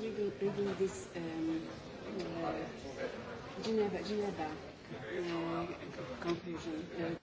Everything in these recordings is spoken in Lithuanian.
was really bringing this um, uh, Geneva, Geneva uh, conclusion, uh,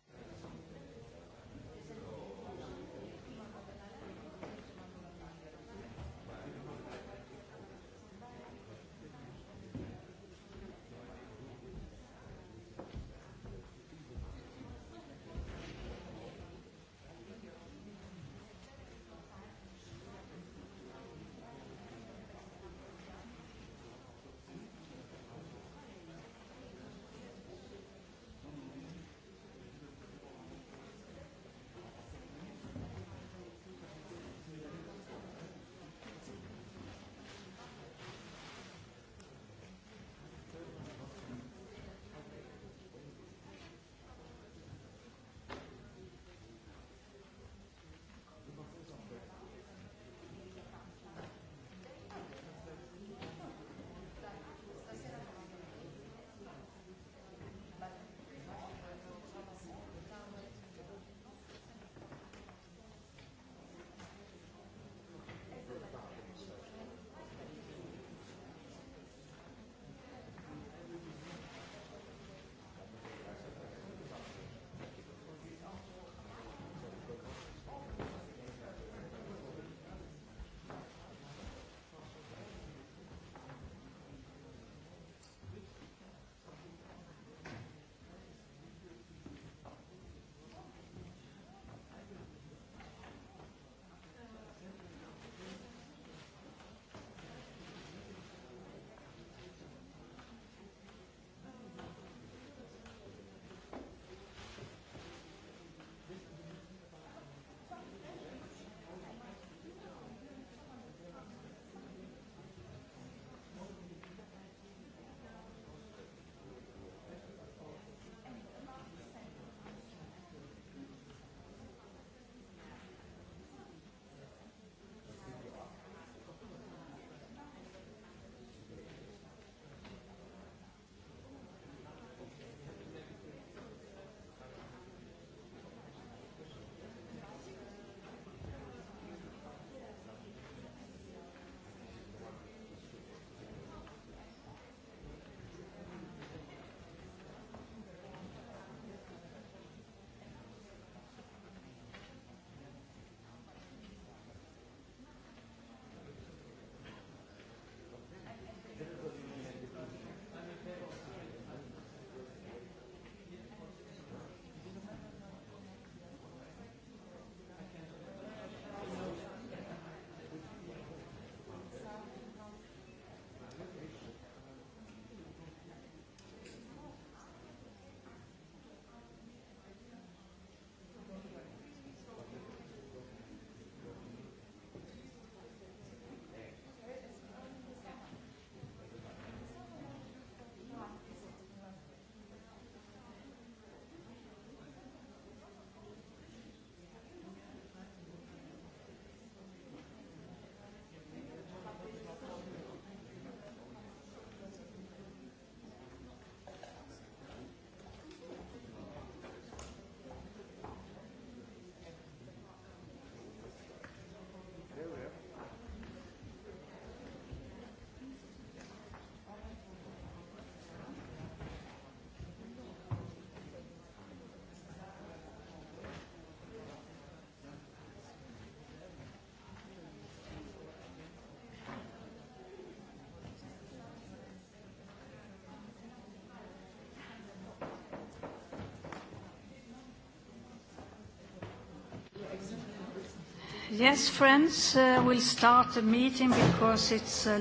Yes, friends, uh, we'll start the meeting because it's a...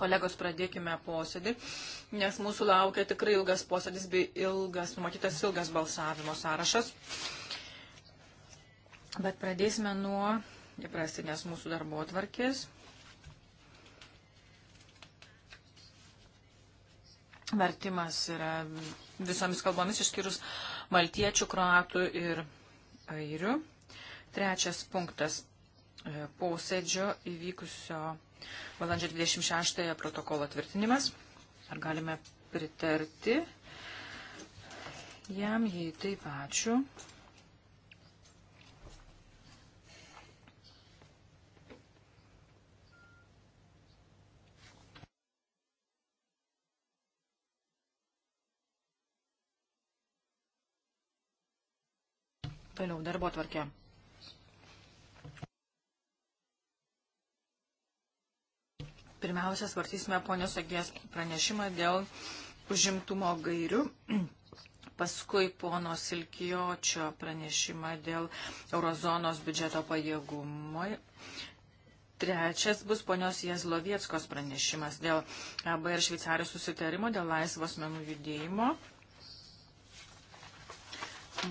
Kolegos, pradėkime posėdį, nes mūsų laukia tikrai ilgas posėdis bei ilgas, numatytas ilgas balsavimo sąrašas. Bet pradėsime nuo įprastinės mūsų darbo tvarkės. Vertimas yra visomis kalbomis išskyrus maltiečių, kroatų ir airių. Trečias punktas E, posėdžio įvykusio balandžio 26 protokolo tvirtinimas. Ar galime pritarti jam, jei taip ačiū. Toliau darbo tvarkė. Pirmiausia, svartysime ponios Agės pranešimą dėl užimtumo gairių, paskui pono Silkijočio pranešimą dėl eurozonos biudžeto pajėgumui. Trečias bus ponios Jezlovieckos pranešimas dėl AB ir Šveicarijos susitarimo dėl laisvos menų judėjimo.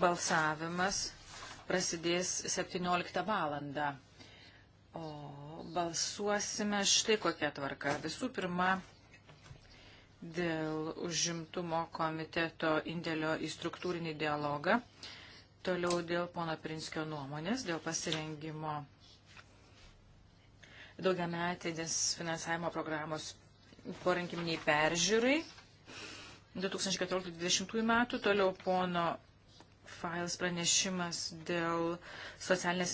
Balsavimas prasidės 17 valandą. O balsuosime štai kokia tvarka. Visų pirma, dėl užimtumo komiteto indėlio į struktūrinį dialogą. Toliau dėl pono Prinskio nuomonės, dėl pasirengimo daugiametinės finansavimo programos porinkiminiai peržiūrai 2014-2020 metų. Toliau pono Files pranešimas dėl socialinės,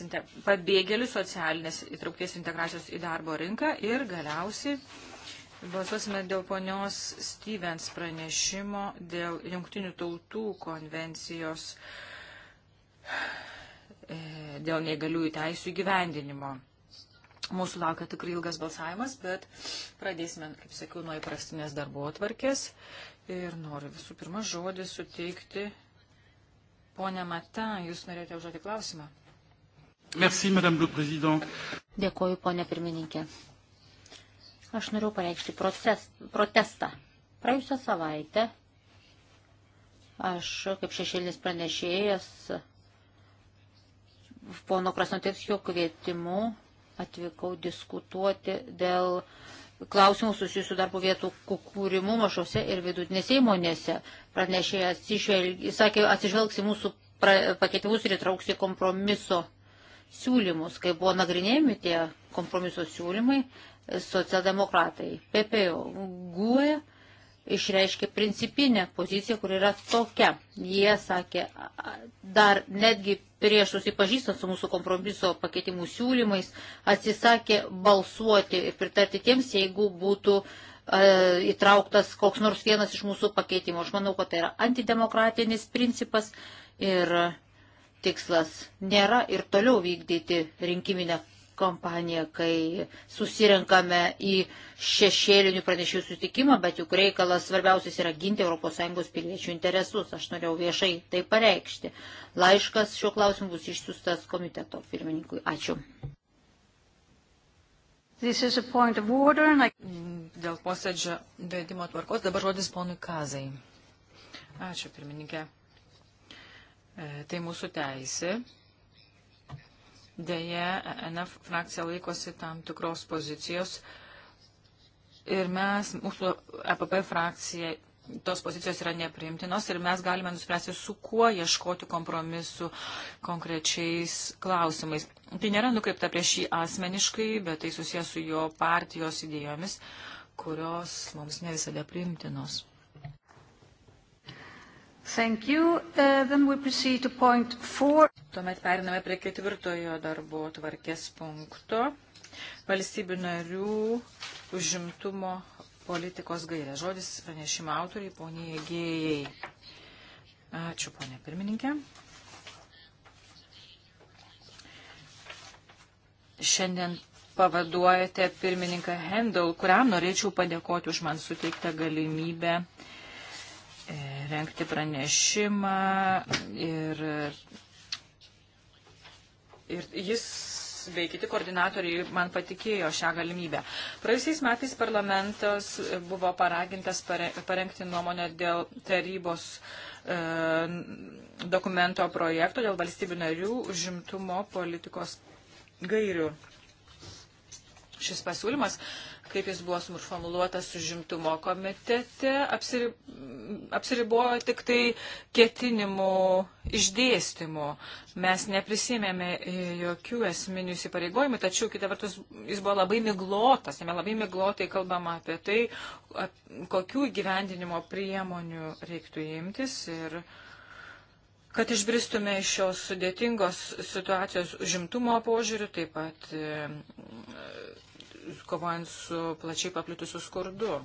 pabėgėlių socialinės įtraukties integracijos į darbo rinką ir galiausiai balsuosime dėl ponios Stevens pranešimo dėl jungtinių tautų konvencijos e, dėl neįgaliųjų teisų įgyvendinimo. Mūsų laukia tikrai ilgas balsavimas, bet pradėsime, kaip sakiau, nuo įprastinės darbo atvarkės. Ir noriu visų pirma žodį suteikti Pone Mata, jūs norėjote užduoti klausimą. Merci, Madame le Président. Dėkoju, ponė pirmininkė. Aš noriu pareikšti proces, protestą. Praėjusią savaitę aš, kaip šešėlis pranešėjas, pono Krasnotėpskio kvietimu atvykau diskutuoti dėl uh, klausimų susijusių darbo vietų kūrimu mažose ir vidutinėse įmonėse. Pranešėjas sakė, atsižvelgs į mūsų pakeitimus ir įtrauks į kompromiso siūlymus. Kai buvo nagrinėjami tie kompromiso siūlymai, socialdemokratai PPO GUE išreiškė principinę poziciją, kur yra tokia. Jie sakė, dar netgi prieš susipažįstant su mūsų kompromiso pakeitimų siūlymais, atsisakė balsuoti ir pritarti tiems, jeigu būtų e, įtrauktas koks nors vienas iš mūsų pakeitimų. Aš manau, kad tai yra antidemokratinis principas ir tikslas nėra ir toliau vykdyti rinkiminę kompanija, kai susirenkame į šešėlinių pranešėjų sutikimą, bet juk reikalas svarbiausias yra ginti ES piliečių interesus. Aš norėjau viešai tai pareikšti. Laiškas šiuo klausimu bus išsiustas komiteto pirmininkui. Ačiū. I... Dėl posėdžio vedimo tvarkos dabar žodis ponui Kazai. Ačiū, pirmininkė. E, tai mūsų teisė Deja, ENF frakcija laikosi tam tikros pozicijos ir mes, mūsų EPP frakcija, tos pozicijos yra nepriimtinos ir mes galime nuspręsti, su kuo ieškoti kompromisu konkrečiais klausimais. Tai nėra nukreipta prieš jį asmeniškai, bet tai susijęs su jo partijos idėjomis, kurios mums ne visada priimtinos. Thank you. Uh, then we proceed to point four. Tuomet periname prie ketvirtojo darbo tvarkės punkto. Valstybių narių užimtumo politikos gairė. Žodis pranešimo autoriai, poniai Gėjai. Ačiū, ponė pirmininkė. Šiandien pavaduojate pirmininką Hendel, kuriam norėčiau padėkoti už man suteiktą galimybę uh, E, renkti pranešimą ir, ir jis bei kiti koordinatoriai man patikėjo šią galimybę. Praėjusiais metais parlamentas buvo paragintas parengti nuomonę dėl tarybos e, dokumento projekto dėl valstybių narių užimtumo politikos gairių. Šis pasiūlymas e, kaip jis buvo formuluotas užimtumo komitete, apsirib, apsiribojo tik tai ketinimų išdėstymu. Mes neprisėmėme e, jokių esminių įsipareigojimų, tačiau kita vertus jis buvo labai miglotas, jame labai miglotai kalbama apie tai, ap, kokių gyvendinimo priemonių reiktų imtis. Ir, Kad išbristume iš šios sudėtingos situacijos užimtumo požiūrių, taip pat e, kovojant su plačiai paplitusiu skurdu.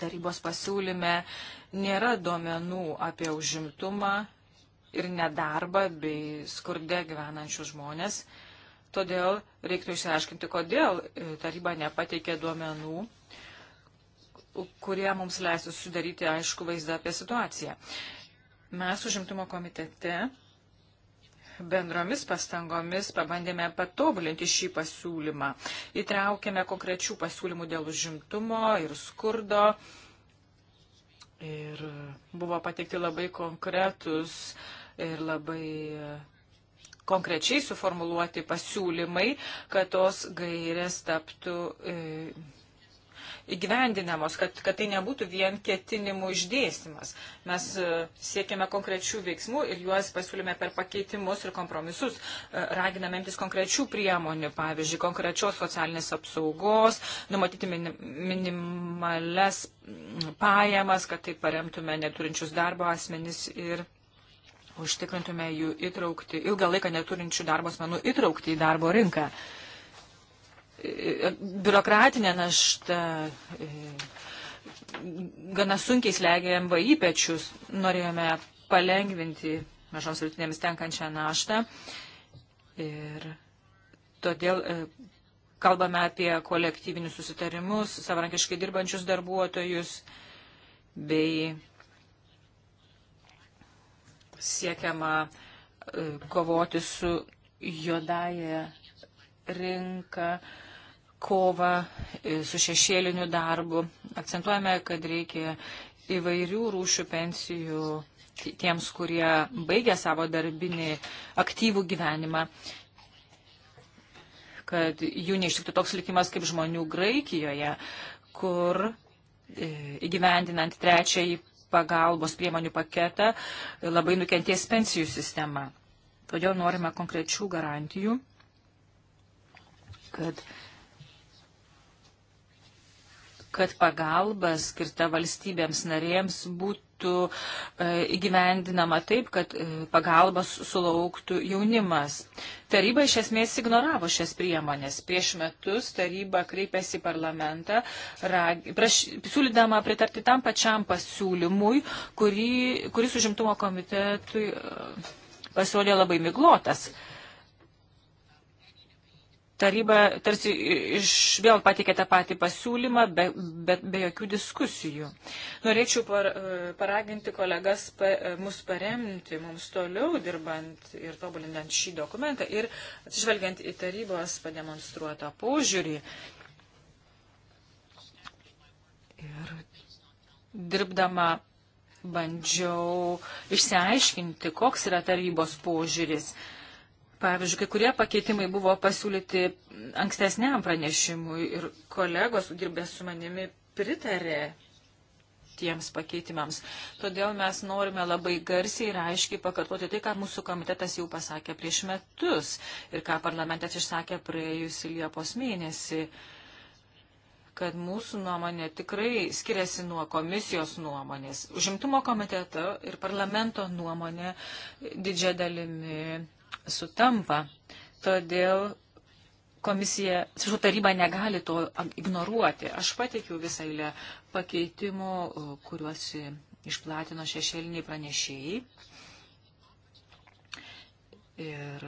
Tarybos pasiūlyme nėra duomenų apie užimtumą ir nedarbą bei skurde gyvenančius žmonės. Todėl reiktų išsiaiškinti, kodėl e, taryba nepateikė duomenų, kurie mums leistų sudaryti aišku vaizdą apie situaciją. Mes užimtumo komitete bendromis pastangomis pabandėme patobulinti šį pasiūlymą. Įtraukėme konkrečių pasiūlymų dėl užimtumo ir skurdo. Ir buvo pateikti labai konkretus ir labai konkrečiai suformuluoti pasiūlymai, kad tos gairės taptų. E, įgyvendinamos, kad, kad tai nebūtų vien ketinimų išdėstymas. Mes e, siekiame konkrečių veiksmų ir juos pasiūlėme per pakeitimus ir kompromisus. E, raginame imtis konkrečių priemonių, pavyzdžiui, konkrečios socialinės apsaugos, numatyti minimales pajamas, kad tai paremtume neturinčius darbo asmenis ir užtikrintume jų įtraukti, ilgą laiką neturinčių darbo asmenų įtraukti į darbo rinką. Uh, biurokratinė našta e, gana sunkiai slegia MVI pečius. Norėjome palengvinti mažoms rytinėms tenkančią naštą. Ir todėl e, kalbame apie kolektyvinius susitarimus, savarankiškai dirbančius darbuotojus bei siekiama e, kovoti su juodaja rinka kovą e, su šešėliniu darbu. Akcentuojame, kad reikia įvairių rūšių pensijų tiems, kurie baigia savo darbinį aktyvų gyvenimą, kad jų neištiktų toks likimas kaip žmonių Graikijoje, kur e, įgyvendinant trečiąjį pagalbos priemonių paketą labai nukenties pensijų sistema. Todėl norime konkrečių garantijų, kad kad pagalba skirta valstybėms narėms būtų e, įgyvendinama taip, kad e, pagalbas sulauktų jaunimas. Taryba iš esmės ignoravo šias priemonės. Prieš metus taryba kreipėsi į parlamentą, rag, praš, siūlydama pritarti tam pačiam pasiūlymui, kurį, kuris užimtumo komitetui e, pasirodė labai miglotas. Uh, taryba tarsi iš vėl patikė tą patį pasiūlymą, bet be, be jokių diskusijų. Norėčiau par, e, paraginti kolegas pa, e, mus paremti, mums toliau dirbant ir tobulinant šį dokumentą ir atsižvelgiant į tarybos pademonstruotą požiūrį. Ir dirbdama bandžiau išsiaiškinti, koks yra tarybos požiūris. Uh, Pavyzdžiui, kai kurie pakeitimai buvo pasiūlyti ankstesniam pranešimui ir kolegos, dirbęs su manimi, pritarė tiems pakeitimams. Todėl mes norime labai garsiai ir aiškiai pakartoti tai, ką mūsų komitetas jau pasakė prieš metus ir ką parlamentas išsakė praėjusį Liepos mėnesį kad mūsų nuomonė tikrai skiriasi nuo komisijos nuomonės. Užimtumo komiteto ir parlamento nuomonė didžia dalimi sutampa. Todėl komisija, atsiprašau, taryba negali to ignoruoti. Aš pateikiau visą eilę pakeitimų, kuriuos išplatino šešėliniai pranešėjai. Ir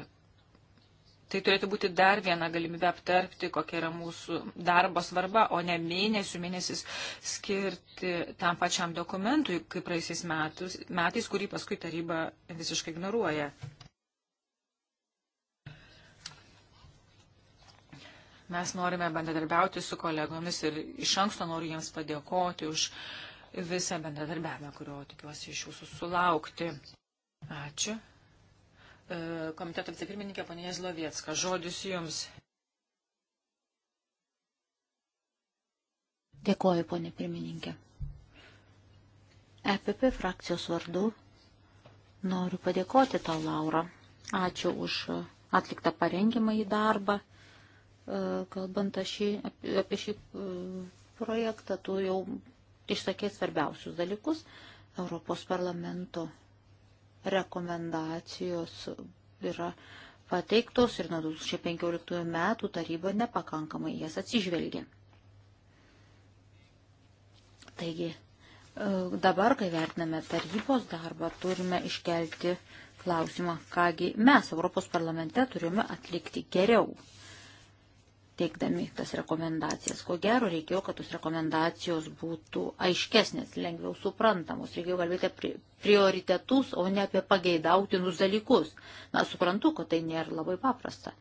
tai turėtų būti dar viena galimybė aptarpti, kokia yra mūsų darbo svarba, o ne mėnesių mėnesis skirti tam pačiam dokumentui, kaip praeisiais metais, kurį paskui taryba visiškai ignoruoja. Mes norime bendradarbiauti su kolegomis ir iš anksto noriu jiems padėkoti už visą bendradarbiavimą, kurio tikiuosi iš jūsų sulaukti. Ačiū. E, komiteto vicepirmininkė ponė Zlovietska, žodis jums. Dėkoju, ponė pirmininkė. EPP frakcijos vardu noriu padėkoti tau, Laura. Ačiū už atliktą parengimą į darbą E, kalbant šį, apie šį e, projektą, tu jau išsakė svarbiausius dalykus. Europos parlamento rekomendacijos yra pateiktos ir nuo 2015 metų taryba nepakankamai jas atsižvelgia. Taigi, e, dabar, kai vertiname tarybos darbą, turime iškelti klausimą, kągi mes Europos parlamente turime atlikti geriau teikdami tas rekomendacijas. Ko gero reikėjo, kad tos rekomendacijos būtų aiškesnės, lengviau suprantamos. Reikėjo kalbėti apie prioritetus, o ne apie pageidautinus dalykus. Na, suprantu, kad tai nėra labai paprasta.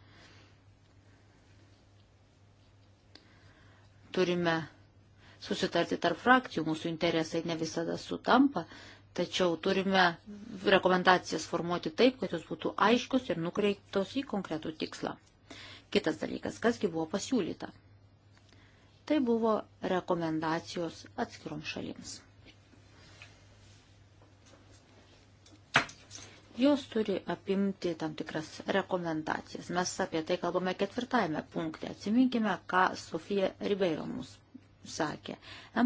Turime susitarti tarp frakcijų, mūsų interesai ne visada sutampa, tačiau turime rekomendacijas formuoti taip, kad jos būtų aiškios ir nukreiptos į konkretų tikslą. Kitas dalykas, kasgi buvo pasiūlyta. Tai buvo rekomendacijos atskirom šalims. Jos turi apimti tam tikras rekomendacijas. Mes apie tai kalbame ketvirtajame punkte. Atsiminkime, ką Sofija Ribeiro mums sakė.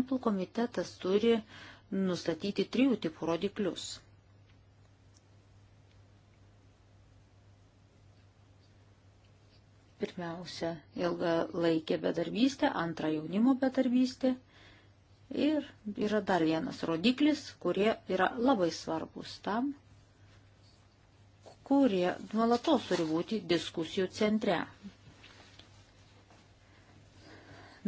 MPL komitetas turi nustatyti trijų tipų rodiklius Pirmiausia, ilga laikė bedarbystė, antra jaunimo bedarbystė. Ir yra dar vienas rodiklis, kurie yra labai svarbus tam, kurie nuolatos turi būti diskusijų centre.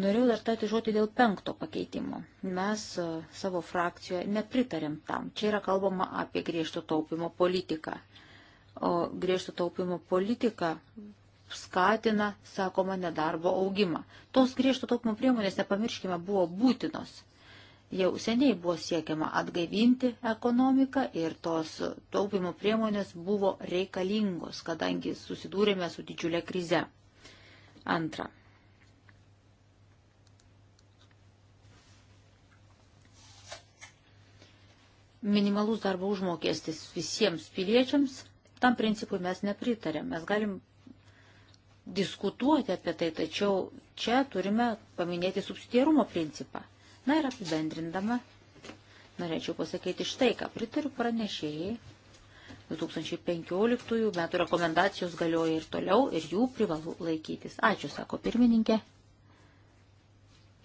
Norėjau dar tarti žodį dėl penkto pakeitimo. Mes e, savo frakcijoje nepritarėm tam. Čia yra kalbama apie griežto taupimo politiką. O griežto taupimo politika skatina, sakoma, nedarbo augimą. Tos griežto taupimo priemonės, nepamirškime, buvo būtinos. Jau seniai buvo siekiama atgaivinti ekonomiką ir tos taupimo priemonės buvo reikalingos, kadangi susidūrėme su didžiulė krize. Antra. Minimalus darbo užmokestis visiems piliečiams, tam principui mes nepritarėm. Mes galim diskutuoti apie tai, tačiau čia turime paminėti subsidiarumo principą. Na ir apibendrindama, norėčiau pasakyti štai, ką pritariu pranešėjai. 2015 metų rekomendacijos galioja ir toliau ir jų privalu laikytis. Ačiū, sako pirmininkė.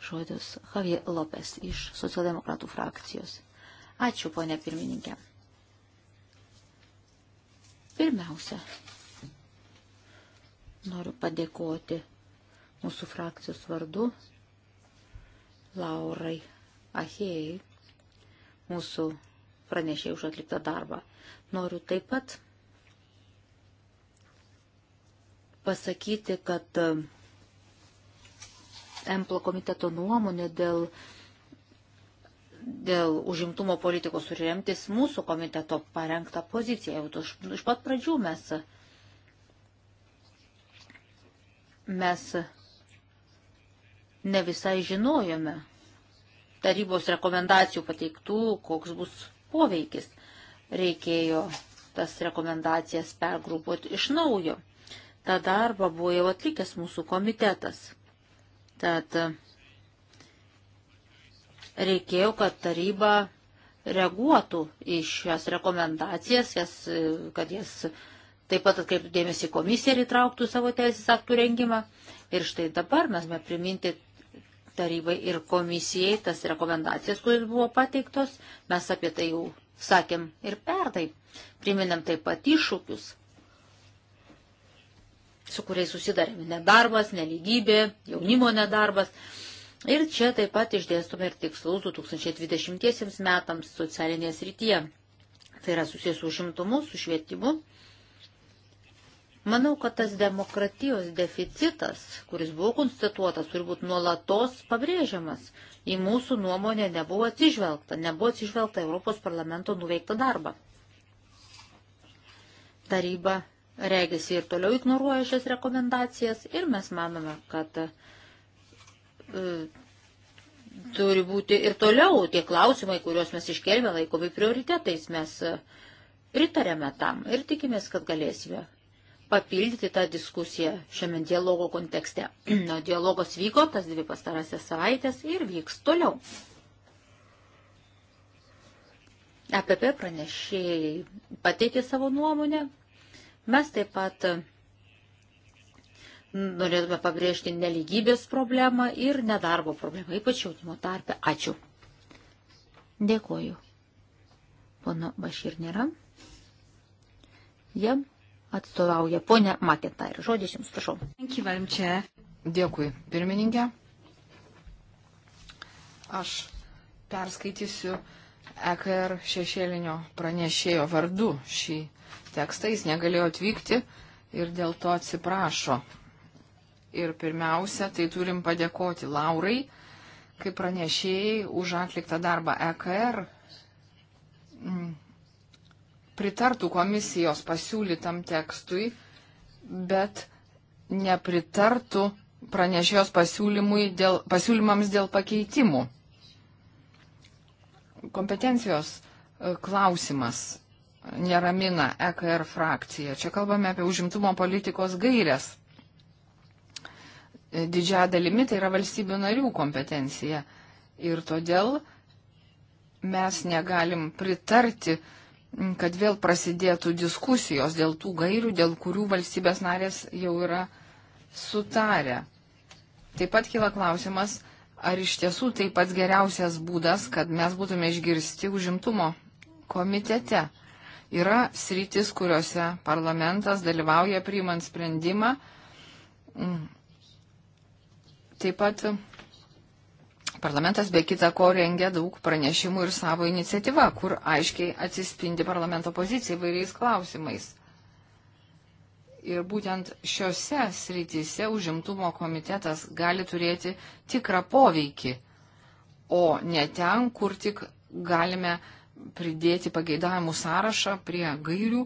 Žodis Javier Lopes iš socialdemokratų frakcijos. Ačiū, ponė pirmininkė. Pirmiausia, Noriu padėkoti mūsų frakcijos vardu Laurai Ahėjai, mūsų pranešėjai už atliktą darbą. Noriu taip pat pasakyti, kad Emplo komiteto nuomonė dėl, dėl užimtumo politikos turi remtis mūsų komiteto parengtą poziciją. Jau iš, iš pat pradžių mes uh, mes ne visai žinojome tarybos rekomendacijų pateiktų, koks bus poveikis. Reikėjo tas rekomendacijas pergrupuoti iš naujo. Ta darba buvo jau atlikęs mūsų komitetas. Tad reikėjo, kad taryba reaguotų į šias rekomendacijas, jas, kad jas Taip pat atkreiptų dėmesį komisiją ir įtrauktų savo teisės aktų rengimą. Ir štai dabar mes mes priminti tarybai ir komisijai tas rekomendacijas, kuris buvo pateiktos. Mes apie tai jau sakėm ir pernai. Priminėm taip pat iššūkius, su kuriais susidarėme nedarbas, neligybė, jaunimo nedarbas. Ir čia taip pat išdėstume ir tikslus 2020 metams socialinės rytyje. Tai yra susijęs su užimtumu, su švietimu, Manau, kad tas demokratijos deficitas, kuris buvo konstatuotas, turi būti nuolatos pabrėžiamas. Į mūsų nuomonę nebuvo atsižvelgta, nebuvo atsižvelgta Europos parlamento nuveikta darba. Taryba regisi ir toliau ignoruoja šias rekomendacijas ir mes manome, kad e, turi būti ir toliau tie klausimai, kuriuos mes iškelbė laikomi prioritetais, mes e, pritarėme tam ir tikimės, kad galėsime papildyti tą diskusiją šiame dialogo kontekste. Na, dialogas vyko tas dvi pastarasias savaitės ir vyks toliau. EPP pranešėjai pateikė savo nuomonę. Mes taip pat norėtume pabrėžti neligybės problemą ir nedarbo problemą, ypač jautimo tarpe. Ačiū. Dėkoju. Pono Bašir nėra. Jam atstovauja ponė Makintair. Žodis jums, prašau. Dėkui, pirmininkė. Aš perskaitysiu EKR šešėlinio pranešėjo vardu šį tekstą. Jis negalėjo atvykti ir dėl to atsiprašo. Ir pirmiausia, tai turim padėkoti Laurai, kaip pranešėjai, už atliktą darbą EKR. Mm pritartų komisijos pasiūlytam tekstui, bet nepritartų pranešėjos dėl, pasiūlymams dėl pakeitimų. Kompetencijos e, klausimas neramina EKR frakciją. Čia kalbame apie užimtumo politikos gairias. E, didžiąją dalimi tai yra valstybių narių kompetencija. Ir todėl mes negalim pritarti uh, kad vėl prasidėtų diskusijos dėl tų gairių, dėl kurių valstybės narės jau yra sutarę. Taip pat kyla klausimas, ar iš tiesų tai pats geriausias būdas, kad mes būtume išgirsti užimtumo komitete. Yra sritis, kuriuose parlamentas dalyvauja priimant sprendimą. Mm. Taip pat Parlamentas be kita ko rengia daug pranešimų ir savo iniciatyvą, kur aiškiai atsispindi parlamento pozicija įvairiais klausimais. Ir būtent šiuose srityse užimtumo komitetas gali turėti tikrą poveikį, o ne ten, kur tik galime pridėti pageidavimų sąrašą prie gairių,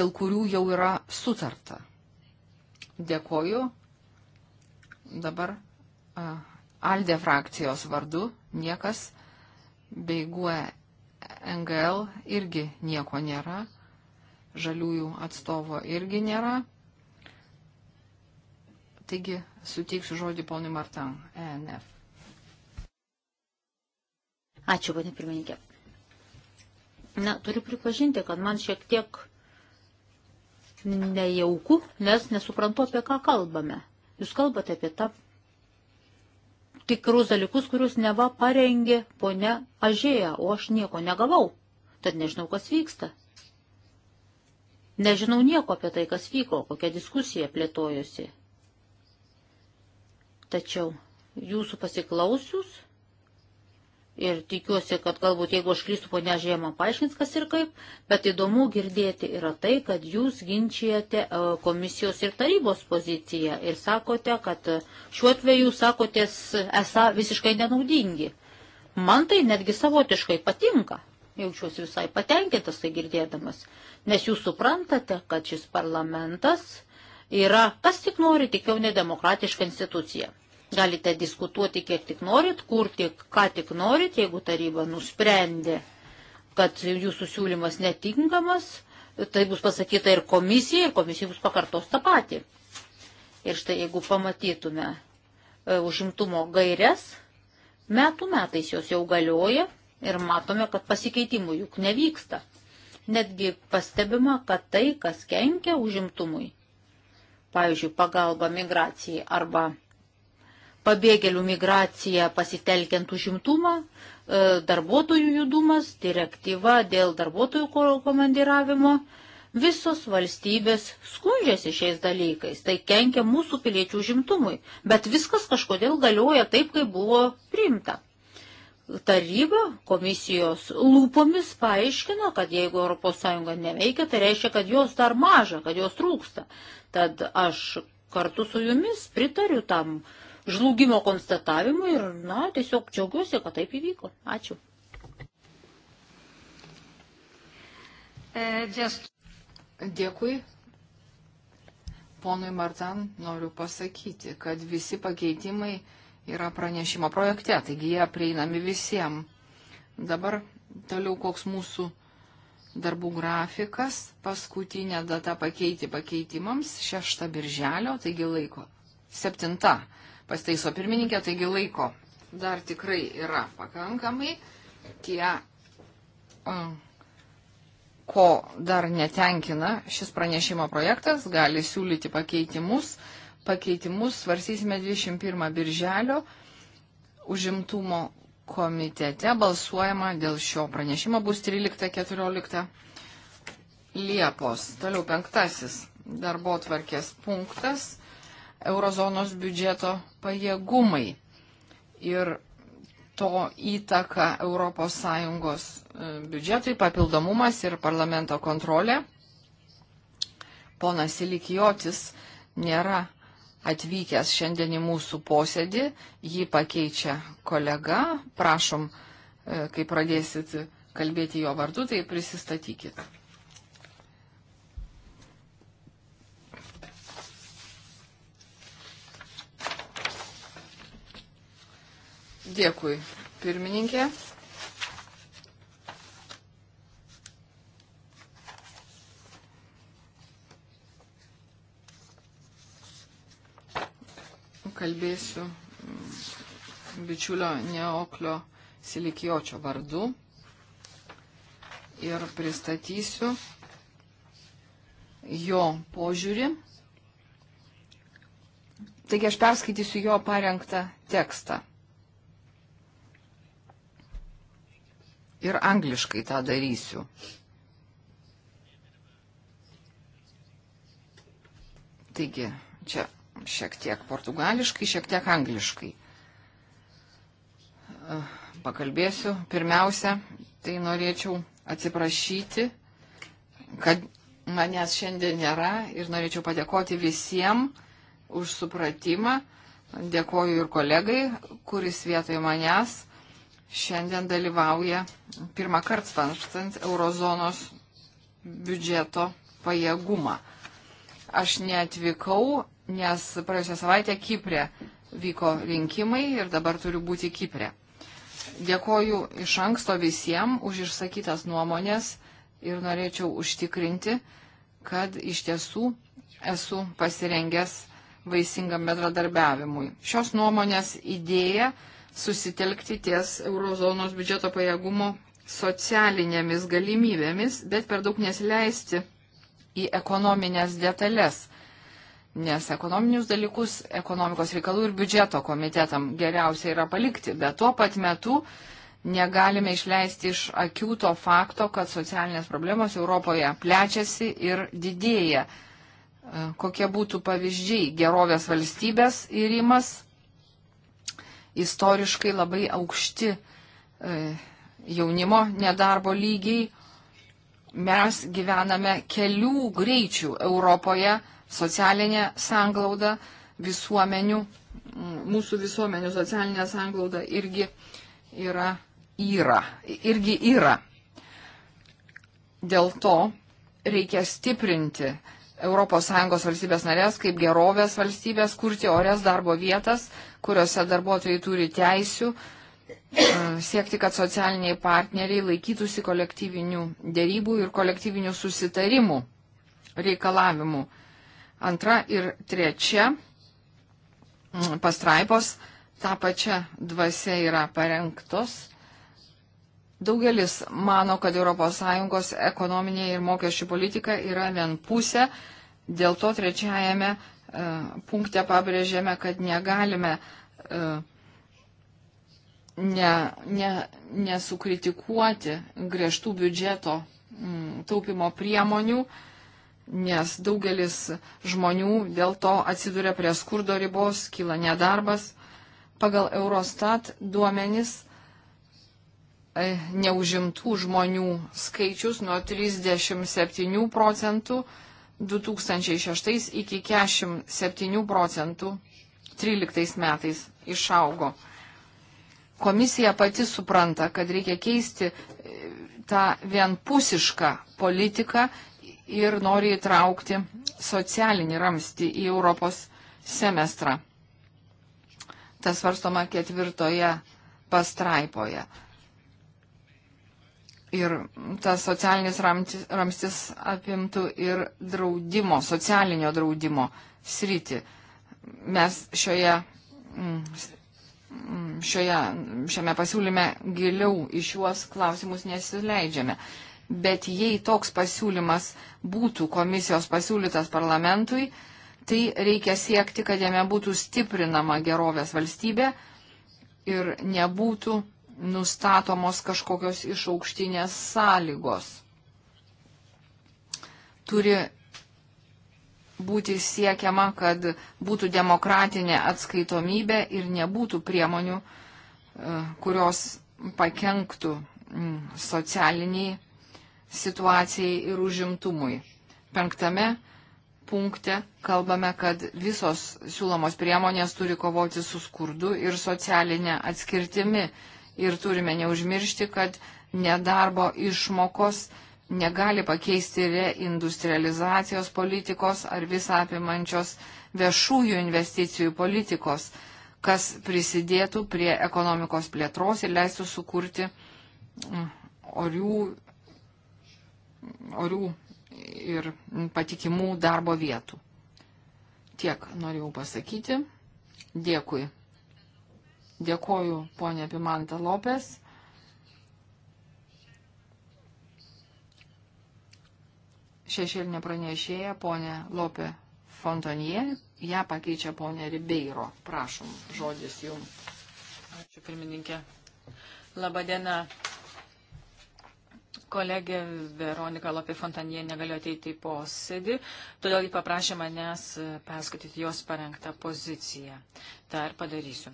dėl kurių jau yra sutarta. Dėkoju. Dabar. Uh Aldė frakcijos vardu niekas, beiguoja NGL irgi nieko nėra, žaliųjų atstovo irgi nėra. Taigi suteiksiu žodį ponui Martam, ENF. Ačiū, ponė pirmininkė. Na, turiu pripažinti, kad man šiek tiek nejauku, nes nesuprantu, apie ką kalbame. Jūs kalbate apie tą tikrus dalykus, kuriuos neva parengė ponia Ažėja, o aš nieko negavau. Tad nežinau, kas vyksta. Nežinau nieko apie tai, kas vyko, kokia diskusija plėtojosi. Tačiau jūsų pasiklausius, ir tikiuosi, kad galbūt jeigu aš klystu, ponia Žiemą paaiškins, kas ir kaip, bet įdomu girdėti yra tai, kad jūs ginčijate e, komisijos ir tarybos poziciją ir sakote, kad e, šiuo atveju sakotės e, esą visiškai nenaudingi. Man tai netgi savotiškai patinka, jaučiuosi visai patenkintas tai girdėdamas, nes jūs suprantate, kad šis parlamentas yra kas tik nori, tik jau nedemokratiška institucija. Galite diskutuoti kiek tik norit, kur tik, ką tik norit, jeigu taryba nusprendė, kad jūsų siūlymas netinkamas, tai bus pasakyta ir komisija, ir komisija bus pakartos tą patį. Ir štai jeigu pamatytume e, užimtumo gairias, metų metais jos jau galioja ir matome, kad pasikeitimų juk nevyksta. Netgi pastebima, kad tai, kas kenkia užimtumui, pavyzdžiui, pagalba migracijai arba pabėgėlių migracija pasitelkiant užimtumą, e, darbuotojų judumas, direktyva dėl darbuotojų komandiravimo. Visos valstybės skundžiasi šiais dalykais, tai kenkia mūsų piliečių žimtumui, bet viskas kažkodėl galioja taip, kaip buvo priimta. Taryba komisijos lūpomis paaiškino, kad jeigu ES neveikia, tai reiškia, kad jos dar maža, kad jos trūksta. Tad aš kartu su jumis pritariu tam uh, žlugimo konstatavimui ir, na, tiesiog džiaugiuosi, kad taip įvyko. Ačiū. E, just... Dėkui. Ponui Martan noriu pasakyti, kad visi pakeitimai yra pranešimo projekte, taigi jie prieinami visiems. Dabar toliau koks mūsų darbų grafikas, paskutinė data pakeiti pakeitimams, 6 birželio, taigi laiko 7 Pastaiso pirmininkė, taigi laiko dar tikrai yra pakankamai. Tie, mm, ko dar netenkina šis pranešimo projektas, gali siūlyti pakeitimus. Pakeitimus svarsysime 21 birželio užimtumo komitete. Balsuojama dėl šio pranešimo bus 13-14 Liepos. Toliau penktasis darbo tvarkės punktas eurozonos biudžeto pajėgumai ir to įtaka ES e, biudžetui, papildomumas ir parlamento kontrolė. Ponas Ilikijotis nėra atvykęs šiandien į mūsų posėdį, jį pakeičia kolega. Prašom, e, kai pradėsit kalbėti jo vardu, tai prisistatykit. Dėkui, pirmininkė. Kalbėsiu bičiulio Neoklio Silikijočio vardu ir pristatysiu jo požiūrį. Taigi aš perskaitysiu jo parengtą tekstą. ir angliškai tą darysiu. Taigi, čia šiek tiek portugališkai, šiek tiek angliškai. E, pakalbėsiu. Pirmiausia, tai norėčiau atsiprašyti, kad manęs šiandien nėra ir norėčiau padėkoti visiems už supratimą. Dėkoju ir kolegai, kuris vietoj manęs šiandien dalyvauja pirmą kartą svarstant eurozonos biudžeto pajėgumą. Aš neatvykau, nes praėjusią savaitę Kiprė vyko rinkimai ir dabar turiu būti Kiprė. Dėkoju iš anksto visiems už išsakytas nuomonės ir norėčiau užtikrinti, kad iš tiesų esu pasirengęs vaisingam bendradarbiavimui. Šios nuomonės idėja susitelkti ties eurozonos biudžeto pajėgumo socialinėmis galimybėmis, bet per daug nesileisti į ekonominės detalės, nes ekonominius dalykus ekonomikos reikalų ir biudžeto komitetam geriausia yra palikti, bet tuo pat metu negalime išleisti iš akių to fakto, kad socialinės problemos Europoje plečiasi ir didėja. E, kokie būtų pavyzdžiai gerovės valstybės įrimas istoriškai labai aukšti e, jaunimo nedarbo lygiai. Mes gyvename kelių greičių Europoje socialinė sanglauda visuomenių, mūsų visuomenių socialinė sanglauda irgi yra, yra, irgi yra. Dėl to reikia stiprinti ES valstybės narės kaip gerovės valstybės, kurti orės darbo vietas, kuriuose darbuotojai turi teisių, e, siekti, kad socialiniai partneriai laikytųsi kolektyvinių dėrybų ir kolektyvinių susitarimų reikalavimų. Antra ir trečia pastraipos tą pačią dvasę yra parengtos. Daugelis mano, kad ES ekonominė ir mokesčių politika yra vienpusė, pusė Dėl to trečiajame e, punkte pabrėžėme, kad negalime e, ne, ne, nesukritikuoti griežtų biudžeto taupimo priemonių, nes daugelis žmonių dėl to atsiduria prie skurdo ribos, kyla nedarbas. Pagal Eurostat duomenis e, neužimtų žmonių skaičius nuo 37 procentų 2006 iki 47 procentų 13 metais išaugo. Komisija pati supranta, kad reikia keisti e, tą vienpusišką politiką ir nori įtraukti socialinį ramstį į Europos semestrą. Tas varstoma ketvirtoje pastraipoje ir tas socialinis ramtis, ramstis apimtų ir draudimo, socialinio draudimo sritį. Mes šioje, mm, mm, šioje, šiame pasiūlyme giliau į šiuos klausimus nesileidžiame. Bet jei toks pasiūlymas būtų komisijos pasiūlytas parlamentui, tai reikia siekti, kad jame būtų stiprinama gerovės valstybė ir nebūtų nustatomos kažkokios iš aukštinės sąlygos. Turi būti siekiama, kad būtų demokratinė atskaitomybė ir nebūtų priemonių, e, kurios pakenktų socialiniai situacijai ir užimtumui. Penktame punkte kalbame, kad visos siūlomos priemonės turi kovoti su skurdu ir socialinė atskirtimi ir turime neužmiršti, kad nedarbo išmokos negali pakeisti reindustrializacijos politikos ar visapimančios viešųjų investicijų politikos, kas prisidėtų prie ekonomikos plėtros ir leistų sukurti mm, orių, orių ir patikimų darbo vietų. Tiek norėjau pasakyti. Dėkui. Dėkoju, ponė Pimanta Lopes. Šešėlinė pranešėja, ponė Lopė Fontanie, ją pakeičia ponė Ribeiro. Prašom, žodis jums. Ačiū, pirmininkė. Labadiena. Kolegė Veronika Lopė Fontanie negalėjo ateiti į posėdį, todėl jį paprašė manęs perskaityti jos parengtą poziciją. Ta ir padarysiu.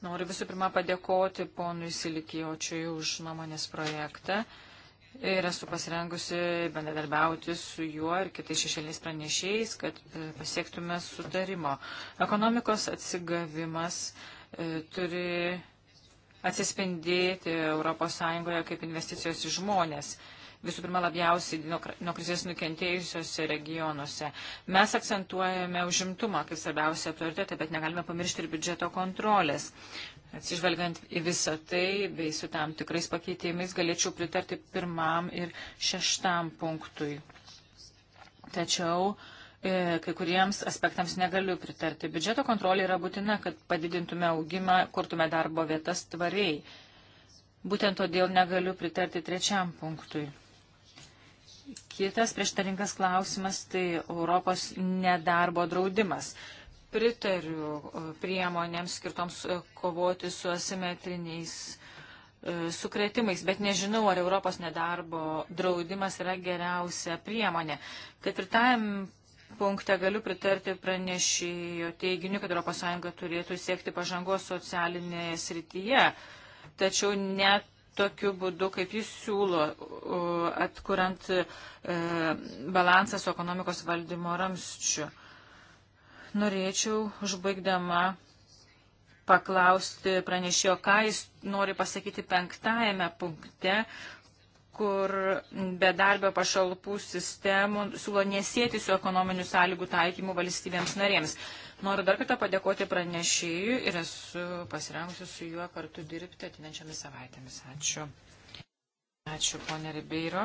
Noriu visų pirma padėkoti ponui Silikijočiui už nuomonės projektą ir esu pasirengusi bendradarbiauti su juo ir kitais šešėliniais pranešėjais, kad e, pasiektume sutarimo. Ekonomikos atsigavimas e, turi atsispindėti ES kaip investicijos į žmonės visų pirma labiausiai nuo krizės nukentėjusiose regionuose. Mes akcentuojame užimtumą kaip svarbiausią prioritetą, bet negalime pamiršti ir biudžeto kontrolės. Atsižvelgiant į visą tai, bei su tam tikrais pakeitimais, galėčiau pritarti pirmam ir šeštam punktui. Tačiau e, kai kuriems aspektams negaliu pritarti. Biudžeto kontrolė yra būtina, kad padidintume augimą, kurtume darbo vietas tvariai. Būtent todėl negaliu pritarti trečiam punktui. Kitas prieštaringas klausimas tai Europos nedarbo draudimas. Pritariu e, priemonėms skirtoms e, kovoti su asimetriniais e, sukretimais, bet nežinau, ar Europos nedarbo draudimas yra geriausia priemonė. Ketvirtajam punkte galiu pritarti pranešėjo teiginiu, kad ES turėtų siekti pažangos socialinėje srityje, tačiau net tokiu būdu, kaip jis siūlo, atkuriant e, balansą su ekonomikos valdymo ramščiu. Norėčiau, užbaigdama, paklausti pranešėjo, ką jis nori pasakyti penktajame punkte, kur bedarbio pašalpų sistemų siūlo nesėti su ekonominių sąlygų taikymu valstybėms narėms. Noriu dar kartą padėkoti pranešėjui ir esu pasirengusi su juo kartu dirbti atinančiamis savaitėmis. Ačiū. Ačiū, ponė Ribeiro.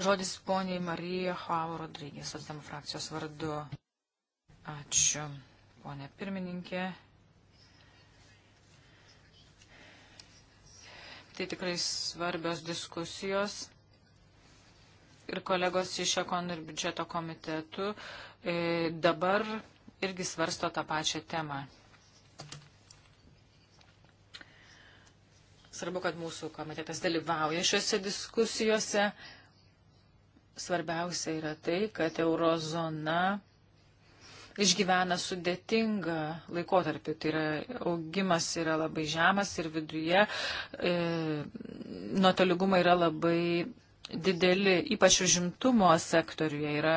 Žodis poniai Marija Joao Rodrygės, socialdemokratų frakcijos vardu. Ačiū, ponė pirmininkė. Tai tikrai svarbios diskusijos ir kolegos iš Ekon ir biudžeto komitetų E, dabar irgi svarsto tą pačią temą. Svarbu, kad mūsų komitetas dalyvauja šiuose diskusijose. Svarbiausia yra tai, kad eurozona išgyvena sudėtingą laikotarpį. Tai yra augimas yra labai žemas ir viduje e, nuotoligumai yra labai dideli, ypač užimtumo sektoriuje yra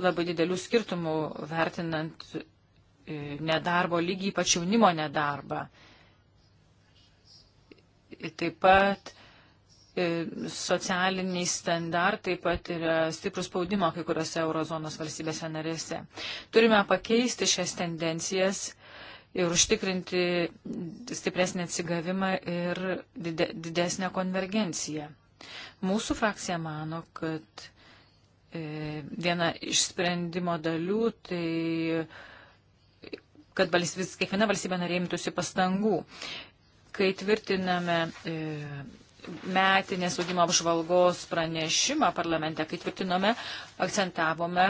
labai didelių skirtumų vertinant e, nedarbo lygį, ypač jaunimo nedarbą. E, taip pat e, socialiniai standartai pat yra stiprus spaudimo kai kuriuose eurozonos valstybėse narėse. Turime pakeisti šias tendencijas ir užtikrinti stipresnį atsigavimą ir didesnę konvergenciją. Mūsų frakcija mano, kad e, viena iš sprendimo dalių tai kad valstybės, kiekviena valstybė norėjimtųsi pastangų. Kai tvirtiname e, metinės augimo apžvalgos pranešimą parlamente, kai tvirtinome, akcentavome,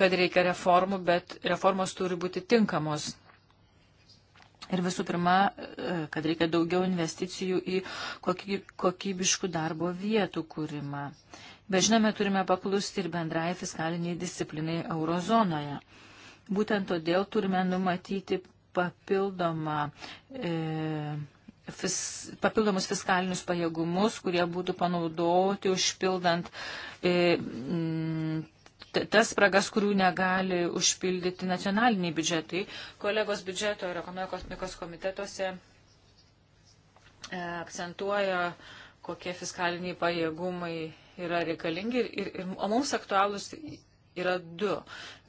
kad reikia reformų, bet reformos turi būti tinkamos. Ir visų pirma, e, kad reikia daugiau investicijų į kokybiškų darbo vietų kūrimą. Bet žinome, turime paklusti ir bendrai fiskaliniai disciplinai eurozonoje. Būtent todėl turime numatyti papildomą. E, fis, papildomus fiskalinius pajėgumus, kurie būtų panaudoti užpildant e, m, tas spragas, kurių negali užpildyti nacionaliniai biudžetai. Kolegos biudžeto ir ekonomikos komitetuose e, akcentuoja, kokie fiskaliniai pajėgumai yra reikalingi, ir, ir, o mums aktualūs yra du.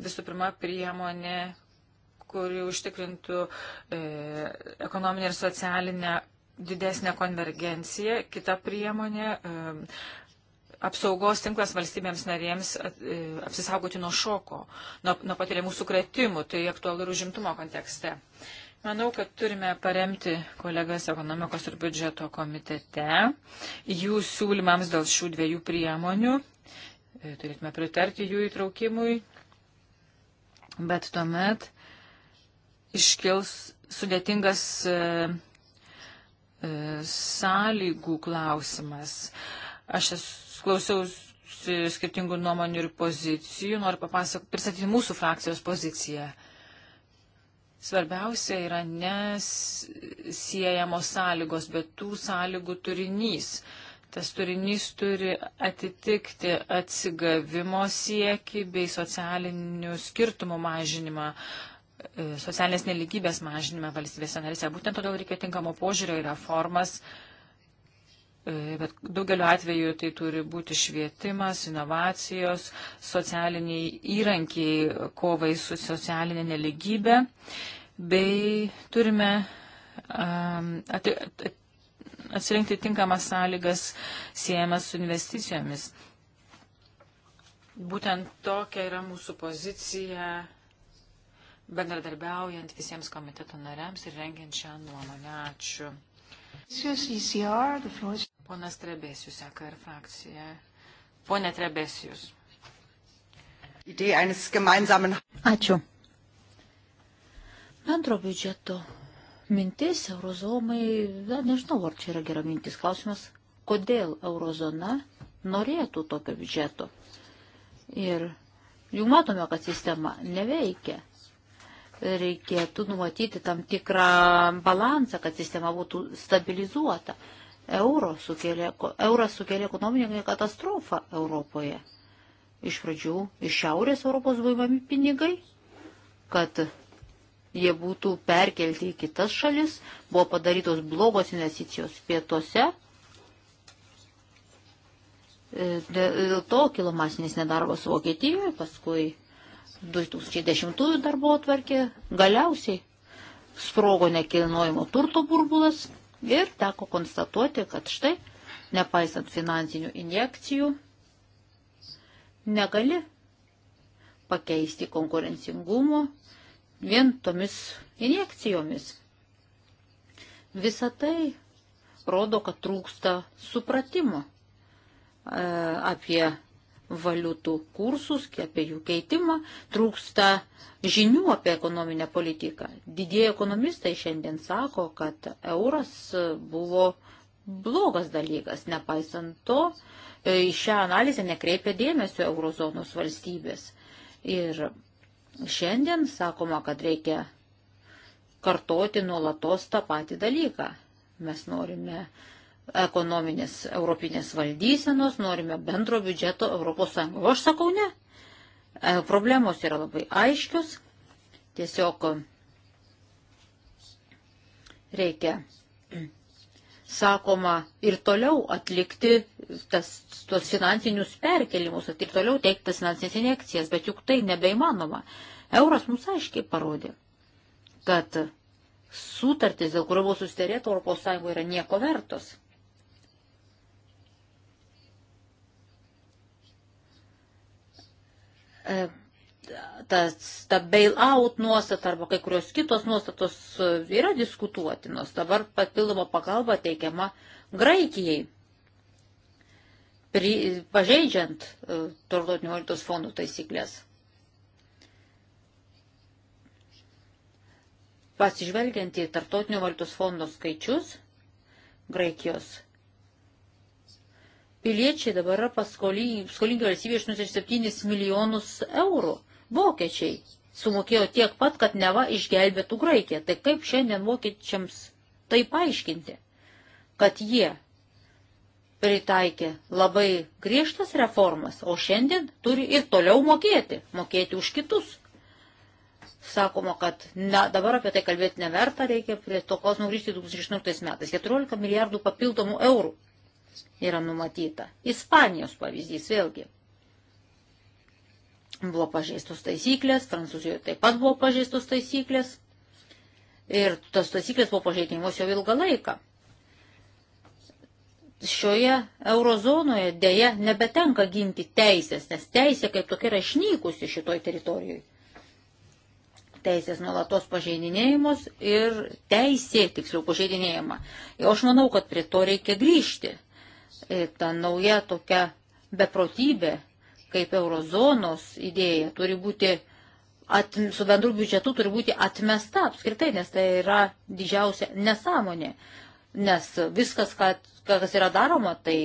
Visų pirma, priemonė, kuri užtikrintų e, ekonominę ir socialinę didesnę konvergenciją, kita priemonė e, apsaugos tinklas valstybėms narėms e, apsisaugoti nuo šoko, nuo, nuo patiriamų sukretimų, tai aktualu ir užimtumo kontekste. Manau, kad turime paremti kolegas ekonomikos ir biudžeto komitete jų siūlymams dėl šių dviejų priemonių. E, turėtume pritarti jų įtraukimui, bet tuomet iškils sudėtingas e, sąlygų klausimas. Aš esu klausiausi skirtingų nuomonių ir pozicijų, noriu papasakoti, pristatyti mūsų frakcijos poziciją. Svarbiausia yra nesiejamos sąlygos, bet tų sąlygų turinys. Tas turinys turi atitikti atsigavimo sieki bei socialinių skirtumų mažinimą, e, socialinės neligybės mažinimą valstybėse narėse. Būtent todėl reikia tinkamo požiūrio į reformas, E, bet daugeliu atveju tai turi būti švietimas, inovacijos, socialiniai įrankiai kovai su socialinė neligybė. Bei turime atsirinkti tinkamas sąlygas siejamas su investicijomis. Būtent tokia yra mūsų pozicija bendradarbiaujant visiems komiteto nariams ir rengiant šią nuomonę. Ačiū. E Ponas Trebesius seka ir frakcija. Pone Trebesius. Ačiū. Bendro biudžeto mintis eurozomai, na, nežinau, ar čia yra gera mintis. Klausimas, kodėl eurozona norėtų tokio biudžeto. Ir jau matome, kad sistema neveikia reikėtų numatyti tam tikrą balansą, kad sistema būtų stabilizuota. Euro sukėlė, euras sukėlė ekonominę katastrofą Europoje. Iš pradžių iš Šiaurės Europos vaimami pinigai, kad jie būtų perkelti į kitas šalis, buvo padarytos blogos investicijos pietuose. E, dėl to kilo masinis nedarbas Vokietijoje, paskui 2010 darbo atvarkė, galiausiai sprogo nekilnojimo turto burbulas ir teko konstatuoti, kad štai, nepaisant finansinių injekcijų, negali pakeisti konkurencingumo vien tomis injekcijomis. Visa tai rodo, kad trūksta supratimo e, apie valiutų kursus, apie jų keitimą, trūksta žinių apie ekonominę politiką. Didieji ekonomistai šiandien sako, kad euras buvo blogas dalykas, nepaisant to, e, į šią analizę nekreipia dėmesio eurozonos valstybės. Ir šiandien sakoma, kad reikia kartoti nuolatos tą patį dalyką. Mes norime uh, ekonominės europinės valdysenos, norime bendro biudžeto ES. O aš sakau ne. E, problemos yra labai aiškios. Tiesiog e, reikia, e, sakoma, ir toliau atlikti tas, tuos finansinius perkelimus, ir toliau teikti tas finansinės injekcijas, bet juk tai nebeįmanoma. Euras mums aiškiai parodė, kad sutartis, dėl kurio buvo susitarėta Europos Sąjungoje, yra nieko vertos. E, tas, ta bail-out nuostata arba kai kurios kitos nuostatos e, yra diskutuotinos. Dabar papildoma pagalba teikiama Graikijai, pri, pažeidžiant e, tarptautinių valiutos fondų taisyklės. Pasižvelgiant į tarptautinių valiutos fondų skaičius, Graikijos Piliečiai dabar yra paskolingi valstybė 87 milijonus eurų. Vokiečiai sumokėjo tiek pat, kad neva išgelbėtų Graikiją. Tai kaip šiandien vokiečiams tai paaiškinti, kad jie pritaikė labai griežtas reformas, o šiandien turi ir toliau mokėti, mokėti už kitus. Sakoma, kad ne, dabar apie tai kalbėti neverta, reikia prie to klausimo grįžti 2018 metais. 14 milijardų papildomų eurų yra numatyta. Ispanijos pavyzdys vėlgi. Buvo pažeistos taisyklės, Prancūzijoje taip pat buvo pažeistos taisyklės. Ir tas taisyklės buvo pažeidimos jau ilgą laiką. Šioje eurozonoje dėja nebetenka ginti teisės, nes teisė kaip tokia yra išnykusi šitoj teritorijai teisės nuolatos pažeidinėjimus ir teisė, tiksliau, pažeidinėjimą. Ir aš manau, kad prie to reikia grįžti ta nauja tokia beprotybė, kaip eurozonos idėja, turi būti at, su bendru biudžetu turi būti atmesta apskritai, nes tai yra didžiausia nesąmonė. Nes viskas, ką, kas yra daroma, tai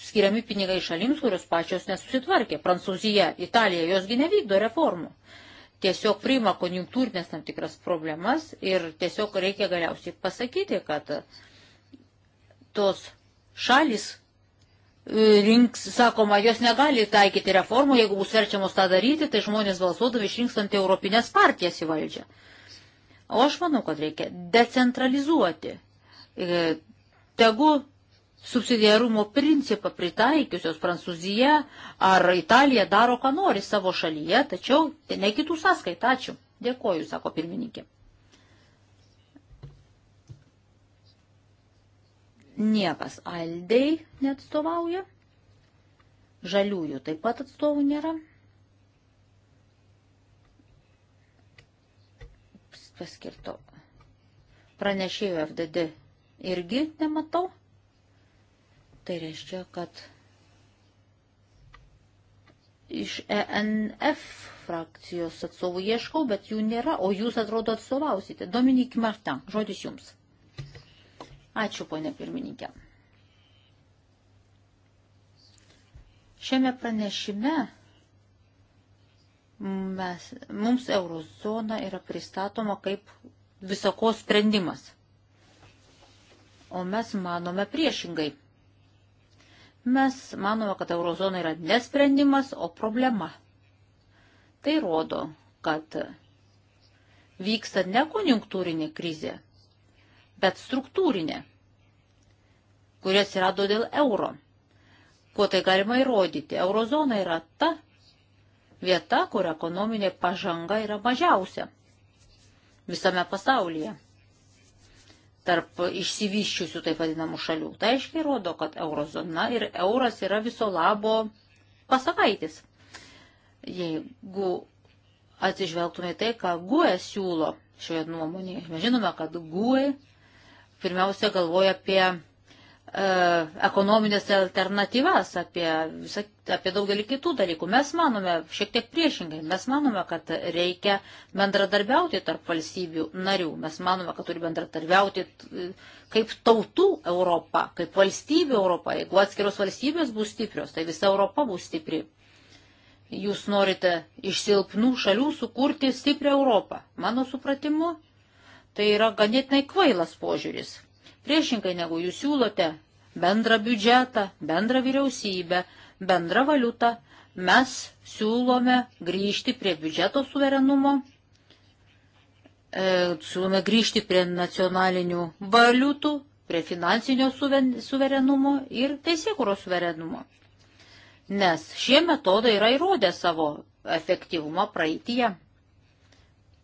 skiriami pinigai šalims, kurios pačios nesusitvarkė. Prancūzija, Italija, josgi nevykdo reformų. Tiesiog priima konjunktūrinės tam tikras problemas ir tiesiog reikia galiausiai pasakyti, kad tos šalis E, rinks, sakoma, jos negali taikyti reformų, jeigu bus verčiamos tą daryti, tai žmonės balsuodami išrinks ant Europinės partijas į valdžią. O aš manau, kad reikia decentralizuoti. E, tegu subsidiarumo principą pritaikiusios Prancūzija ar Italija daro, ką nori savo šalyje, tačiau ne kitų sąskaitą. Ačiū. Dėkoju, sako pirmininkė. niekas Aldei neatstovauja, žaliųjų taip pat atstovų nėra. Paskirto pranešėjo FDD irgi nematau. Tai reiškia, kad iš ENF frakcijos atstovų ieškau, bet jų nėra, o jūs atrodo atstovausite. Dominik Martin, žodis jums. Ačiū, ponė pirmininkė. Šiame pranešime mes, mums eurozona yra pristatoma kaip visako sprendimas. O mes manome priešingai. Mes manome, kad eurozona yra nesprendimas, o problema. Tai rodo, kad vyksta ne konjunktūrinė krizė, bet struktūrinė, kurie atsirado dėl euro. Kuo tai galima įrodyti? Eurozona yra ta vieta, kur ekonominė pažanga yra mažiausia visame pasaulyje tarp išsivyščiusių taip vadinamų šalių. Tai aiškiai rodo, kad eurozona ir euras yra viso labo pasavaitis. Jeigu atsižvelgtume į tai, ką GUE siūlo šioje nuomonėje, mes žinome, kad GUE pirmiausia galvoja apie e, ekonominės alternatyvas, apie, visą, apie daugelį kitų dalykų. Mes manome šiek tiek priešingai, mes manome, kad reikia bendradarbiauti tarp valstybių narių, mes manome, kad turi bendradarbiauti e, kaip tautų Europa, kaip valstybių Europa. Jeigu atskiros valstybės bus stiprios, tai visa Europa bus stipri. Jūs norite iš silpnų šalių sukurti stiprią Europą. Mano supratimu, Tai yra ganėtinai kvailas požiūris. Priešingai negu jūs siūlote bendrą biudžetą, bendrą vyriausybę, bendrą valiutą, mes siūlome grįžti prie biudžeto suverenumo, e, siūlome grįžti prie nacionalinių valiutų, prie finansinio suverenumo ir teisėkuros suverenumo. Nes šie metodai yra įrodę savo efektyvumą praeitie.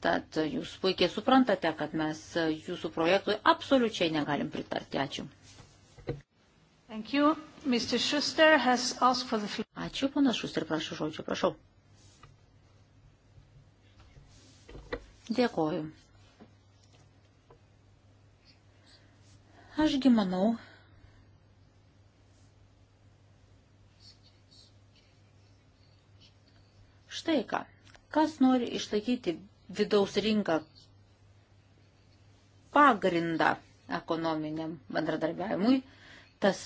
Tad jūs puikiai suprantate, kad mes jūsų projektui absoliučiai negalim pritarti. Ačiū. Thank you. Mr. Schuster has asked for the floor. Ačiū, panas Šuster, prašau žodžio, prašau. Dėkoju. Ašgi manau, štai ką, kas nori išlaikyti vidaus rinką pagrindą ekonominiam bendradarbiavimui, tas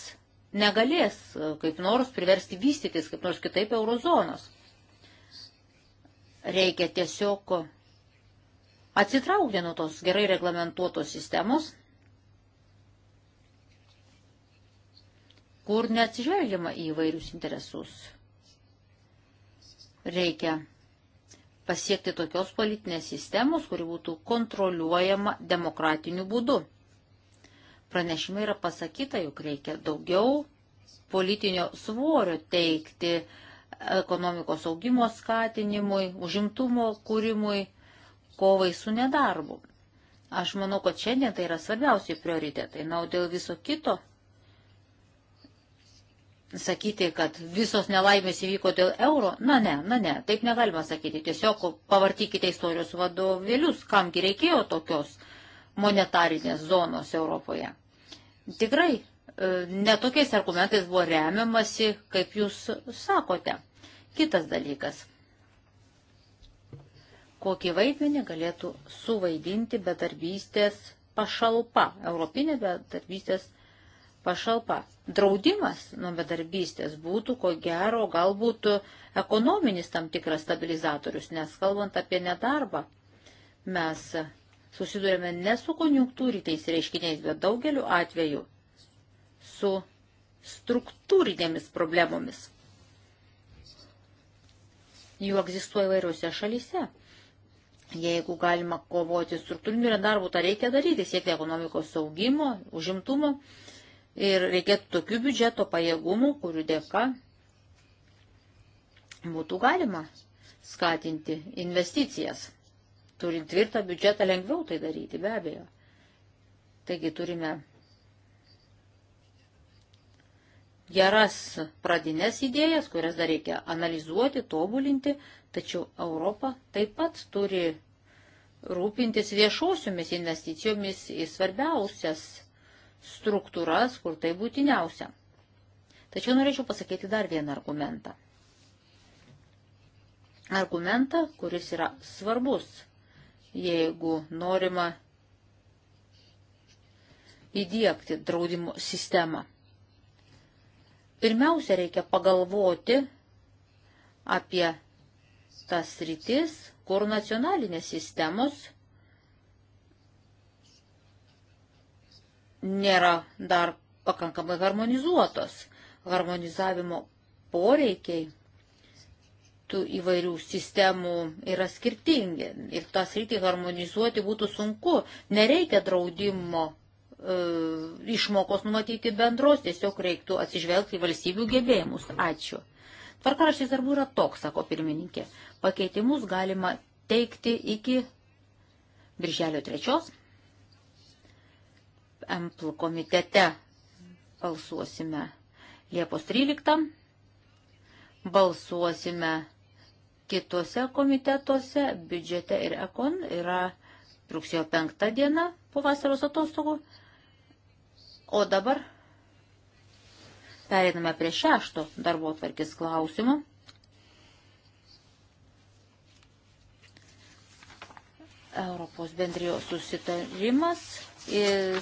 negalės kaip nors priversti vystytis, kaip nors kitaip eurozonos. Reikia tiesiog atsitraukti nuo tos gerai reglamentuotos sistemos, kur neatsižvelgiama į vairius interesus. Reikia pasiekti tokios politinės sistemos, kuri būtų kontroliuojama demokratiniu būdu. Pranešime yra pasakyta, jog reikia daugiau politinio svorio teikti ekonomikos augimo skatinimui, užimtumo kūrimui, kovai su nedarbu. Aš manau, kad šiandien tai yra svarbiausiai prioritetai. Na, o dėl viso kito sakyti, kad visos nelaimės įvyko dėl euro, na ne, na ne, taip negalima sakyti. Tiesiog pavartykite istorijos vadovėlius, kamgi reikėjo tokios monetarinės zonos Europoje. Tikrai e, netokiais argumentais buvo remiamasi, kaip jūs sakote. Kitas dalykas. Kokį vaidmenį galėtų suvaidinti bedarbystės pašalpa, europinė bedarbystės pašalpa? pašalpa. Draudimas nuo bedarbystės būtų, ko gero, galbūt ekonominis tam tikras stabilizatorius, nes kalbant apie nedarbą, mes susidurėme ne su konjunktūrytais reiškiniais, bet daugeliu atveju su struktūrinėmis problemomis. Jų egzistuoja įvairiuose šalyse. Jeigu galima kovoti struktūriniu nedarbu, tą reikia daryti, siekti ekonomikos saugimo, užimtumo. Uh, Ir reikėtų tokių biudžeto pajėgumų, kurių dėka būtų galima skatinti investicijas. Turint tvirtą biudžetą lengviau tai daryti, be abejo. Taigi turime geras pradinės idėjas, kurias dar reikia analizuoti, tobulinti, tačiau Europa taip pat turi rūpintis viešosiomis investicijomis į svarbiausias struktūras, kur tai būtiniausia. Tačiau norėčiau pasakyti dar vieną argumentą. Argumentą, kuris yra svarbus, jeigu norima įdėkti draudimo sistemą. Pirmiausia, reikia pagalvoti apie tas rytis, kur nacionalinės sistemos nėra dar pakankamai harmonizuotos. Harmonizavimo poreikiai tų įvairių sistemų yra skirtingi ir tą sritį harmonizuoti būtų sunku. Nereikia draudimo e, išmokos numatyti bendros, tiesiog reiktų atsižvelgti į valstybių gebėjimus. Ačiū. Tvarkaraštis darbų yra toks, sako pirmininkė. Pakeitimus galima teikti iki birželio trečios MPL komitete balsuosime Liepos 13, balsuosime kitose komitetuose, biudžete ir ekon yra rugsėjo 5 diena po vasaros atostogų. O dabar pereiname prie šešto darbo tvarkės klausimo. Europos bendrijos susitarimas ir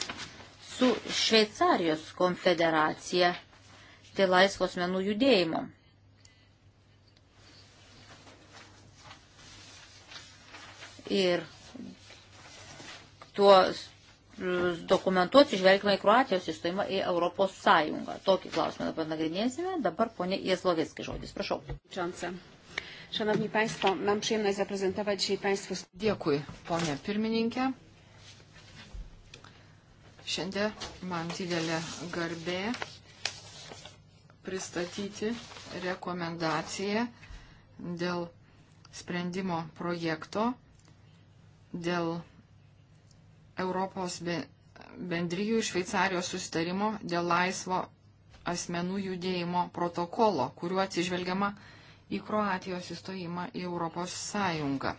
su Šveicarijos konfederacija dėl laisvos menų judėjimo. Ir tuo dokumentu atsižvelgime į Kroatijos įstojimą į Europos Sąjungą. Tokį klausimą dabar nagrinėsime. Dabar ponė Jeslovėski žodis. Prašau. Szanowni Państwo, mam przyjemność zaprezentować dzisiaj Państwu. Dziękuję, Panie Pirmininkė. Šiandien man didelė garbė pristatyti rekomendaciją dėl sprendimo projekto, dėl Europos bendryjų ir Šveicarijos sustarimo dėl laisvo asmenų judėjimo protokolo, kuriuo atsižvelgiama į Kroatijos įstojimą į Europos Sąjungą.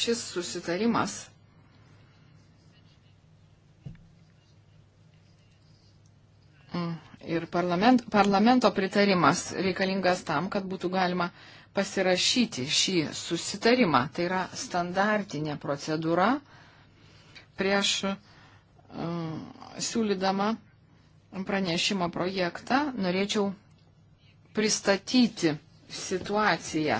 šis susitarimas mm, ir parlament, parlamento pritarimas reikalingas tam, kad būtų galima pasirašyti šį susitarimą. Tai yra standartinė procedūra prieš uh, siūlydama pranešimo projektą norėčiau pristatyti situaciją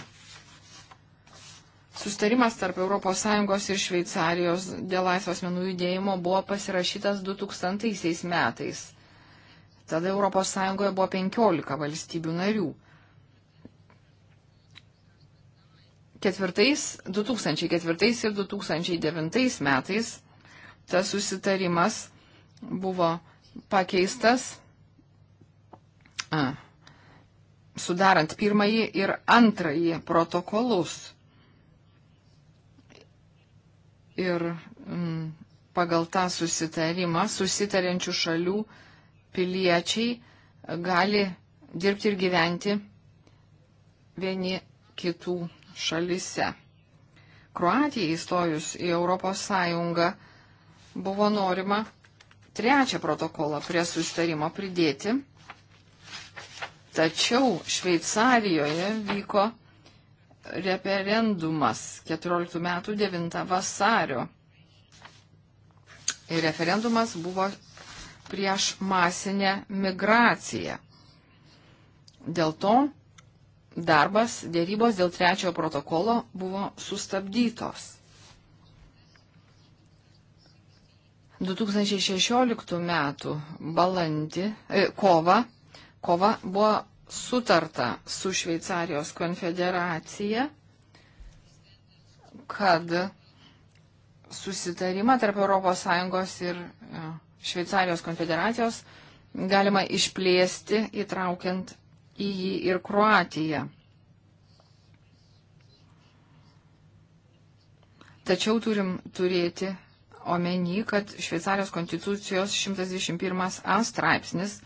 Sustarimas tarp ES ir Šveicarijos dėl laisvos menų judėjimo buvo pasirašytas 2000 metais. Tada ES buvo 15 valstybių narių. Ketvirtais, 2004 ir 2009 metais tas susitarimas buvo pakeistas a, sudarant pirmąjį ir antrąjį protokolus ir m, mm, pagal tą susitarimą susitariančių šalių piliečiai gali dirbti ir gyventi vieni kitų šalise. Kroatijai įstojus į Europos Sąjungą buvo norima trečią protokolą prie susitarimo pridėti, tačiau Šveicarijoje vyko referendumas 14 metų 9 vasario. Ir referendumas buvo prieš masinę migraciją. Dėl to darbas dėrybos dėl trečiojo protokolo buvo sustabdytos. 2016 m. balandį, e, kova, kova buvo sutarta su Šveicarijos konfederacija, kad susitarimą tarp ES ir e, Šveicarijos konfederacijos galima išplėsti įtraukiant į jį ir Kroatiją. Tačiau turim turėti omeny, kad Šveicarijos konstitucijos 121 A straipsnis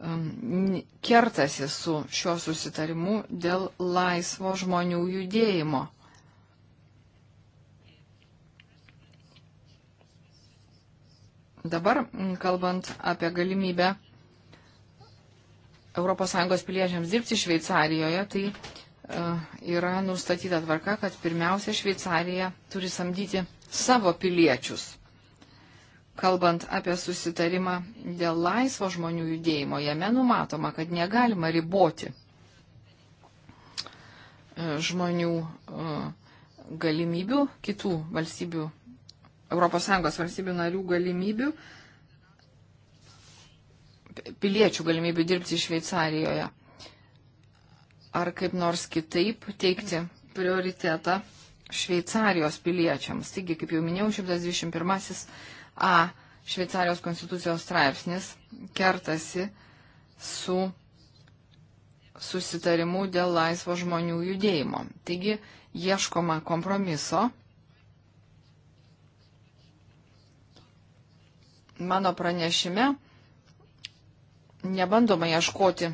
Um, kertasi su šiuo susitarimu dėl laisvo žmonių judėjimo. Dabar, kalbant apie galimybę ES piliečiams dirbti Šveicarijoje, tai uh, yra nustatyta tvarka, kad pirmiausia Šveicarija turi samdyti savo piliečius kalbant apie susitarimą dėl laisvo žmonių judėjimo, jame numatoma, kad negalima riboti e, žmonių e, galimybių, kitų valstybių, ES valstybių narių galimybių, piliečių galimybių dirbti Šveicarijoje. Ar kaip nors kitaip teikti prioritetą Šveicarijos piliečiams. Taigi, kaip jau minėjau, 121 A Šveicarijos konstitucijos straipsnis kertasi su susitarimu dėl laisvo žmonių judėjimo. Taigi ieškoma kompromiso. Mano pranešime nebandoma ieškoti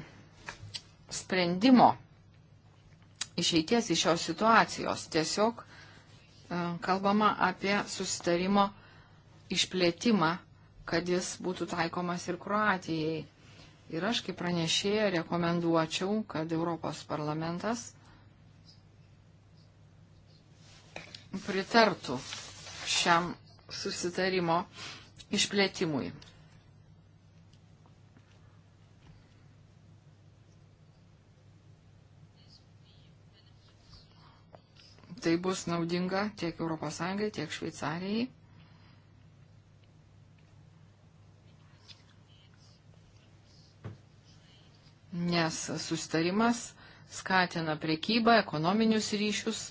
sprendimo išeities iš šios situacijos. Tiesiog e, kalbama apie susitarimo išplėtimą, kad jis būtų taikomas ir Kroatijai. Ir aš kaip pranešėja rekomenduočiau, kad Europos parlamentas pritartų šiam susitarimo išplėtimui. Tai bus naudinga tiek ES, tiek Šveicarijai. nes sustarimas skatina prekybą, ekonominius ryšius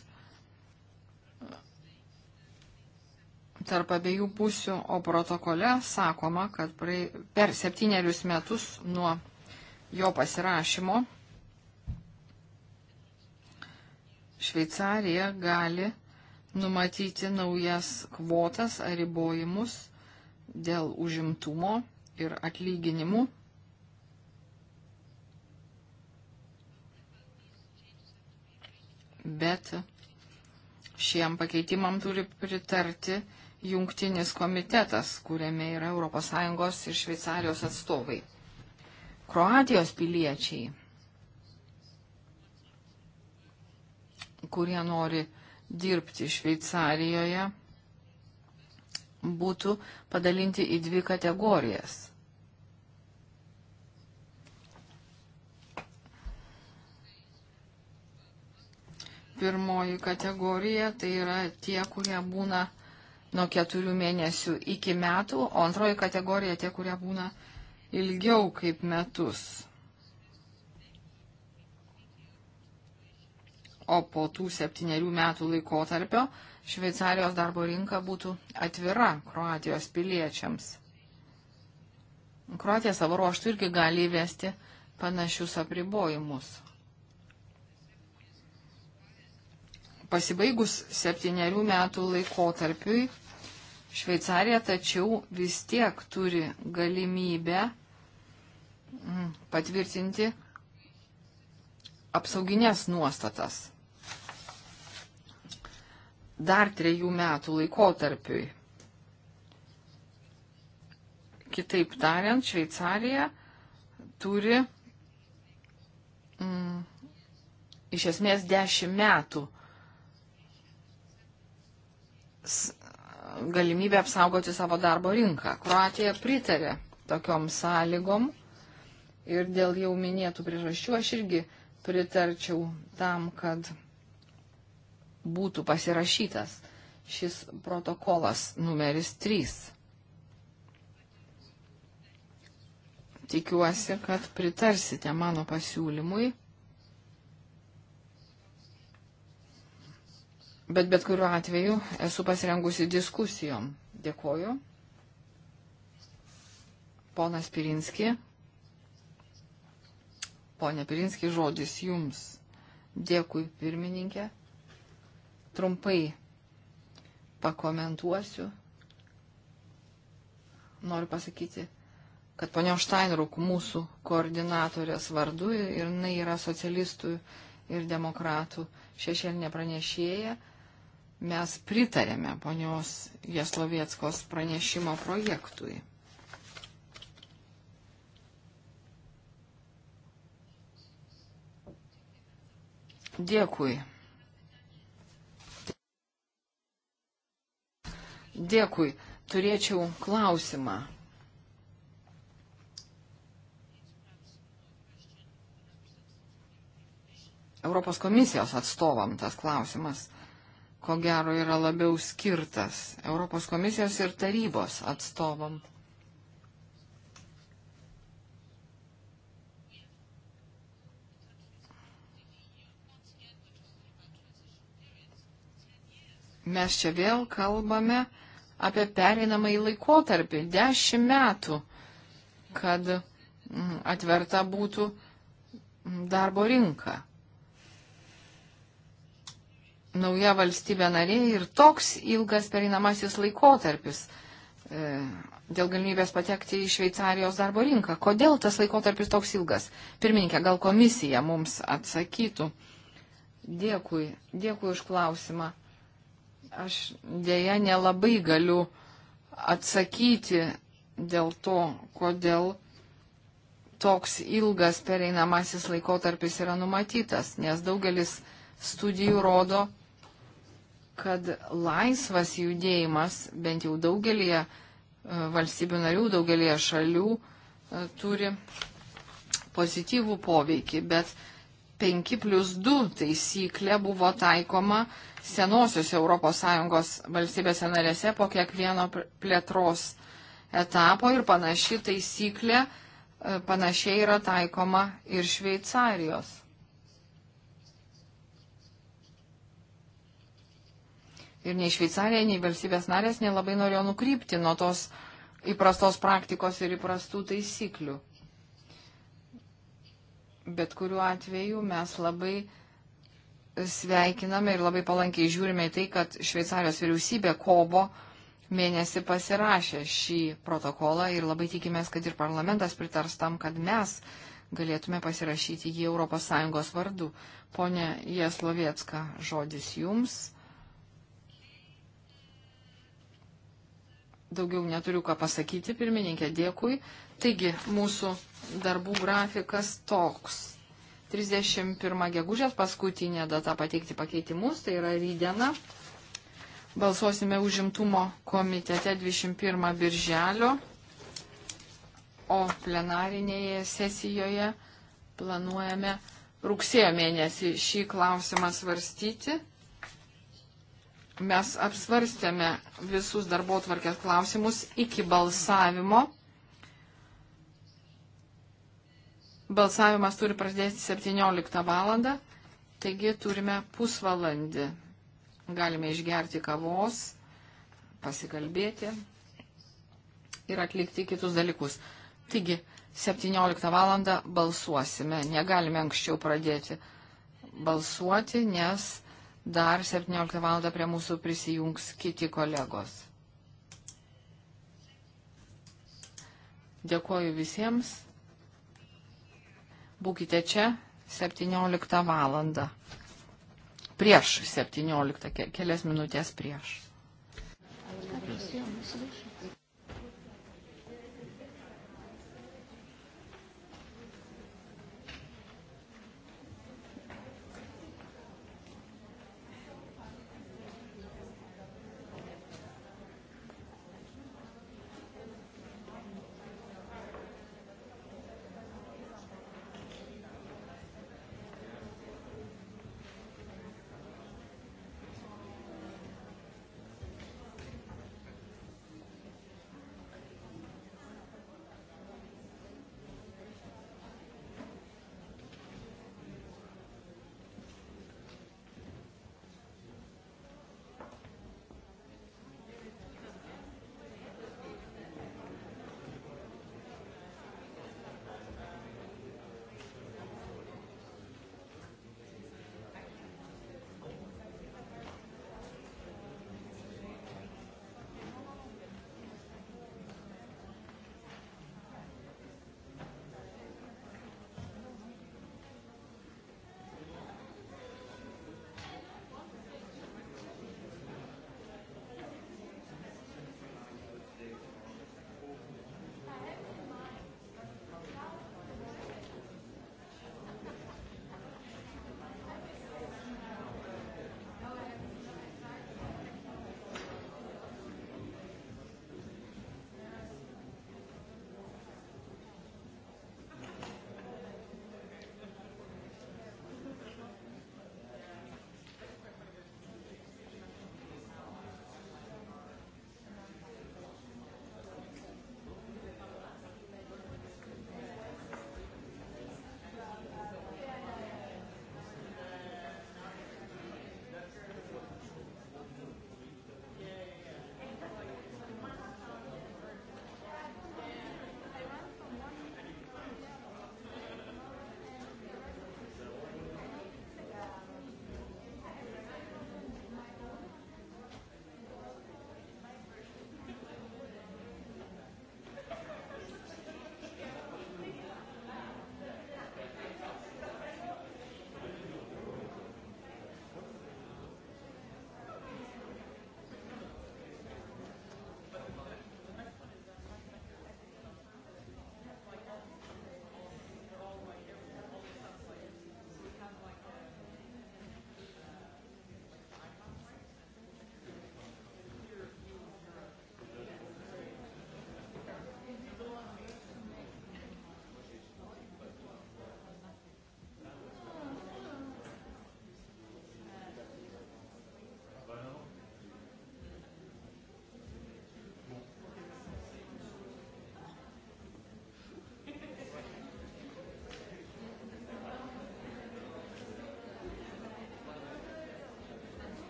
tarp abiejų pusių, o protokole sakoma, kad per septynerius metus nuo jo pasirašymo Šveicarija gali numatyti naujas kvotas ar ribojimus dėl užimtumo ir atlyginimų bet šiem pakeitimam turi pritarti jungtinis komitetas, kuriame yra ES ir Šveicarijos atstovai. Kroatijos piliečiai, kurie nori dirbti Šveicarijoje, būtų padalinti į dvi kategorijas. Pirmoji kategorija tai yra tie, kurie būna nuo keturių mėnesių iki metų, o antroji kategorija tie, kurie būna ilgiau kaip metus. O po tų septyniarių metų laikotarpio Šveicarijos darbo rinka būtų atvira Kroatijos piliečiams. Kroatija savo ruoštų irgi gali įvesti panašius apribojimus. pasibaigus septyniarių metų laikotarpiui Šveicarija tačiau vis tiek turi galimybę mm, patvirtinti apsauginės nuostatas dar trejų metų laikotarpiui. Kitaip tariant, Šveicarija turi mm, iš esmės dešimt metų galimybę apsaugoti savo darbo rinką. Kroatija pritarė tokiom sąlygom ir dėl jau minėtų priežasčių aš irgi pritarčiau tam, kad būtų pasirašytas šis protokolas numeris 3. Tikiuosi, kad pritarsite mano pasiūlymui Bet bet kuriuo atveju esu pasirengusi diskusijom. Dėkoju. Ponas Pirinski. Pone Pirinski, žodis jums. Dėkui, pirmininkė. Trumpai pakomentuosiu. Noriu pasakyti, kad ponia Štainruk mūsų koordinatorės vardu ir jinai yra socialistų ir demokratų šešėlinė pranešėja mes pritarėme ponios Jeslovieckos pranešimo projektui. Dėkui. Dėkui. Turėčiau klausimą. Europos komisijos atstovam tas klausimas ko gero yra labiau skirtas Europos komisijos ir tarybos atstovam. Mes čia vėl kalbame apie pereinamąjį laikotarpį, dešimt metų, kad mm, atverta būtų darbo rinka nauja valstybė narė ir toks ilgas perinamasis laikotarpis e, dėl galimybės patekti į Šveicarijos darbo rinką. Kodėl tas laikotarpis toks ilgas? Pirmininkė, gal komisija mums atsakytų. Dėkui, dėkui už klausimą. Aš dėja nelabai galiu atsakyti dėl to, kodėl toks ilgas pereinamasis laikotarpis yra numatytas, nes daugelis studijų rodo, kad laisvas judėjimas bent jau daugelie valstybių narių, daugelie šalių e, turi pozityvų poveikį, bet 5 plus 2 taisyklė buvo taikoma senosios ES valstybėse narėse po kiekvieno plėtros etapo ir panaši taisyklė e, panašiai yra taikoma ir Šveicarijos ir nei Šveicarija, nei valstybės narės nelabai norėjo nukrypti nuo tos įprastos praktikos ir įprastų taisyklių. Bet kuriuo atveju mes labai sveikiname ir labai palankiai žiūrime į tai, kad Šveicarijos vyriausybė kovo mėnesį pasirašė šį protokolą ir labai tikimės, kad ir parlamentas pritars tam, kad mes galėtume pasirašyti jį ES vardu. Pone Jeslovietska, žodis jums. Daugiau neturiu ką pasakyti, pirmininkė, dėkui. Taigi, mūsų darbų grafikas toks. 31 gegužės paskutinė data pateikti pakeitimus, tai yra rydena. Balsuosime užimtumo komitete 21 birželio, o plenarinėje sesijoje planuojame rugsėjo mėnesį šį klausimą svarstyti mes apsvarstėme visus darbo tvarkės klausimus iki balsavimo. Balsavimas turi prasidėti 17 valandą, taigi turime pusvalandį. Galime išgerti kavos, pasikalbėti ir atlikti kitus dalykus. Taigi, 17 valandą balsuosime. Negalime anksčiau pradėti balsuoti, nes dar 17 val. prie mūsų prisijungs kiti kolegos. Dėkuoju visiems. Būkite čia 17 val. Prieš 17, kelias minutės prieš. Yes.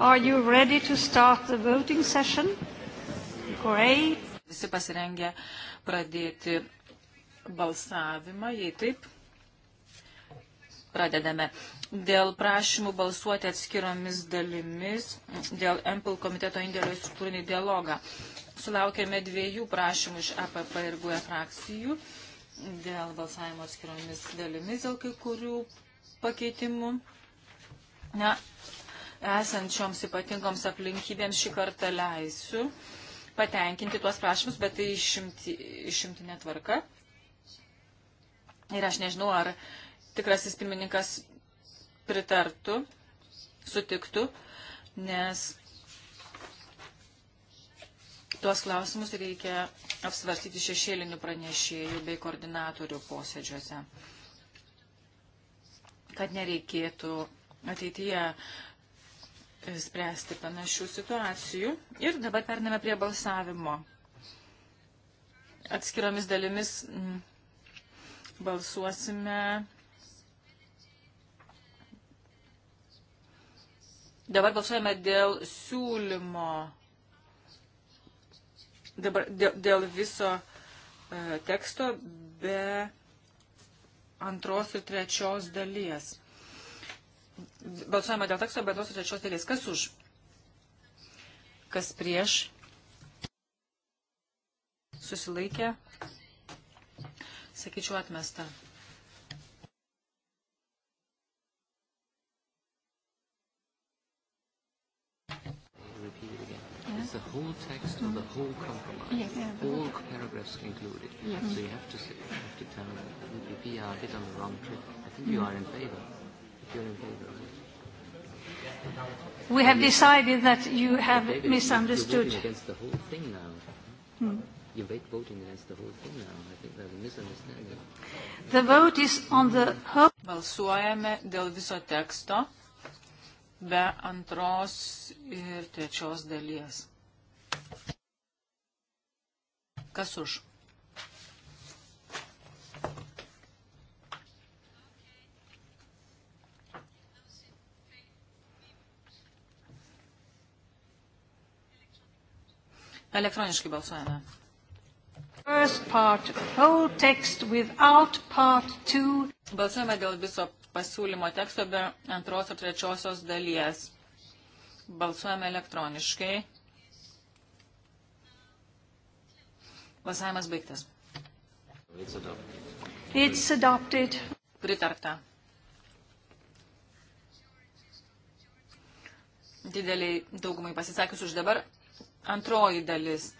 Are you ready to start the voting session? Great. Visi pasirengę pradėti balsavimą, jei taip. Pradedame. Dėl prašymų balsuoti atskiromis dalimis, dėl MPL komiteto indėlio į struktūrinį dialogą. Sulaukėme dviejų prašymų iš APP ir GUE frakcijų dėl balsavimo atskiromis dalimis, dėl kai kurių pakeitimų. Na, esant šioms ypatingoms aplinkybėms šį kartą leisiu patenkinti tuos prašymus, bet tai išimti, išimti netvarka. Ir aš nežinau, ar tikrasis pirmininkas pritartų, sutiktų, nes tuos klausimus reikia apsvarstyti šešėlinių pranešėjų bei koordinatorių posėdžiuose, kad nereikėtų ateityje E, spręsti panašių situacijų. Ir dabar pername prie balsavimo. Atskiromis dalimis balsuosime. Dabar balsuojame dėl siūlymo, dabar dėl, dėl viso e, teksto be antros ir trečios dalies. Balsuojama dėl teksto, bet tos trečios dalies. Kas už? Kas prieš? Susilaikė. Sakyčiau atmesta. It's the whole text mm. of the whole compromise, yeah, yeah, all okay. paragraphs included. Yeah. So you have to, you have to tell them, we are a bit on the wrong trip. I think mm. you mm-hmm. are in favor. We have decided that you have misunderstood. You're voting against the whole thing now. Hmm. You're voting against the whole thing now. I think there's a misunderstanding. The vote is on the whole. Balsuojame dėl viso teksto be antros ir trečios dalies. Kas už? Elektroniškai balsuojame. First part, whole text without part two. Balsuojame dėl viso pasiūlymo teksto be antros ar trečiosios dalies. Balsuojame elektroniškai. Balsavimas baigtas. It's adopted. It's adopted. Pritarta. Dideliai daugumai pasisakius už dabar Antroji dalis.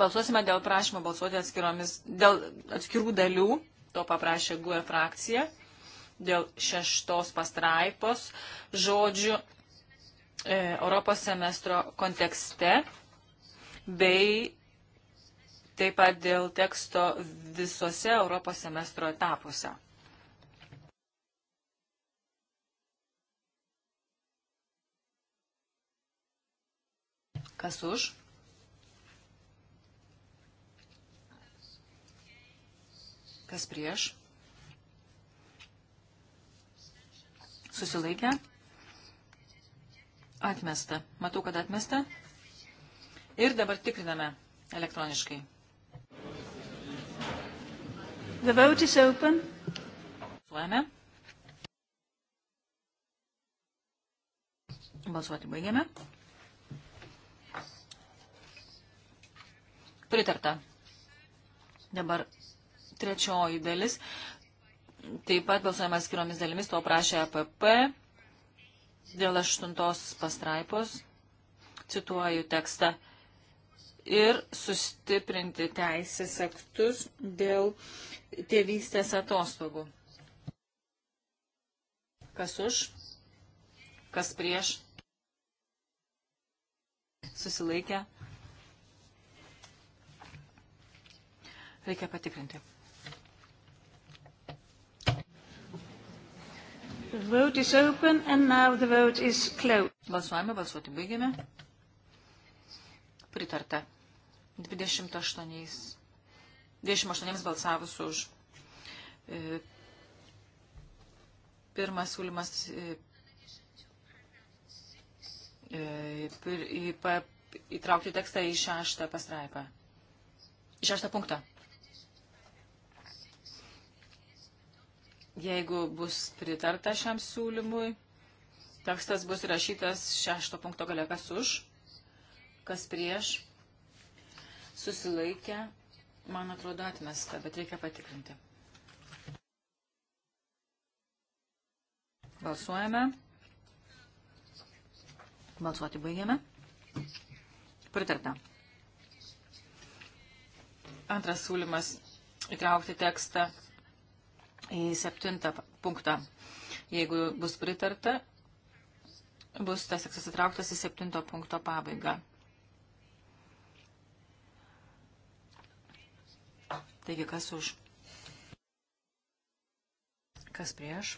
Balsuosime dėl prašymo balsuoti atskiromis, dėl atskirų dalių, to paprašė GUE frakcija, dėl šeštos pastraipos, žodžių e, Europos semestro kontekste bei taip pat dėl teksto visose Europos semestro etapuose. Kas už? Kas prieš? Susilaikę? Atmesta. Matau, kad atmesta. Ir dabar tikriname elektroniškai. The vote is open. Balsuojame. Balsuoti baigiame. Pritarta. Dabar trečioji dalis. Taip pat balsuojama skiromis dalimis, to prašė APP dėl aštuntos pastraipos. Cituoju tekstą. Ir sustiprinti teisės aktus dėl tėvystės atostogų. Kas už? Kas prieš? Susilaikę? Reikia patikrinti. The vote is open and now the vote is closed. Balsuojame, balsuoti baigiame. Pritarta. 28, 28 balsavus už. E, pirmas siūlymas e, e, įtraukti tekstą į šeštą pastraipą. Į šeštą punktą. Jeigu bus pritarta šiam siūlymui, tekstas bus rašytas šešto punkto gale kas už, kas prieš, susilaikę, man atrodo atmesta, bet reikia patikrinti. Balsuojame. Balsuoti baigiame. Pritarta. Antras siūlymas įtraukti tekstą į septintą punktą. Jeigu bus pritarta, bus tas tekstas įtrauktas į septinto punkto pabaigą. Taigi, kas už? Kas prieš?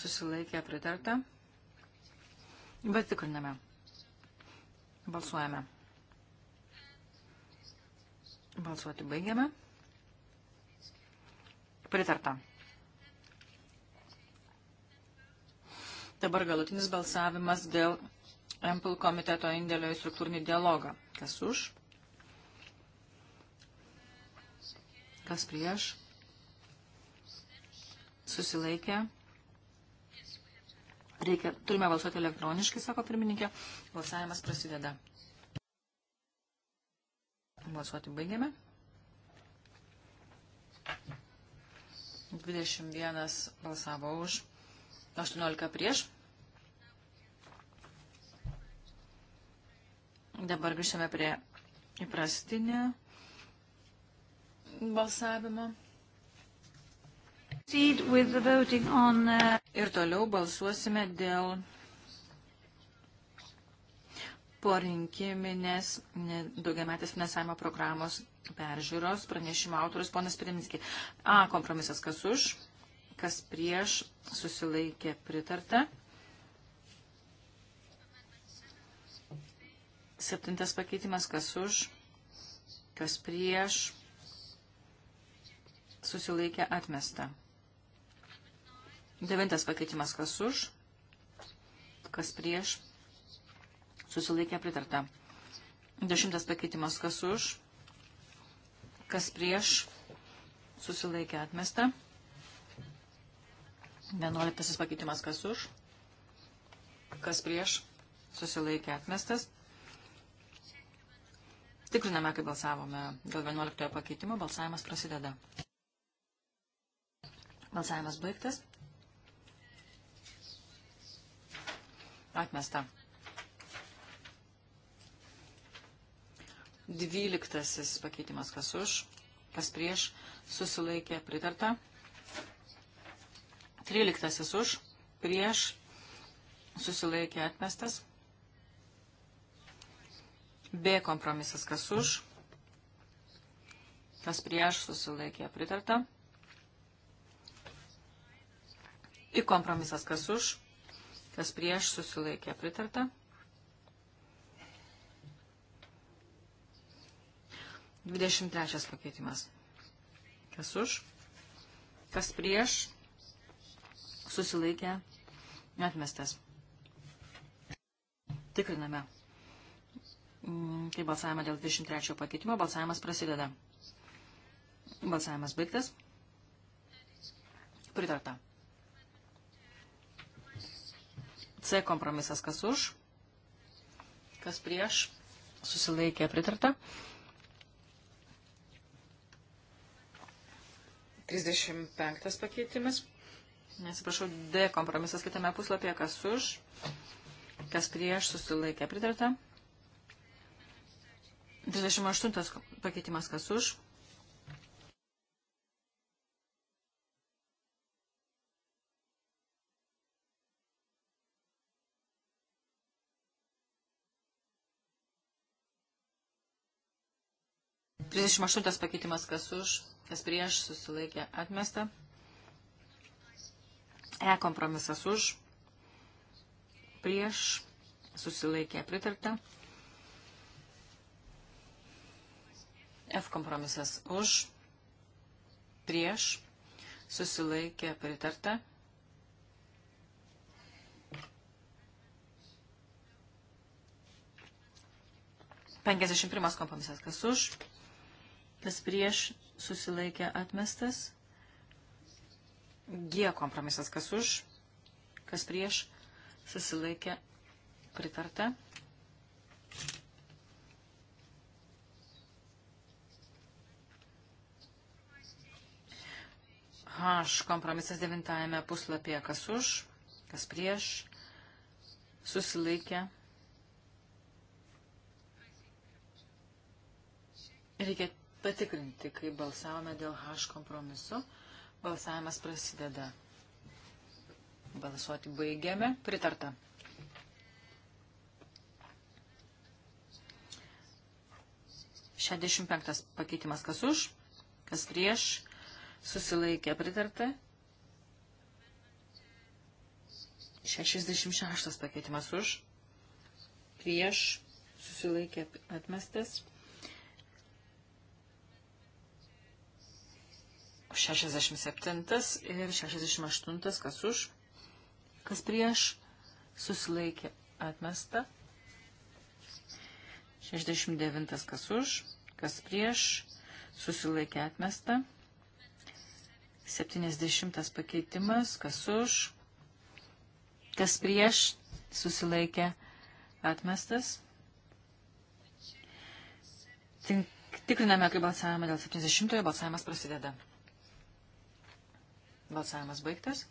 Susilaikė pritarta. Bet tikriname. Balsuojame. Balsuoti baigiame. Pritarta. Dabar galutinis balsavimas dėl MPL komiteto indėlio į struktūrinį dialogą. Kas už? Kas prieš? Susilaikė. Reikia, turime balsuoti elektroniškai, sako pirmininkė. Balsavimas prasideda. Balsuoti baigiame. 21 balsavo už, 18 prieš. Dabar grįžtame prie įprastinio balsavimo. Uh, Ir toliau balsuosime dėl porinkiminės daugiametės finansavimo programos peržiūros pranešimo autorius ponas Priminski. A. Kompromisas kas už, kas prieš, susilaikė pritarta. Septintas pakeitimas kas už, kas prieš, susilaikė atmesta. Devintas pakeitimas kas už, kas prieš, susilaikė pritarta. Dešimtas pakeitimas kas už, kas prieš, susilaikė atmesta. Vienuoliktasis pakeitimas kas už, kas prieš, susilaikė atmestas. Tikriname, kai balsavome dėl 11 pakeitimo, balsavimas prasideda. Balsavimas baigtas. Atmesta. Dvyliktasis pakeitimas kas už, kas prieš, susilaikė pritarta. Tryliktasis už, prieš, susilaikė atmestas. B kompromisas kas už, kas prieš, susilaikė pritarta. I kompromisas kas už, kas prieš, susilaikė pritarta. 23 pakeitimas. Kas už? Kas prieš? Susilaikė. Atmestas. Tikriname. Mm, tai balsavimą dėl 23 pakeitimo. Balsavimas prasideda. Balsavimas baigtas. Pritarta. C kompromisas kas už, kas prieš, susilaikė pritarta. 35 pakeitimas. Nesiprašau, D kompromisas kitame puslapyje, kas už, kas prieš susilaikė pritarta. 38 pakeitimas, kas už, 38 pakeitimas kas už, kas prieš, susilaikė atmesta. E kompromisas už, prieš, susilaikė pritarta. F kompromisas už, prieš, susilaikė pritarta. Penkiasdešimt pirmas kompromisas, kas už, kas prieš susilaikė atmestas. G kompromisas, kas už, kas prieš susilaikė pritarta. H kompromisas devintajame puslapyje, kas už, kas prieš susilaikė. Reikia patikrinti, kai balsavome dėl H kompromisu. Balsavimas prasideda. Balsuoti baigiame. Pritarta. Šešiasdešimt penktas pakeitimas kas už, kas prieš, susilaikė pritarta. Šešiasdešimt šeštas pakeitimas už, prieš, susilaikė atmestas. 67 ir 68, kas už, kas prieš, susilaikė atmesta. 69, kas už, kas prieš, susilaikė atmesta. 70 pakeitimas, kas už, kas prieš, susilaikė atmestas. Tink, tikriname, kaip balsavome dėl 70-ojo, balsavimas prasideda. Balsavimas baigtas.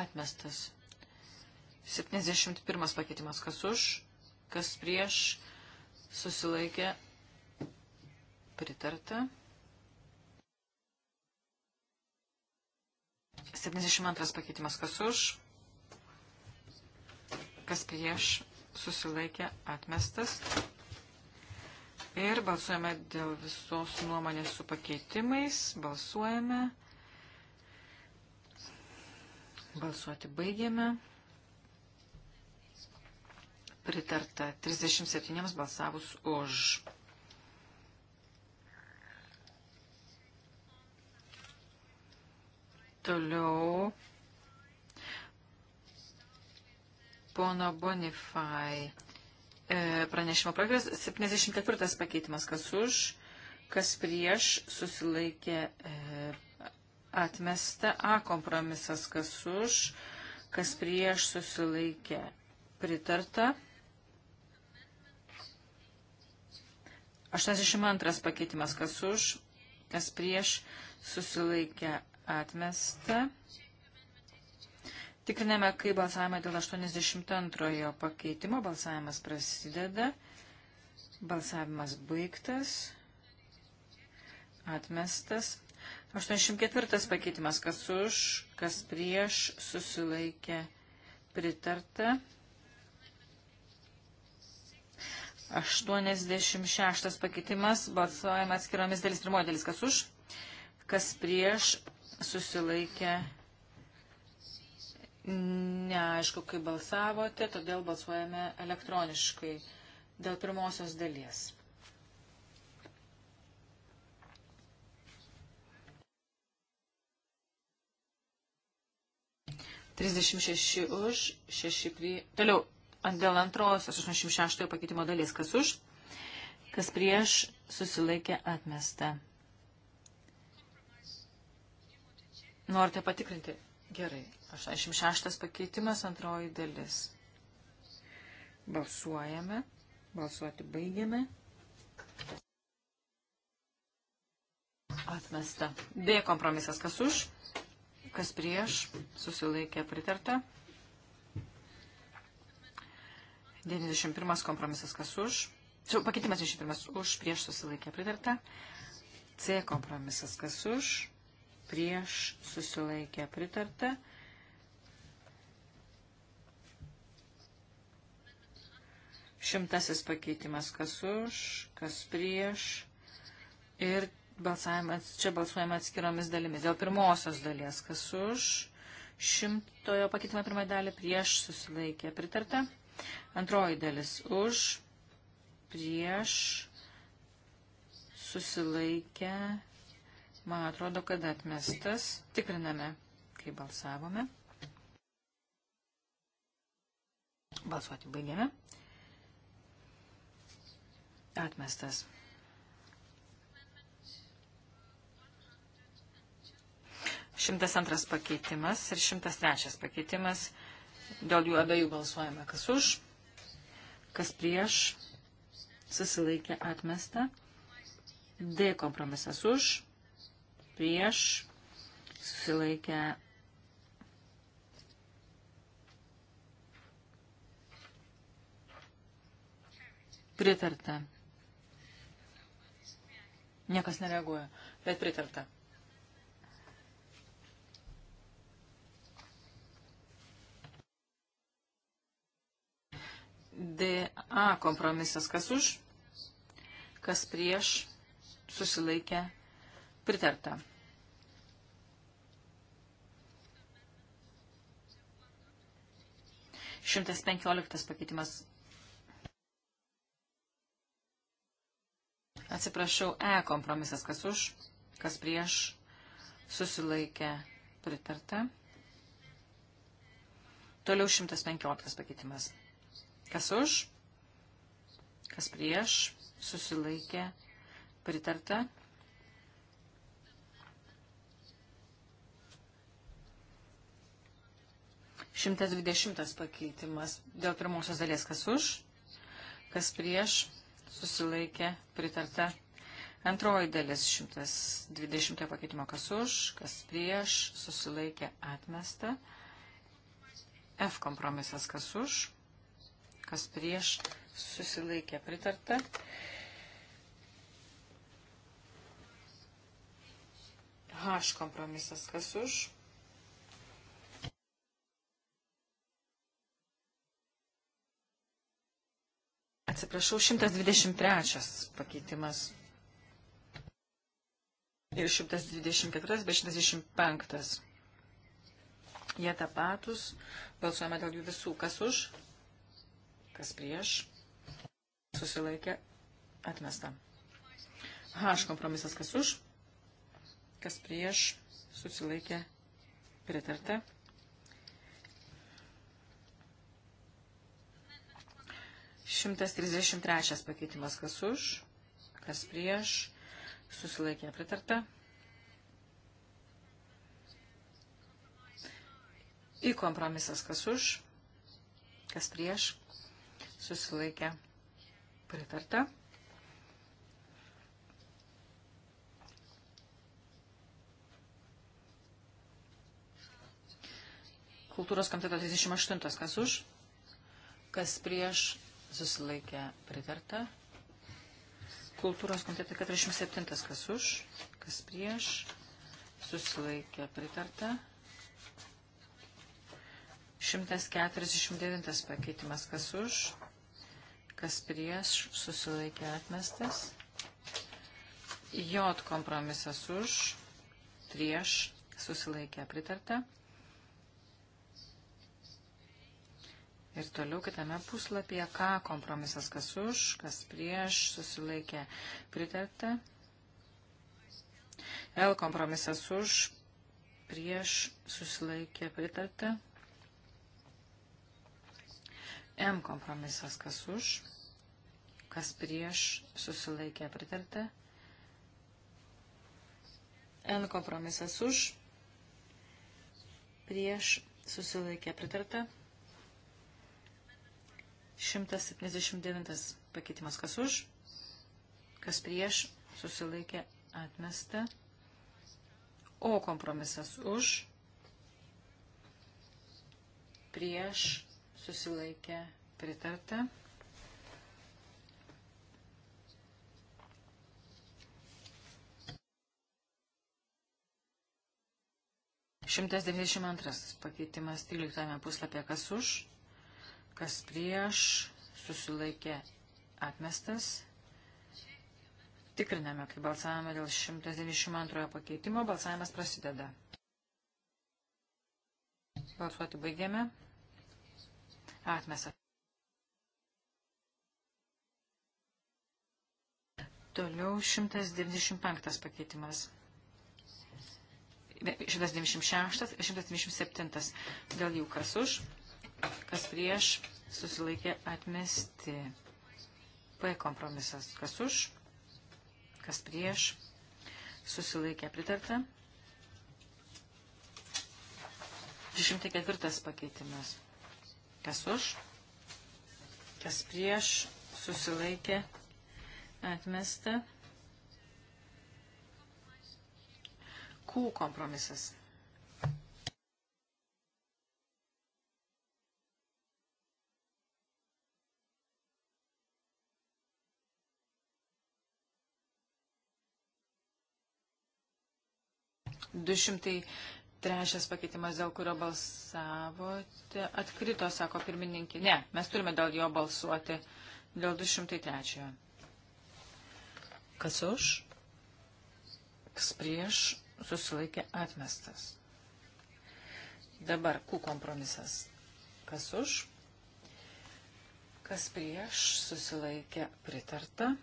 Atmestas. 71 pakeitimas. Kas už, kas prieš, susilaikė pritarta. 72 pakeitimas. Kas už, kas prieš, susilaikė atmestas. Ir balsuojame dėl visos nuomonės su pakeitimais. Balsuojame. Balsuoti baigėme. Pritarta 37 balsavus už. Toliau pono Bonifai E, pranešimo projektas. 74 pakeitimas, kas už, kas prieš, susilaikė e, atmesta. A kompromisas, kas už, kas prieš, susilaikė pritarta. 82 pakeitimas, kas už, kas prieš, susilaikė atmesta. Tikriname, kai balsavimą dėl 82 pakeitimo. Balsavimas prasideda. Balsavimas baigtas. Atmestas. 84 pakeitimas. Kas už, kas prieš, susilaikė pritarta. 86 pakeitimas. Balsuojame atskiromis dalis. Pirmoji dalis. Kas už, kas prieš, susilaikė pritarta Neaišku, kaip balsavote, todėl balsuojame elektroniškai dėl pirmosios dalies. Trisdešimt šeši už, šeši prie... Toliau, dėl antrosios 86 pakeitimo dalies, kas už, kas prieš susilaikė atmesta. Norite patikrinti? Gerai. 86 pakeitimas, antroji dalis. Balsuojame. Balsuoti baigiame. Atmesta. D kompromisas. Kas už? Kas prieš? Susilaikė pritarta. 91 kompromisas. Kas už? Pakeitimas 91 už, prieš susilaikė pritarta. C kompromisas. Kas už? Prieš susilaikė pritarta. Šimtasis pakeitimas, kas už, kas prieš. Ir balsavimas, čia balsuojama atskiromis dalimis. Dėl pirmosios dalies, kas už, šimtojo pakeitimo pirmą dalį prieš susilaikė pritarta. Antroji dalis už, prieš susilaikė, man atrodo, kad atmestas. Tikriname, kai balsavome. Balsuoti baigėme. Atmestas. Šimtas antras pakeitimas ir šimtas trečias pakeitimas. Dėl jų abiejų balsuojame, kas už, kas prieš, susilaikė atmesta. D kompromisas už, prieš, susilaikė. Pritarta. Niekas nereaguoja, bet pritarta. DA kompromisas kas už, kas prieš, susilaikė, pritarta. Šimtas penkioliktas pakeitimas Atsiprašau, E kompromisas, kas už, kas prieš, susilaikė pritarta. Toliau 115 pakeitimas. Kas už, kas prieš, susilaikė pritarta. Šimtas dvidešimtas pakeitimas dėl pirmosios dalies, kas už, kas prieš, susilaikė, pritarta. Antroji dalis 120 pakeitimo, kas už, kas prieš, susilaikė, atmesta. F kompromisas, kas už, kas prieš, susilaikė, pritarta. H kompromisas, kas už, Atsiprašau, 123 pakeitimas. Ir 124 bei 125. Jie tapatus. Balsuojame dėl jų visų. Kas už? Kas prieš? Susilaikė. Atmesta. H kompromisas kas už? Kas prieš? Susilaikė. Pritarta. 133 pakeitimas kas už, kas prieš, susilaikė pritarta. Į kompromisas kas už, kas prieš, susilaikė pritarta. Kultūros komiteto 38 kas už, kas prieš, susilaikė pritarta. Kultūros komitetui 47 kas už, kas prieš, susilaikė pritarta. 149 pakeitimas kas už, kas prieš, susilaikė atmestas. J kompromisas už, prieš, susilaikė pritarta. Ir toliau kitame puslapyje, ką kompromisas, kas už, kas prieš, susilaikė pritarta. L kompromisas už, prieš, susilaikė pritarta. M kompromisas, kas už, kas prieš, susilaikė pritarta. N kompromisas už, prieš, susilaikė pritarta. 179 pakeitimas kas už, kas prieš, susilaikė atmesta. O kompromisas už, prieš, susilaikė pritarta. Šimtas devyniasdešimt antras pakeitimas 13 puslapyje kas už, kas prieš, susilaikė atmestas. Tikriname, kai balsavome dėl 192 pakeitimo, balsavimas prasideda. Balsuoti baigėme. Atmesa. Toliau 195 pakeitimas. 196, 197. Dėl jų kas už? kas prieš, susilaikė atmesti. P kompromisas, kas už, kas prieš, susilaikė pritarta. 204 pakeitimas, kas už, kas prieš, susilaikė atmesta. Q kompromisas. 203 pakeitimas, dėl kurio balsavote, atkrito, sako pirmininkė. Ne, mes turime dėl jo balsuoti, dėl 203. Kas už? Kas prieš? Susilaikė atmestas. Dabar Q kompromisas. Kas už? Kas prieš? Susilaikė pritarta.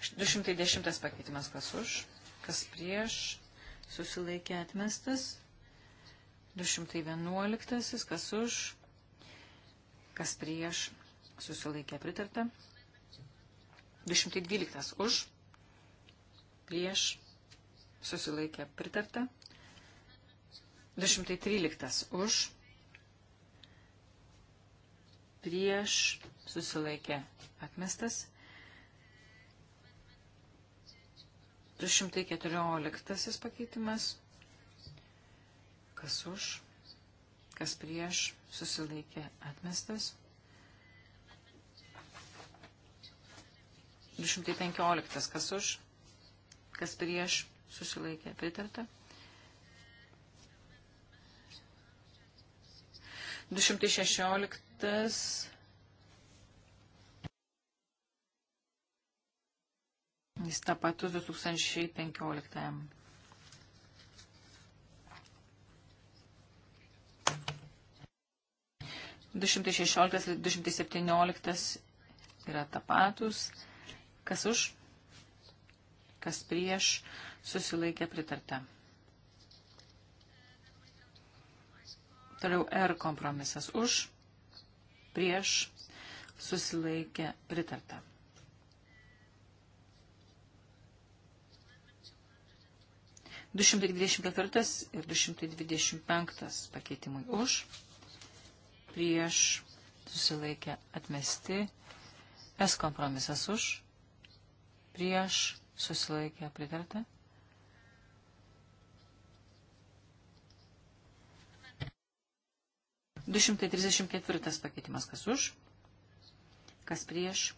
210 pakeitimas kas už, kas prieš, susilaikė atmestas. 211 kas už, kas prieš, susilaikė pritarta. 212 už, prieš, susilaikė pritarta. 213 už, prieš, susilaikė atmestas. 214 pakeitimas. Kas už, kas prieš, susilaikė atmestas. 215 kas už, kas prieš, susilaikė pritarta. 216 Jis tą patus 2015. Du šimtai šešioliktas ir du šimtai septynioliktas yra tapatus. Kas už, kas prieš, susilaikė pritarta. Toliau R kompromisas už, prieš, susilaikė pritarta. 224 ir 225 pakeitimai už, prieš susilaikė atmesti, S kompromisas už, prieš susilaikė pritarta. Du šimtai trisdešimt ketvirtas pakeitimas, kas už, kas prieš,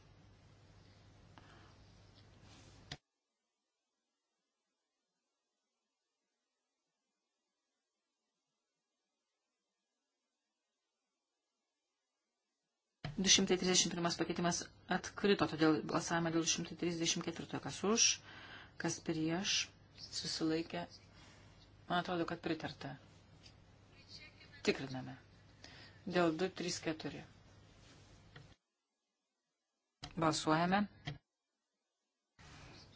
231 pakeitimas atkrito, todėl balsavome dėl 234. Kas už, kas prieš, susilaikė. Man atrodo, kad pritarta. Tikriname. Dėl 234. Balsuojame.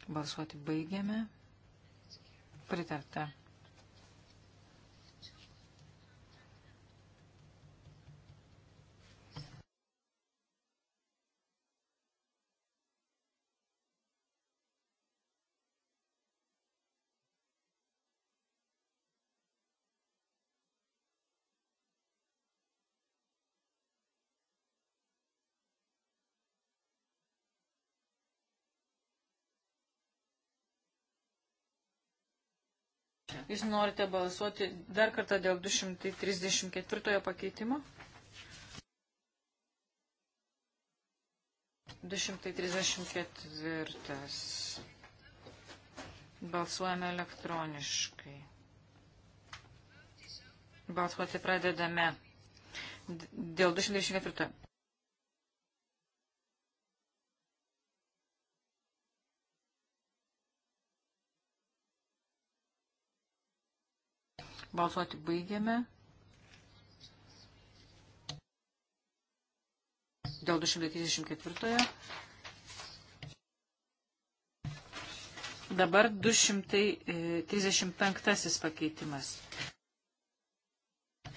Balsuoti baigiame. Pritarta. Jūs norite balsuoti dar kartą dėl 234 pakeitimo? 234. Balsuojame elektroniškai. Balsuoti pradedame dėl 224. Balsuoti baigėme. Dėl 234. Dabar 235 pakeitimas.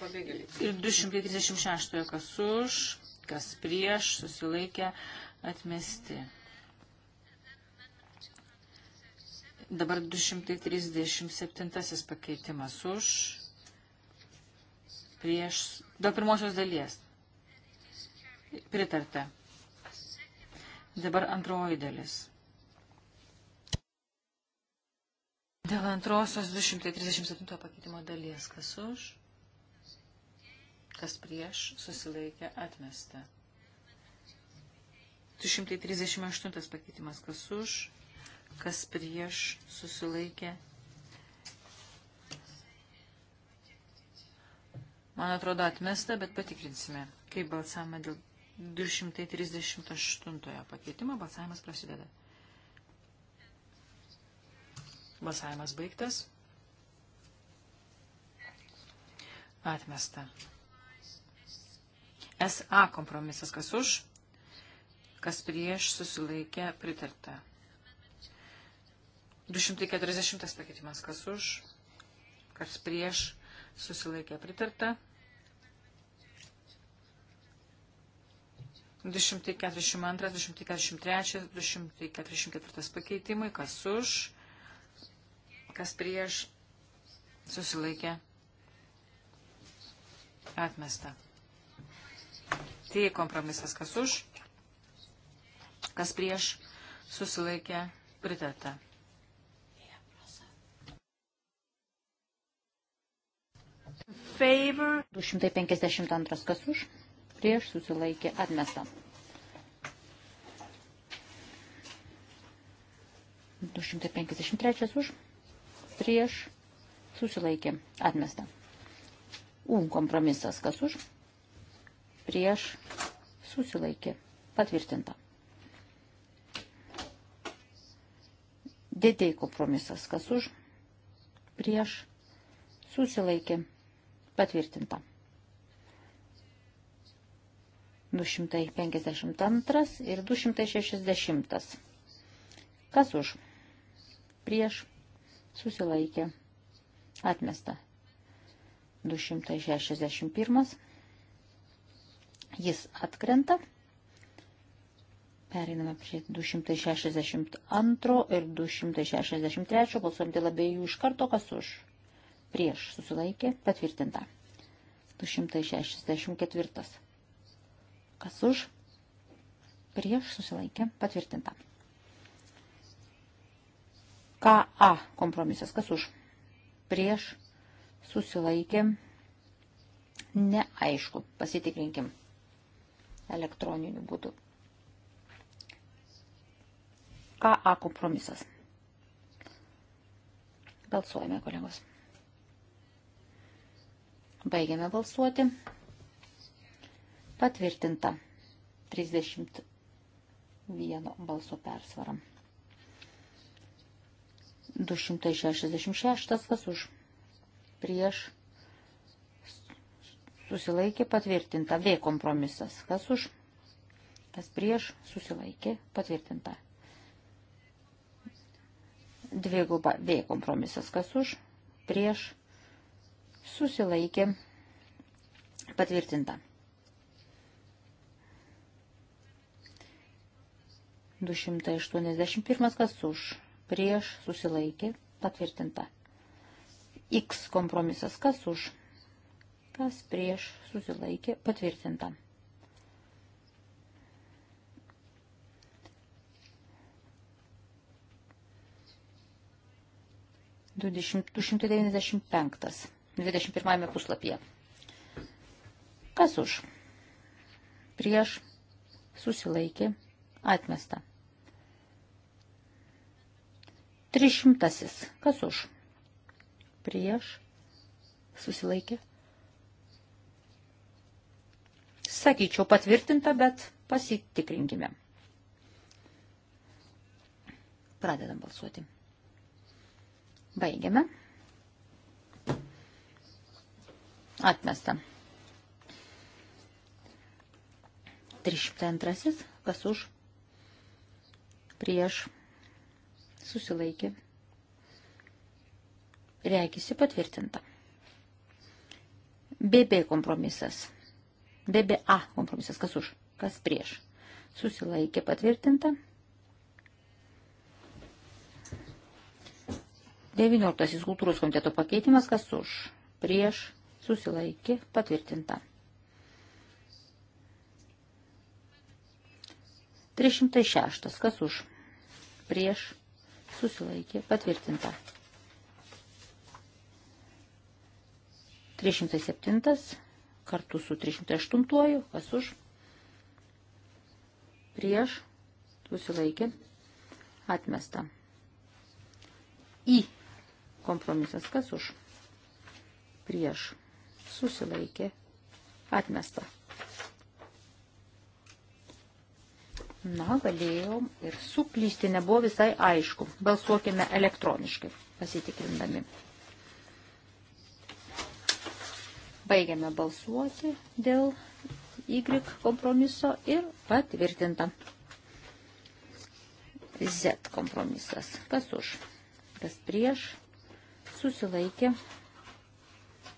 Ir 236 kas už, kas prieš, susilaikė atmesti. Dabar 237 pakeitimas už prieš dėl pirmosios dalies. Pritarta. Dabar antroji dalis. Dėl antrosios 237 pakeitimo dalies. Kas už? Kas prieš? Susilaikė atmesta. 238 pakeitimas. Kas už? kas prieš susilaikė. Man atrodo atmesta, bet patikrinsime. Kaip balsavome dėl 238 pakeitimo, balsavimas prasideda. Balsavimas baigtas. Atmesta. SA kompromisas kas už, kas prieš susilaikė pritarta. 240 pakeitimas, kas už, kas prieš, susilaikė pritarta. 242, 243, 244 pakeitimai, kas už, kas prieš, susilaikė atmesta. Tai kompromisas, kas už, kas prieš, susilaikė pritarta. favor. 252 kas už, prieš susilaikė atmesta. 253 už, prieš susilaikė atmesta. U kompromisas kas už, prieš susilaikė patvirtinta. DD kompromisas kas už, prieš susilaikė patvirtinta Patvirtinta. 252 ir 260. Kas už? Prieš. Susilaikė. Atmesta. 261. Jis atkrenta. Periname prie 262 ir 263. Balsuojam dėl abiejų iš karto, kas už prieš susilaikė patvirtinta. 264. Kas už prieš susilaikė patvirtinta. KA kompromisas. Kas už prieš susilaikė neaišku. Pasitikrinkim elektroniniu būdu. KA kompromisas. Balsuojame, kolegos. Baigiame balsuoti. Patvirtinta. 31 balso persvara. 266 kas už. Prieš. Susilaikė patvirtinta. V kompromisas. Kas už. Kas prieš. Susilaikė patvirtinta. Dviguba V kompromisas. Kas už. Prieš susilaikė patvirtinta. 281 kas už, prieš susilaikė patvirtinta. X kompromisas kas už, kas prieš susilaikė patvirtinta. Du šimtai devyniasdešimt penktas. 21 puslapyje. Kas už? Prieš susilaikė atmesta. 300. Kas už? Prieš susilaikė. Sakyčiau patvirtinta, bet pasitikrinkime. Pradedam balsuoti. Baigiame. Atmesta. 302. Kas už? Prieš. Susilaikė. Reikisi patvirtinta. BB kompromisas. BBA kompromisas. Kas už? Kas prieš? Susilaikė patvirtinta. 19. Kultūros komiteto pakeitimas. Kas už? Prieš susilaikė patvirtinta. 306. Kas už? Prieš susilaikė patvirtinta. 307 kartu su 308, kas už, prieš, susilaikė, atmesta. Į kompromisas, kas už, prieš, susilaikė, atmesta. Na, galėjom ir suklysti, nebuvo visai aišku. Balsuokime elektroniškai, pasitikrindami. Baigiame balsuoti dėl Y kompromiso ir patvirtinta. Z kompromisas. Kas už? Kas prieš? Susilaikė.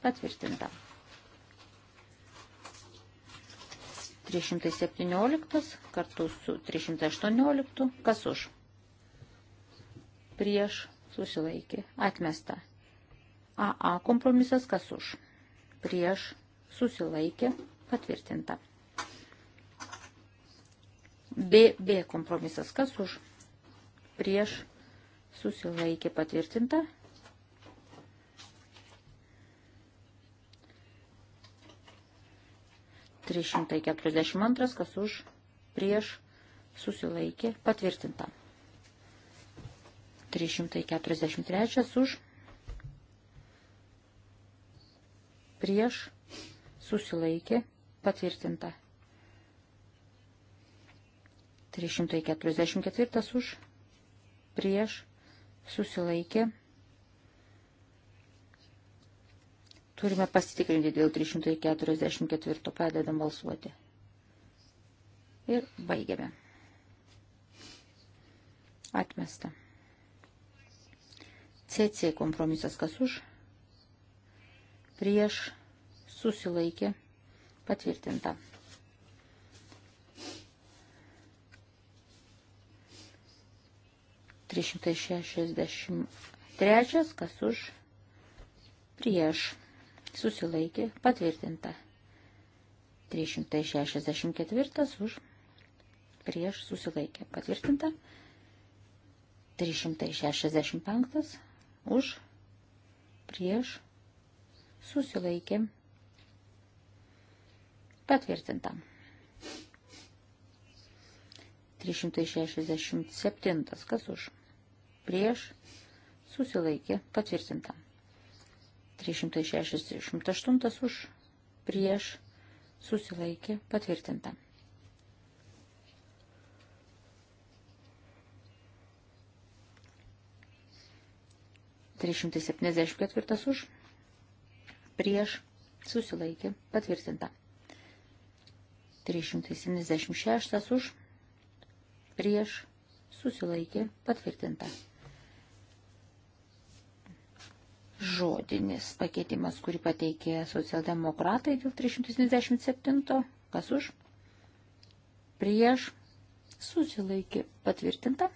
Patvirtinta. 317 kartu su 318. Kas už? Prieš susilaikė. Atmesta. AA kompromisas kas už? Prieš susilaikė. Patvirtinta. BB kompromisas kas už? Prieš susilaikė. Patvirtinta. 342, kas už, prieš, susilaikė, patvirtinta. 343 už, prieš, susilaikė, patvirtinta. 344 už, prieš, susilaikė, Turime pasitikrinti dėl 344. Pradedam balsuoti. Ir baigiame. Atmesta. CC kompromisas kas už? Prieš susilaikė patvirtinta. Trišimtai šešiasdešimt trečias, kas už prieš susilaikė patvirtinta. 364 už prieš susilaikė patvirtinta. 365 už prieš susilaikė patvirtinta. 367 kas už prieš susilaikė patvirtinta. 368 už, prieš, susilaikė, patvirtinta. Trišimtai septyniasdešimt ketvirtas už, prieš, susilaikė, patvirtinta. Trišimtai septyniasdešimt šeštas už, prieš, susilaikė, patvirtinta. 376 už, prieš, susilaikė, patvirtinta. žodinis pakeitimas, kurį pateikė socialdemokratai dėl 377. Kas už? Prieš susilaikė patvirtinta.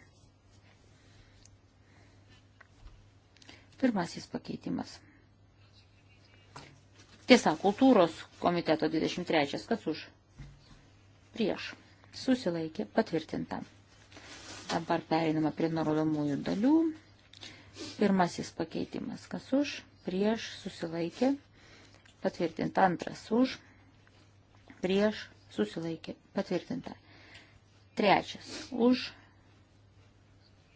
Pirmasis pakeitimas. Tiesa, kultūros komiteto 23. Kas už? Prieš. Susilaikė patvirtinta. Dabar pereinama prie nurodomųjų dalių. Pirmasis pakeitimas, kas už, prieš, susilaikė, patvirtinta. Antras už, prieš, susilaikė, patvirtinta. Trečias už,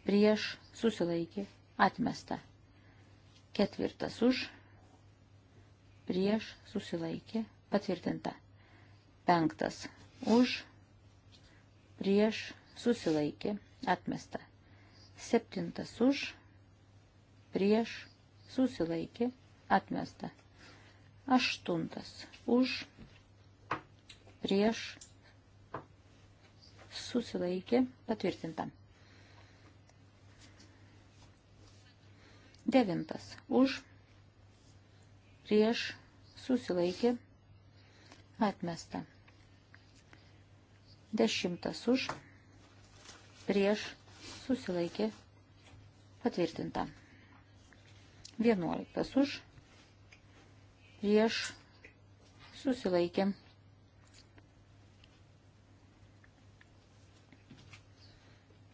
prieš, susilaikė, atmesta. Ketvirtas už, prieš, susilaikė, patvirtinta. Penktas už, prieš, susilaikė, atmesta. Septintas už, prieš, susilaikė, atmesta. Aštuntas, už, prieš, susilaikė, patvirtinta. Devintas, už, prieš, susilaikė, atmesta. Dešimtas už, prieš, susilaikė, patvirtinta. 11 už, prieš, susilaikė.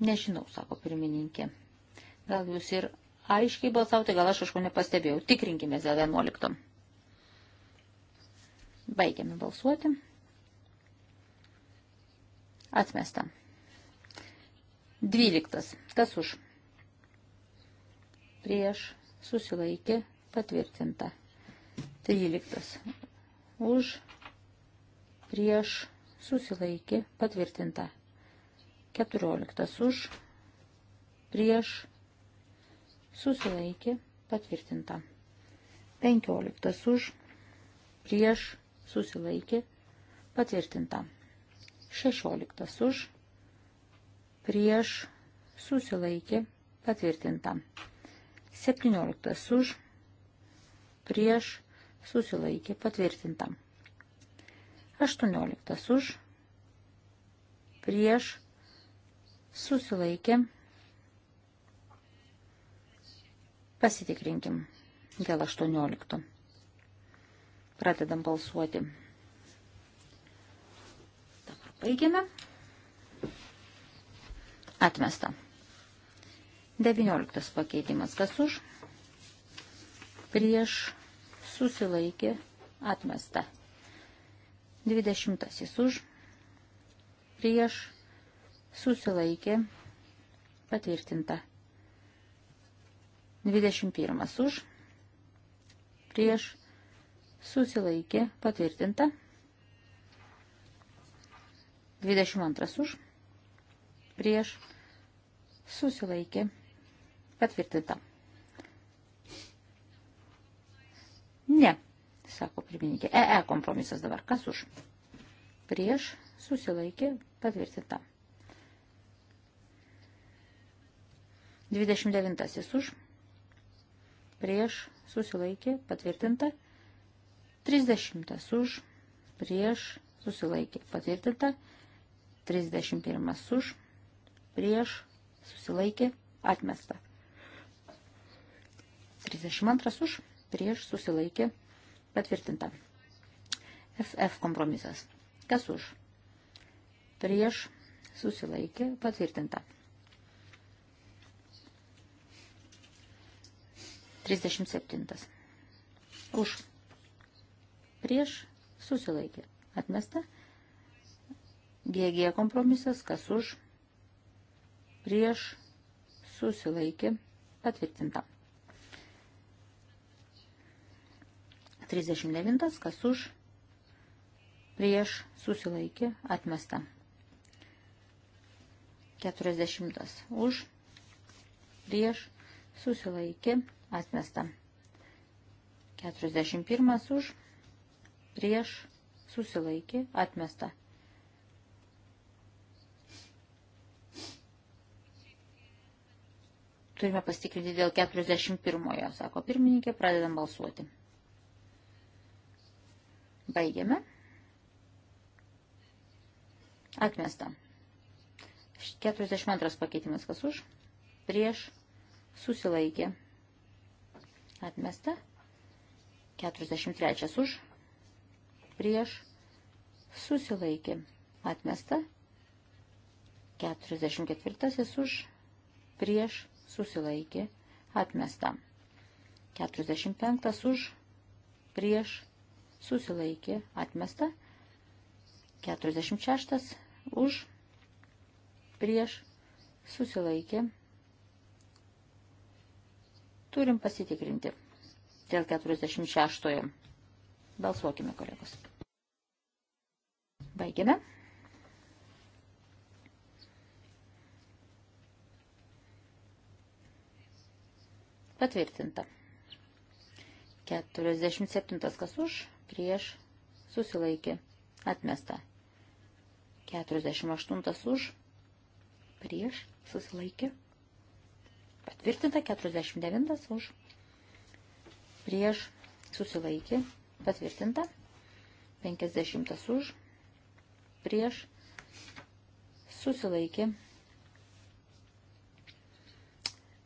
Nežinau, sako pirmininkė. Gal jūs ir aiškiai balsavote, gal aš kažko nepastebėjau. Tikrinkime dėl 11. Baigiame balsuoti. Atmesta. 12. Kas už? Prieš susilaikė patvirtinta. 13. Už, prieš, susilaikė patvirtinta. 14. Už, prieš, susilaikė patvirtinta. 15. Už, prieš, susilaikė patvirtinta. 16. Už, prieš, susilaikė patvirtinta. 17 už, prieš, susilaikė, patvirtinta. 18 už, prieš, susilaikė, pasitikrinkim dėl 18. Pradedam balsuoti. Dabar baigiame. Atmesta. 19 pakeitimas. Kas už? Prieš susilaikė atmesta. 20 už. Prieš susilaikė patvirtinta. 21 už. Prieš susilaikė patvirtinta. 22 už. Prieš susilaikė patvirtinta Patvirtinta. Ne, sako pirmininkė. EE e kompromisas dabar. Kas už? Prieš susilaikė patvirtinta. 29 už. Prieš susilaikė patvirtinta. 30 už. Prieš susilaikė patvirtinta. 31 už. Prieš susilaikė atmesta. 32 už, prieš susilaikė patvirtinta. FF kompromisas. Kas už? Prieš susilaikė patvirtinta. 37. Už. Prieš susilaikė. Atmesta. GG kompromisas. Kas už? Prieš susilaikė patvirtinta. 39, kas už, prieš, susilaikė, atmesta. 40, už, prieš, susilaikė, atmesta. 41, už, prieš, susilaikė, atmesta. Turime pasitikrinti dėl 41, sako pirmininkė, pradedam balsuoti. Baigiame. Atmesta. 42 pakeitimas kas už. Prieš susilaikė. Atmesta. 43 už. Prieš susilaikė. Atmesta. 44 už. Prieš susilaikė. Atmesta. 45 už. Prieš susilaikė, atmesta. 46 už, prieš, susilaikė. Turim pasitikrinti dėl 46. Balsuokime, kolegos. Baigiame. Patvirtinta. 47 kas už, prieš, susilaikė, atmesta. 48 už, prieš, susilaikė, patvirtinta. 49 už, prieš, susilaikė, patvirtinta. 50 už, prieš, susilaikė.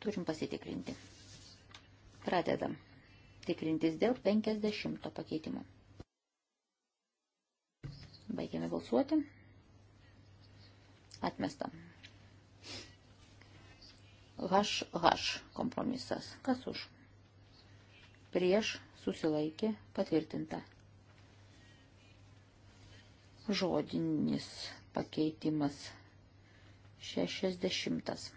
Turim pasitikrinti. Pradedam tikrintis dėl 50 pakeitimo. Baigiame balsuoti. Atmesta. HH kompromisas. Kas už? Prieš susilaikė patvirtinta. Žodinis pakeitimas 60.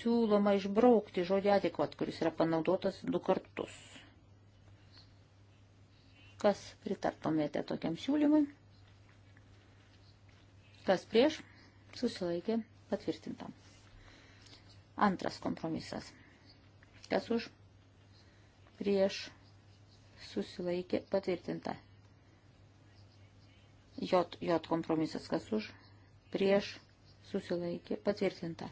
siūloma išbraukti žodį adekvat, kuris yra panaudotas du kartus. Kas pritartumėte tokiam siūlymui? Kas prieš? Susilaikė patvirtintam. Antras kompromisas. Kas už? Prieš susilaikė patvirtinta. J, J kompromisas kas už? Prieš susilaikė patvirtinta.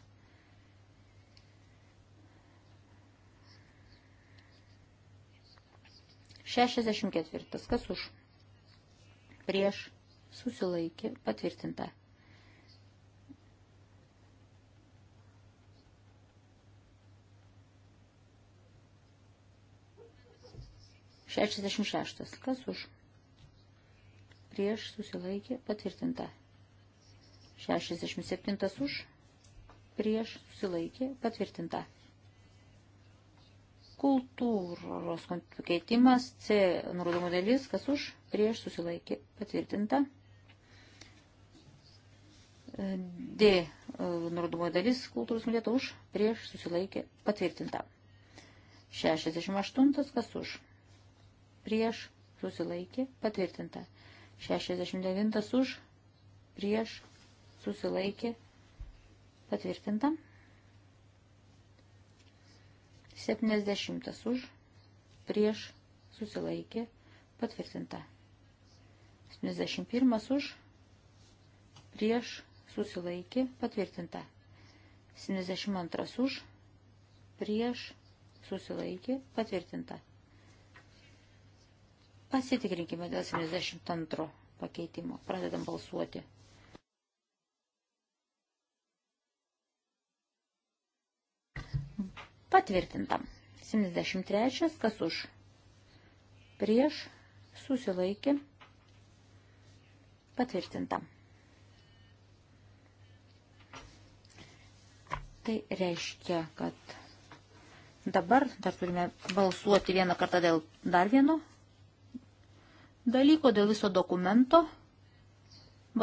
64. Kas už? Prieš susilaikė patvirtinta. Šešiasdešimt šeštas. Kas už? Prieš susilaikė patvirtinta. Šešiasdešimt septintas už. Prieš susilaikė patvirtinta kultūros keitimas C nurodomų dalis, kas už prieš susilaikė patvirtinta. D e, nurodomų dalis kultūros mulėta už prieš susilaikė patvirtinta. 68 kas už prieš susilaikė patvirtinta. 69 už prieš susilaikė patvirtinta. 70 už, prieš, susilaikė, patvirtinta. 71 už, prieš, susilaikė, patvirtinta. 72 už, prieš, susilaikė, patvirtinta. Pasitikrinkime dėl 72 pakeitimo. Pradedam balsuoti. Patvirtinta. 73. Kas už? Prieš. Susilaikė. Patvirtinta. Tai reiškia, kad dabar dar turime balsuoti vieną kartą dėl dar vieno dalyko, dėl viso dokumento.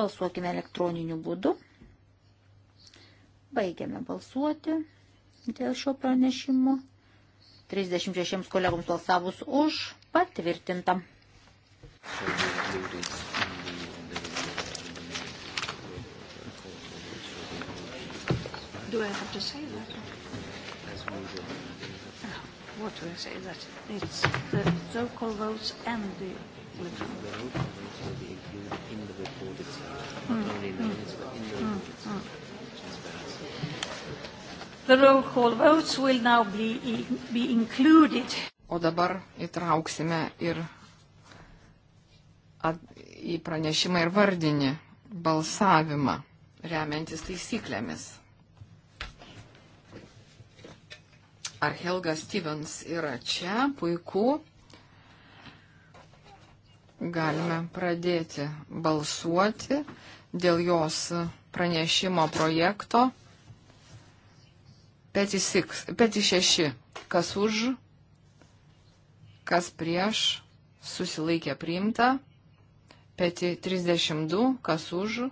Balsuokime elektroniniu būdu. Baigiame balsuoti dėl šio pranešimo. 36 kolegoms balsavus už patvirtinta. Do I have to say that? As usual. Ah, what do I say that? It's the so-called votes and the electronic. The vote votes will be included in the report itself, not mm. only in the minutes, but in the mm. report itself. Mm. The roll call votes will now be, be included. O dabar įtrauksime ir at, į pranešimą ir vardinį balsavimą, remiantis taisyklėmis. Ar Helga Stevens yra čia? Puiku. Galime pradėti balsuoti dėl jos pranešimo projekto. 56. Kas už, kas prieš, susilaikė priimta. Peti 32. Kas už,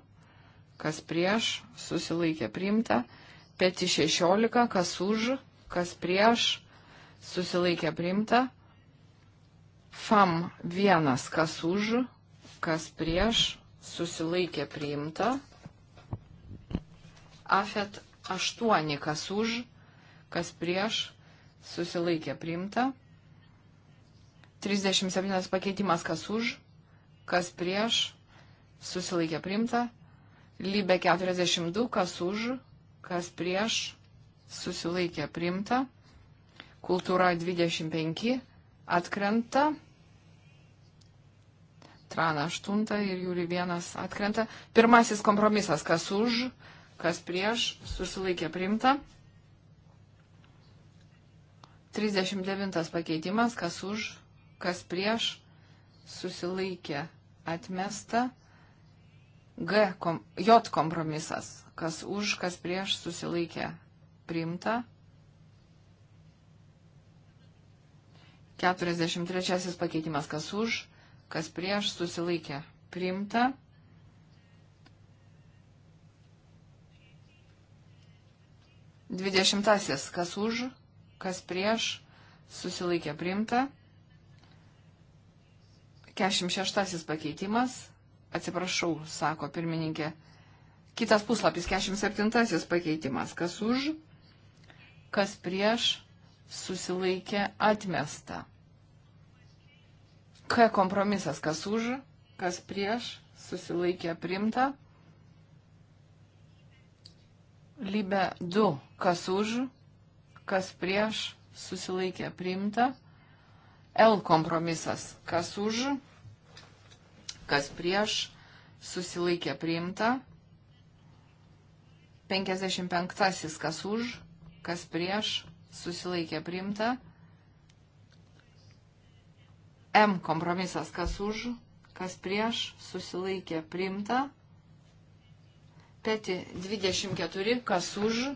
kas prieš, susilaikė priimta. Peti 16. Kas už, kas prieš, susilaikė priimta. FAM 1. Kas už, kas prieš, susilaikė priimta. AFET 8. Kas už, kas prieš, susilaikė priimta. 37 pakeitimas, kas už, kas prieš, susilaikė priimta. Lybė 42, kas už, kas prieš, susilaikė priimta. Kultūra 25 atkrenta. Trana 8 ir Jūri 1 atkrenta. Pirmasis kompromisas, kas už, kas prieš, susilaikė priimta. 39 pakeitimas, kas už, kas prieš, susilaikė atmesta. G, kom, J kompromisas, kas už, kas prieš, susilaikė priimta. 43 pakeitimas, kas už, kas prieš, susilaikė priimta. Dvidešimtasis, kas už, kas prieš, susilaikė priimta. 46 pakeitimas, atsiprašau, sako pirmininkė. Kitas puslapis, 47 pakeitimas, kas už, kas prieš, susilaikė atmesta. K kompromisas, kas už, kas prieš, susilaikė primta. Libe 2, kas už, kas prieš, susilaikė priimta. L kompromisas, kas už, kas prieš, susilaikė priimta. 55 kas už, kas prieš, susilaikė priimta. M kompromisas, kas už, kas prieš, susilaikė priimta. Peti 24, kas už,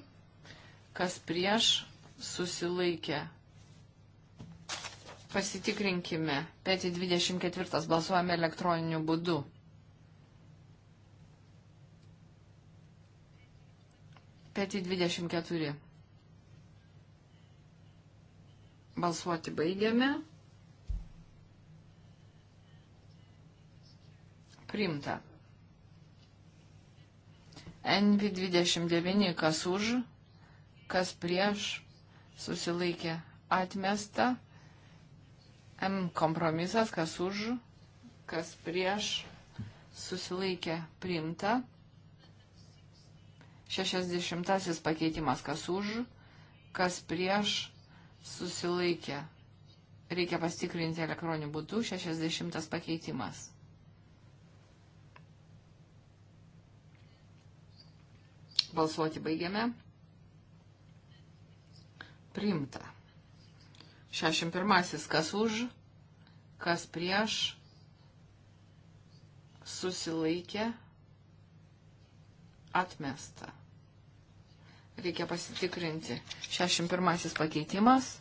kas prieš, susilaikė. Pasitikrinkime. Peti 24 balsuojame elektroniniu būdu. Peti 24. Balsuoti baigiame. Primta. NV29 kas už, kas prieš susilaikė atmesta. M kompromisas, kas už, kas prieš, susilaikė priimta. 60 pakeitimas, kas už, kas prieš, susilaikė. Reikia pastikrinti elektroniniu būdu 60 pakeitimas. Balsuoti baigiame. Primta. 61. Kas už, kas prieš, susilaikė, atmesta. Reikia pasitikrinti. 61. pakeitimas.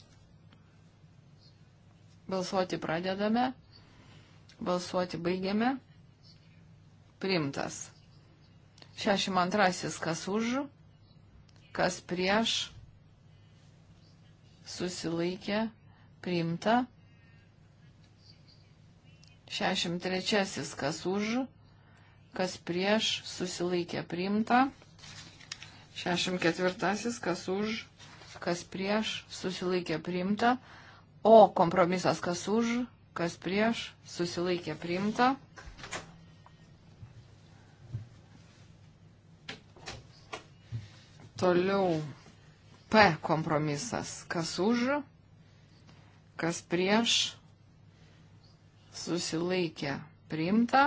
Balsuoti pradedame. Balsuoti baigiame. Primtas. 62. Kas už, kas prieš, susilaikė, priimta. 63. Kas už, kas prieš, susilaikė, priimta. 64. Kas už, kas prieš, susilaikė, priimta. O kompromisas kas už, kas prieš, susilaikė, priimta. Toliau P kompromisas. Kas už, kas prieš, susilaikė priimta.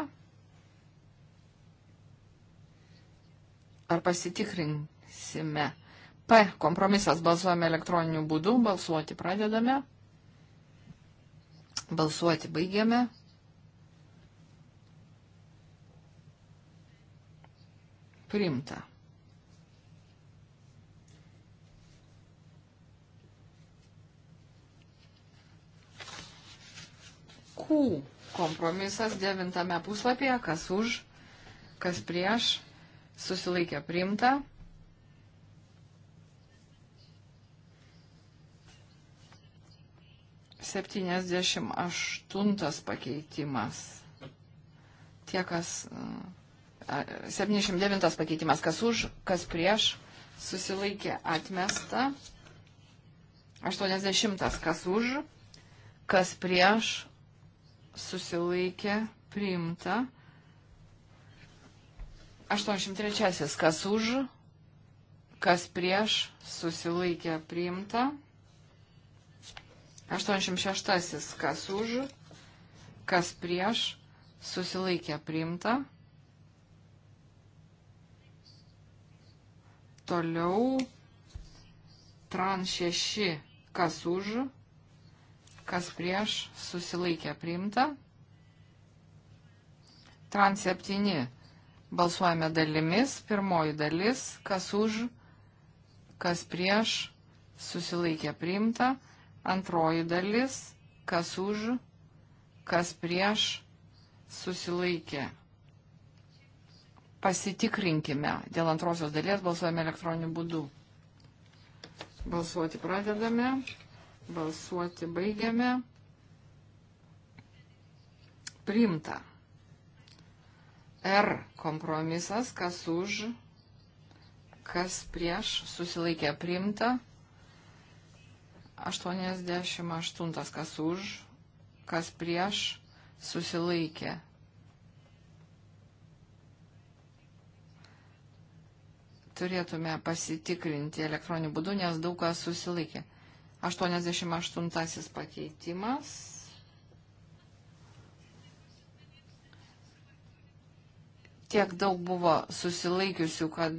Ar pasitikrinsime? P kompromisas balsuojame elektroniniu būdu, balsuoti pradedame, balsuoti baigiame. Priimta. Q kompromisas devintame puslapyje, kas už, kas prieš, susilaikė priimta. Septyniasdešimt aštuntas pakeitimas. Tie, kas. 79 pakeitimas, kas už, kas prieš, susilaikė atmesta. 80 kas už, kas prieš, susilaikė, priimta. 83. Kas už, kas prieš, susilaikė, priimta. 86. Kas už, kas prieš, susilaikė, priimta. Toliau tran 6. Kas už, kas prieš, susilaikė priimta. Trans 7 balsuojame dalimis, pirmoji dalis, kas už, kas prieš, susilaikė priimta. Antroji dalis, kas už, kas prieš, susilaikė. Pasitikrinkime. Dėl antrosios dalies balsuojame elektroniniu būdu. Balsuoti pradedame. Balsuoti baigiame. Primta. R kompromisas, kas už, kas prieš, susilaikė primta. 88, kas už, kas prieš, susilaikė. Turėtume pasitikrinti elektroniniu būdu, nes daug kas susilaikė. 88 pakeitimas. Tiek daug buvo susilaikiusių, kad,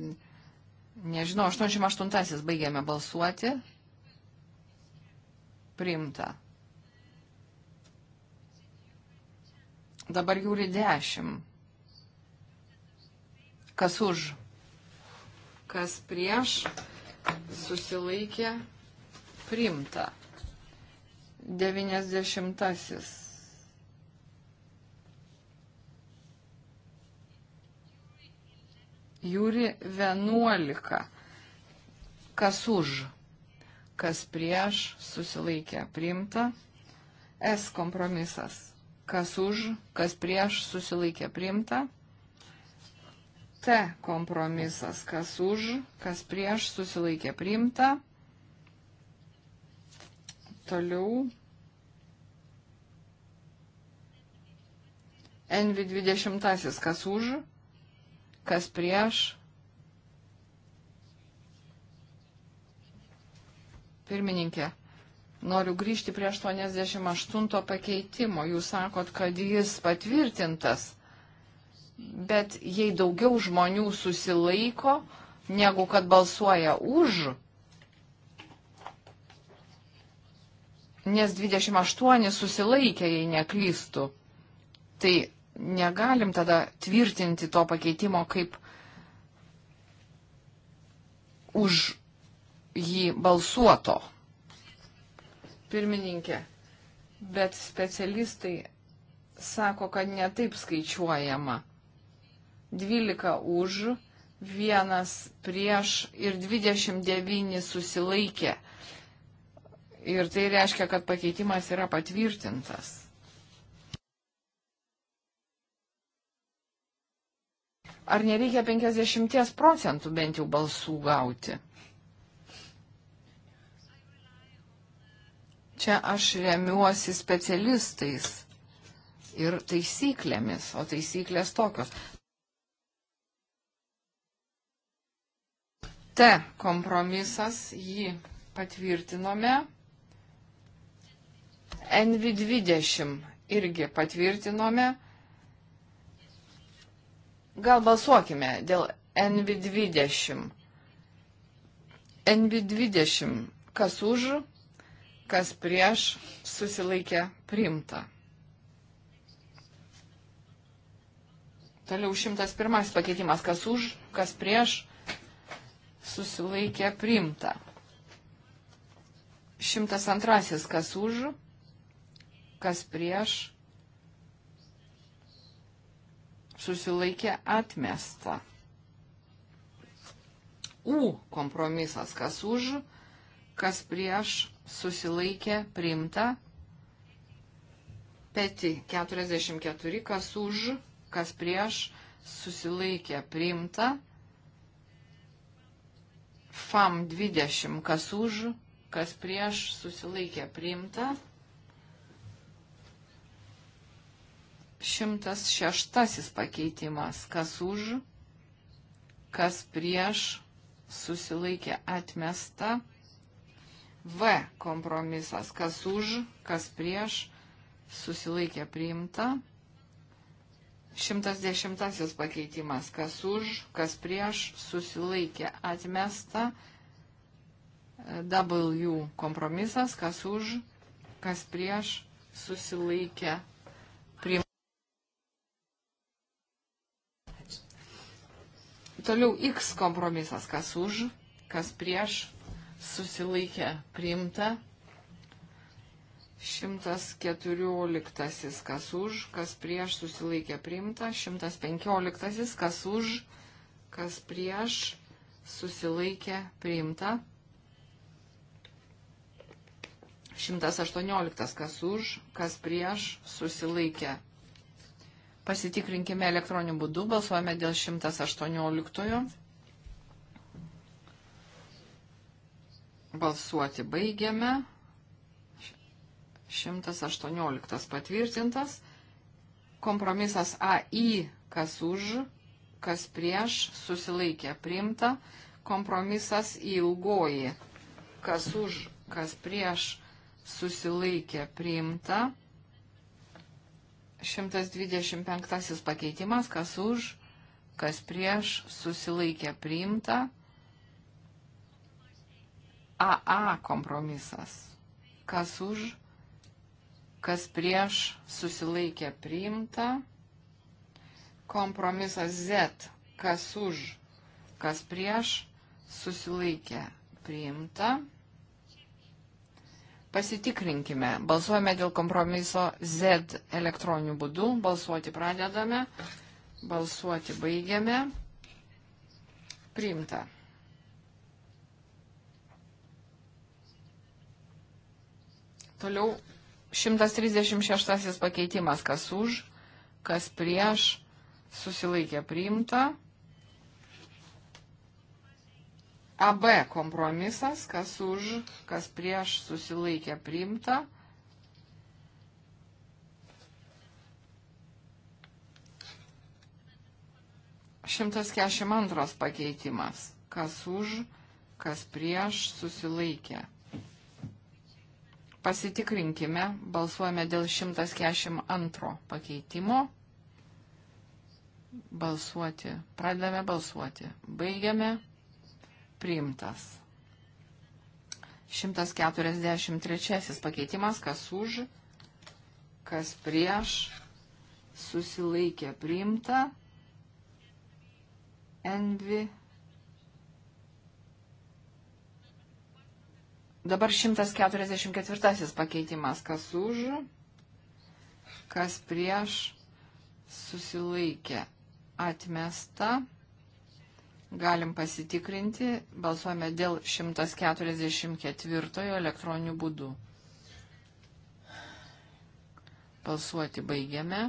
nežinau, 88 baigėme balsuoti. Primta. Dabar jūri 10. Kas už? Kas prieš? Susilaikė. Primta. 90. Jūri 11. Kas už, kas prieš, susilaikė. Primta. S kompromisas. Kas už, kas prieš, susilaikė. Primta. T kompromisas, kas už, kas prieš, susilaikė priimta. Toliau. NV20, kas už, kas prieš. Pirmininkė, noriu grįžti prie 88 pakeitimo. Jūs sakot, kad jis patvirtintas. Bet jei daugiau žmonių susilaiko, negu kad balsuoja už, nes 28 susilaikė, jei neklystų. Tai negalim tada tvirtinti to pakeitimo kaip už jį balsuoto. Pirmininkė, bet specialistai sako, kad netaip skaičiuojama. 12 už, 1 prieš ir 29 susilaikė. Ir tai reiškia, kad pakeitimas yra patvirtintas. Ar nereikia 50 procentų bent jau balsų gauti? Čia aš remiuosi specialistais ir taisyklėmis, o taisyklės tokios. T kompromisas jį patvirtinome. NV20 irgi patvirtinome. Gal balsuokime dėl NV20. NV20. Kas už, kas prieš, susilaikė primta. Toliau 101 pakeitimas. Kas už, kas prieš, susilaikė primta. 102 kas už, kas prieš, susilaikė atmesta. U kompromisas, kas už, kas prieš, susilaikė priimta. Peti 44, kas už, kas prieš, susilaikė priimta. FAM 20, kas už, kas prieš, susilaikė priimta. 106 pakeitimas. Kas už, kas prieš, susilaikė atmesta. V kompromisas. Kas už, kas prieš, susilaikė priimta. 110 pakeitimas. Kas už, kas prieš, susilaikė atmesta. W kompromisas. Kas už, kas prieš, susilaikė priimta. Toliau X kompromisas, kas už, kas prieš, susilaikė priimta. 114 kas už, kas prieš susilaikė priimta, 115 kas už, kas prieš susilaikė priimta, 118 kas už, kas prieš susilaikė Pasitikrinkime elektroniniu būdu, balsuojame dėl 118. Balsuoti baigiame. 118 patvirtintas. Kompromisas AI, kas už, kas prieš, susilaikė priimta. Kompromisas ilgoji, kas už, kas prieš, susilaikė priimta. 125 pakeitimas, kas už, kas prieš, susilaikė priimta. AA kompromisas, kas už, kas prieš, susilaikė priimta. Kompromisas Z, kas už, kas prieš, susilaikė priimta. Pasitikrinkime. Balsuojame dėl kompromiso Z elektroniniu būdu. Balsuoti pradedame. Balsuoti baigiame. Priimta. Toliau 136 pakeitimas. Kas už, kas prieš, susilaikė priimta. AB kompromisas, kas už, kas prieš susilaikė priimta. Šimtas kešim antras pakeitimas, kas už, kas prieš susilaikė. Pasitikrinkime, balsuojame dėl 142 pakeitimo. Balsuoti, pradedame balsuoti, baigiame priimtas. 143 pakeitimas, kas už, kas prieš, susilaikė priimta, envi. Dabar 144 pakeitimas, kas už, kas prieš, susilaikė atmesta. Galim pasitikrinti. Balsuojame dėl 144 elektroninių būdų. Balsuoti baigiame.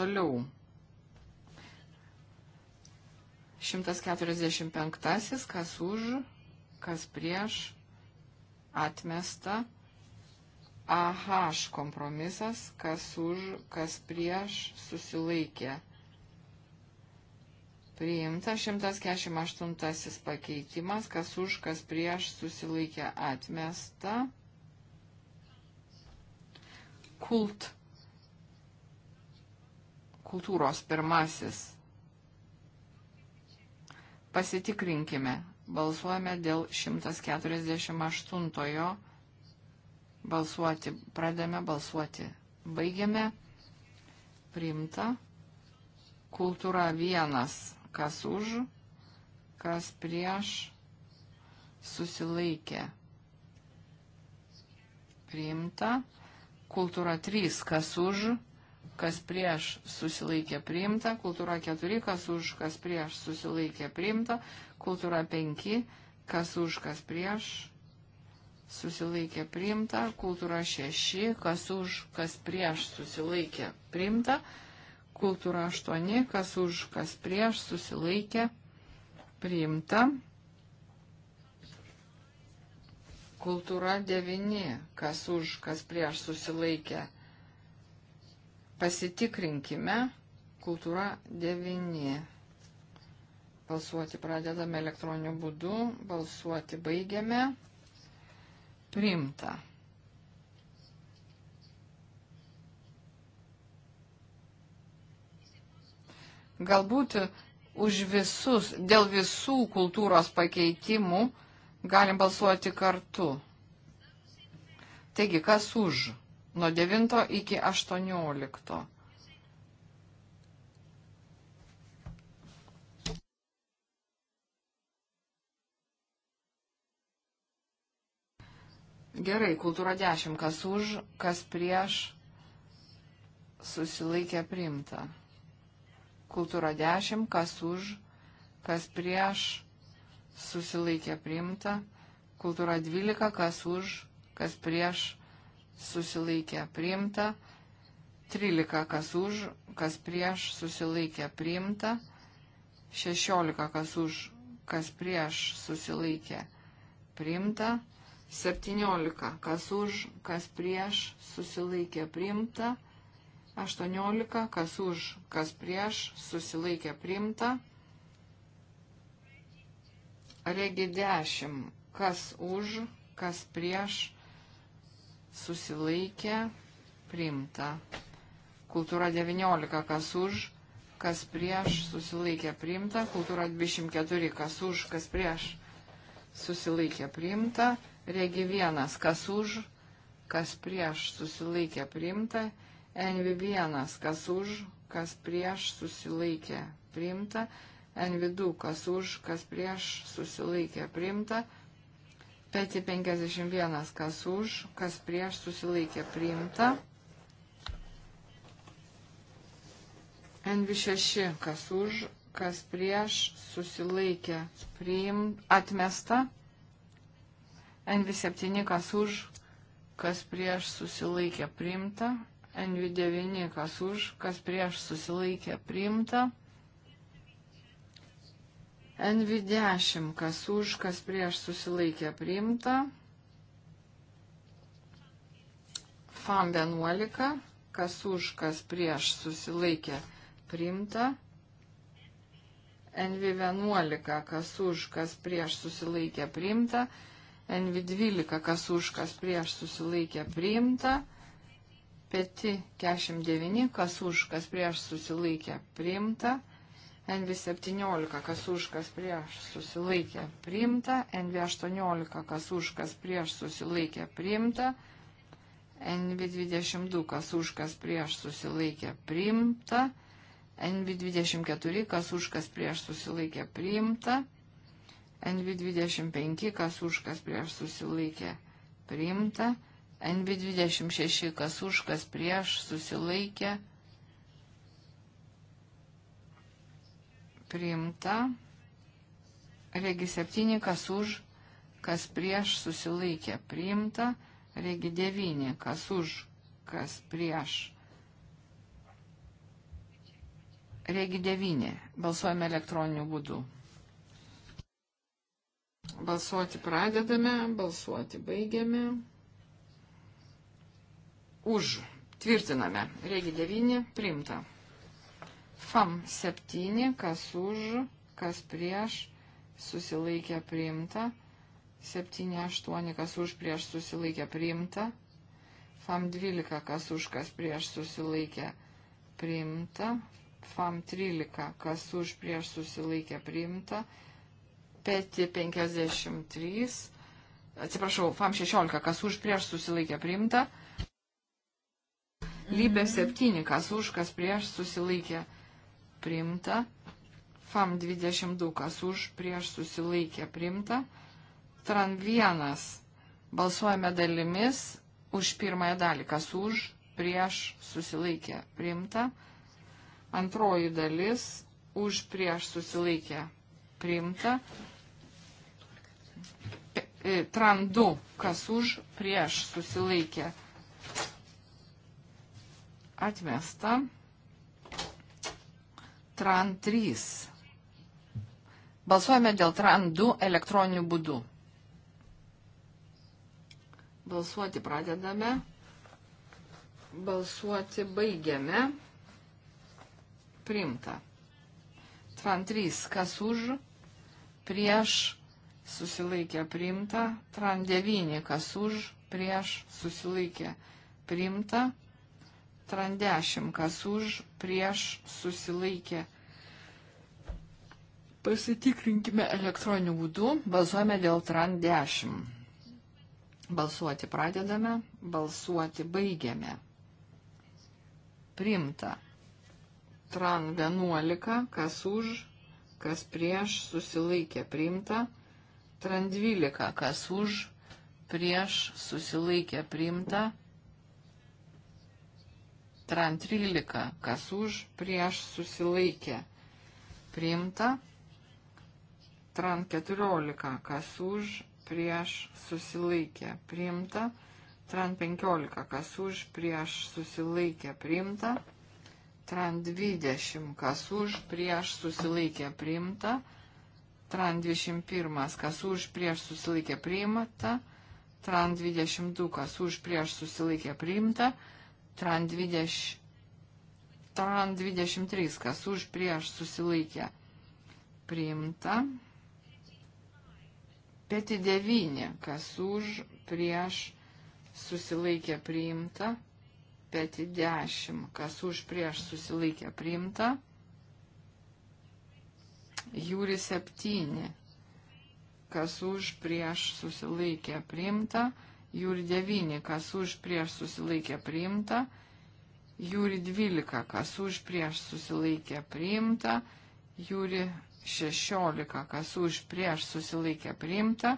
Toliau. 145. Kas už, kas prieš, atmesta. AH kompromisas, kas už, kas prieš, susilaikė. Priimta 148 pakeitimas, kas už, kas prieš, susilaikė atmesta. Kult. Kultūros pirmasis. Pasitikrinkime. Balsuojame dėl 148 Balsuoti pradame, balsuoti baigiame. Primta. Kultūra vienas, kas už, kas prieš, susilaikė. Priimta. Kultūra 3, kas už, kas prieš susilaikė priimta, kultūra 4, kas už, kas prieš susilaikė priimta, kultūra 5, kas už, kas prieš susilaikė priimta, kultūra 6, kas už, kas prieš susilaikė priimta, kultūra 8, kas už, kas prieš susilaikė priimta, kultūra 9, kas už, kas prieš susilaikė pasitikrinkime, kultūra 9. Balsuoti pradedame elektroniniu būdu, balsuoti baigiame priimta. Galbūt už visus, dėl visų kultūros pakeitimų galim balsuoti kartu. Taigi, kas už? Nuo 9 iki 18. Gerai, kultūra 10. Kas už, kas prieš, susilaikė primta. Kultūra 10. Kas už, kas prieš, susilaikė primta. Kultūra 12. Kas už, kas prieš, susilaikė primta. 13. Kas už, kas prieš, susilaikė primta. 16. Kas už, kas prieš, susilaikė primta. 17 17. Kas už, kas prieš, susilaikė priimta. 18. Kas už, kas prieš, susilaikė priimta. Regi 10. Kas už, kas prieš, susilaikė priimta. Kultūra 19. Kas už, kas prieš, susilaikė priimta. Kultūra 24. Kas už, kas prieš, susilaikė priimta. Regi vienas, kas už, kas prieš susilaikė priimta. NV1, kas už, kas prieš susilaikė priimta. NV2, kas už, kas prieš susilaikė priimta. Peti 51, kas už, kas prieš susilaikė priimta. NV6, kas už, kas prieš susilaikė priimta. Atmesta. NV7 kas už, kas prieš susilaikė priimta. NV9 kas už, kas prieš susilaikė priimta. NV10 kas už, kas prieš susilaikė priimta. FAM 11 kas už, kas prieš susilaikė priimta. NV11 kas už, kas prieš susilaikė priimta. NV12, kas už, kas prieš susilaikė priimta. Peti 49, kas už, kas prieš susilaikė priimta. NV17, kas už, kas prieš susilaikė priimta. NV18, kas už, kas prieš susilaikė priimta. NV22, kas už, kas prieš susilaikė priimta. NV24, kas už, kas prieš susilaikė priimta. NV25, kas už, kas prieš susilaikė priimta, NV26, kas už, kas prieš susilaikė priimta, Regi 7, kas už, kas prieš susilaikė priimta, Regi 9, kas už, kas prieš. Regi 9. Balsuojame elektroniniu būdu. Balsuoti pradedame, balsuoti baigiame. Už. Tvirtiname. Regi 9. Primta. FAM 7. Kas už, kas prieš. Susilaikė priimta. 7, 8. Kas už, prieš. Susilaikė priimta. FAM 12. Kas už, kas prieš. Susilaikė priimta. FAM 13. Kas už, prieš. Susilaikė priimta peti 53, atsiprašau, fam 16, kas už prieš susilaikė priimta. Lybė 7, mhm. kas už, kas prieš susilaikė priimta. FAM 22, kas už, prieš susilaikė priimta. TRAN 1, balsuojame dalimis už pirmąją dalį, kas už, prieš susilaikė priimta. Antroji dalis, už, prieš susilaikė priimta. Tran 2, kas už, prieš susilaikė atmesta. Tran 3. Balsuojame dėl Tran 2 elektroniniu būdu. Balsuoti pradedame. Balsuoti baigiame. Primta. Tran 3. Kas už? Prieš susilaikė primta, tran 9, kas už, prieš, susilaikė primta, tran 10, kas už, prieš, susilaikė. Pasitikrinkime elektroniniu būdu, balsuojame dėl tran 10. Balsuoti pradedame, balsuoti baigiame. Primta. Tran 11, kas už, kas prieš, susilaikė primta. Tran 12, kas už, prieš, susilaikė priimta. Tran 13, kas už, prieš, susilaikė priimta. Tran 14, kas už, prieš, susilaikė priimta. Tran 15, kas už, prieš, susilaikė priimta. Tran 20, kas už, prieš, susilaikė priimta. Tran 21, kas už prieš susilaikė priimta. Tran 22, kas už prieš susilaikė priimta. Tran 20. Tran 23, kas už prieš susilaikė priimta. Peti 9, kas už prieš susilaikė priimta. Peti 10, kas už prieš susilaikė priimta. Jūri 7, kas už prieš susilaikė priimta, Jūri 9, kas už prieš susilaikė priimta, Jūri 12, kas už prieš susilaikė priimta, Jūri 16, kas už prieš susilaikė priimta,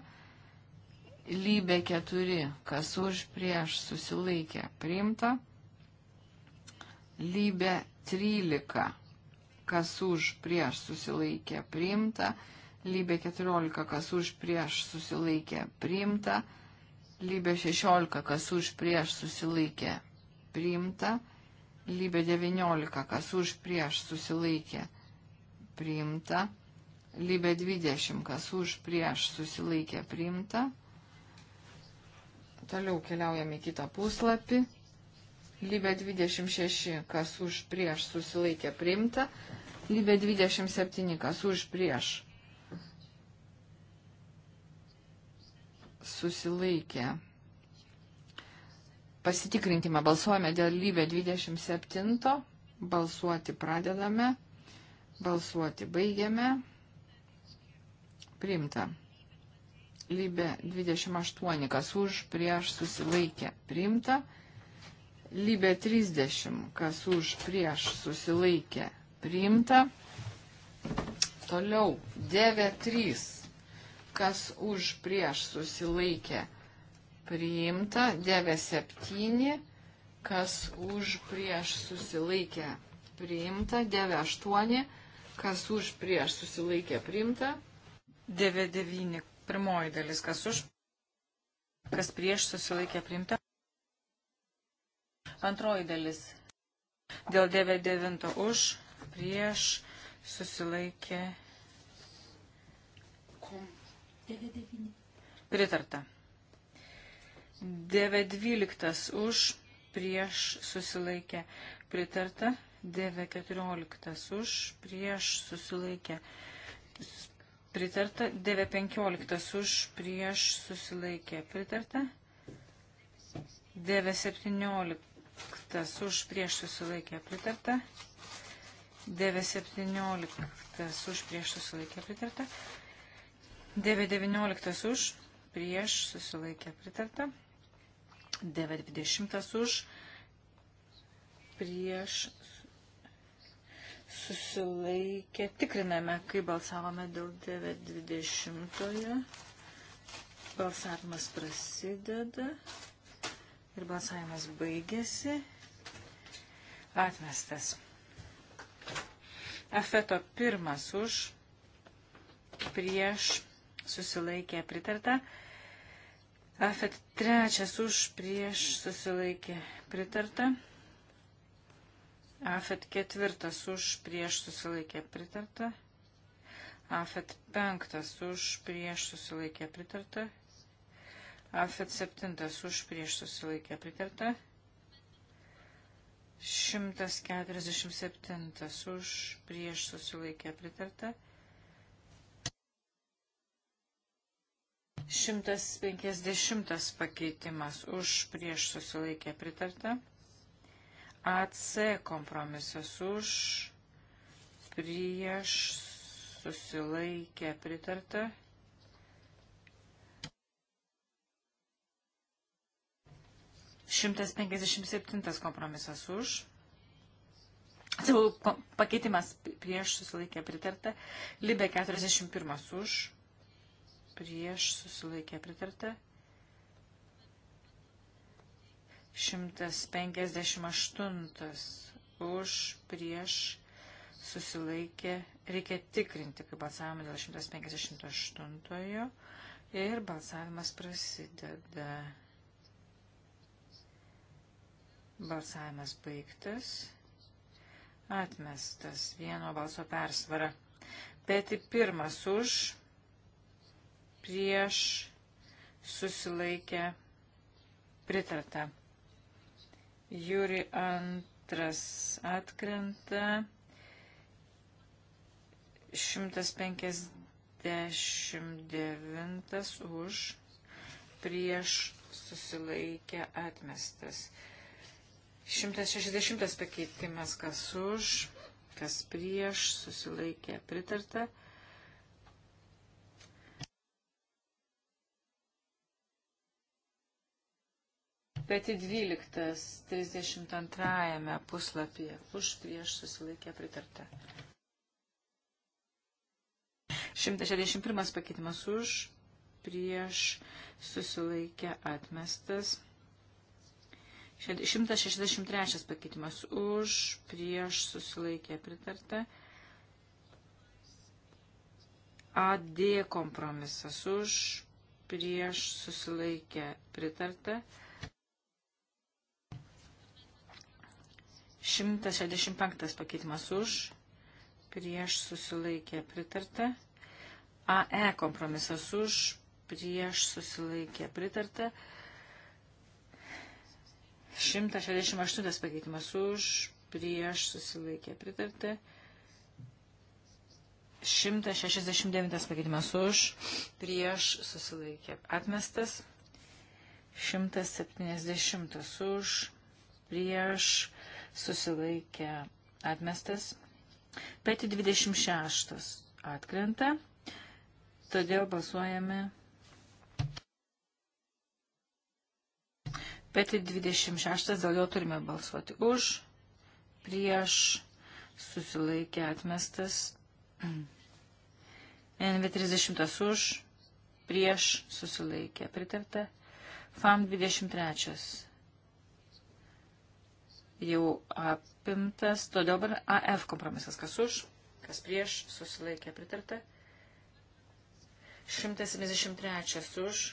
Lybė 4, kas už prieš susilaikė priimta, Lybė 13, kas už prieš susilaikė priimta, lybė 14, kas už prieš susilaikė priimta, lybė 16, kas už prieš susilaikė priimta, lybė 19, kas už prieš susilaikė priimta, lybė 20, kas už prieš susilaikė priimta. Toliau keliaujame į kitą puslapį. Lybė 26, kas už prieš susilaikė priimta. Lybė 27, kas už prieš susilaikė. Pasitikrinkime, balsuojame dėl lybė 27, balsuoti pradedame, balsuoti baigiame. Priimta. Lybė 28, kas už prieš susilaikė priimta. Lybė 30, kas už prieš susilaikė priimta. Toliau 9.3, kas už prieš susilaikė priimta. 9.7, kas už prieš susilaikė priimta. 9.8, kas už prieš susilaikė priimta. 9.9, pirmoji dalis, kas už, kas prieš susilaikė priimta. Antroji dalis. Dėl 99 už, prieš, susilaikė. Pritarta. 912 už, prieš, susilaikė. Pritarta. 914 už, prieš, susilaikė. Pritarta. 915 už, prieš, susilaikė. Pritarta. 917 už prieš susilaikę pritarta. 9.17 už prieš susilaikę pritarta. 9.19 už prieš susilaikę pritarta. 9.20 už prieš susilaikę. Tikriname, kai balsavome dėl 9.20. Balsavimas prasideda. 9.20. Ir balsavimas baigėsi. Atmestas. Afeto pirmas už, prieš susilaikė pritarta. Afet trečias už, prieš susilaikė pritarta. Afet ketvirtas už, prieš susilaikė pritarta. Afet penktas už, prieš susilaikė pritarta. Afet 7 už prieš susilaikė pritarta. 147 už prieš susilaikė pritarta. 150 pakeitimas už prieš susilaikė pritarta. AC kompromisas už prieš susilaikė pritarta. 157 kompromisas už. Atsiprašau, pakeitimas prieš susilaikė pritarta. Libė 41 už. Prieš susilaikė pritarta. 158 už prieš susilaikė. Reikia tikrinti, kaip balsavome dėl 158 ir balsavimas prasideda. Balsavimas baigtas. Atmestas vieno balso persvara. Peti pirmas už, prieš, susilaikę, pritarta. Jūri antras atkrenta. 159 už, prieš, susilaikę, atmestas. 160 pakeitimas, kas už, kas prieš, susilaikė pritarta. Peti 12, 32 puslapyje, už prieš susilaikė pritarta. 161 pakeitimas už, prieš susilaikė atmestas. 163 pakeitimas už, prieš susilaikė pritarta. AD kompromisas už, prieš susilaikė pritarta. 165 pakeitimas už, prieš susilaikė pritarta. AE kompromisas už, prieš susilaikė pritarta. 168 pakeitimas už, prieš susilaikė pritarti. 169 pakeitimas už, prieš susilaikė atmestas. 170 už, prieš susilaikė atmestas. Peti 26 atkrenta, todėl balsuojame Peti 26, dėl jo turime balsuoti už, prieš, susilaikė atmestas. NV30 už, prieš, susilaikė pritarta. FAM 23 jau apimtas, todėl dabar AF kompromisas, kas už, kas prieš, susilaikė pritarta. 173 už,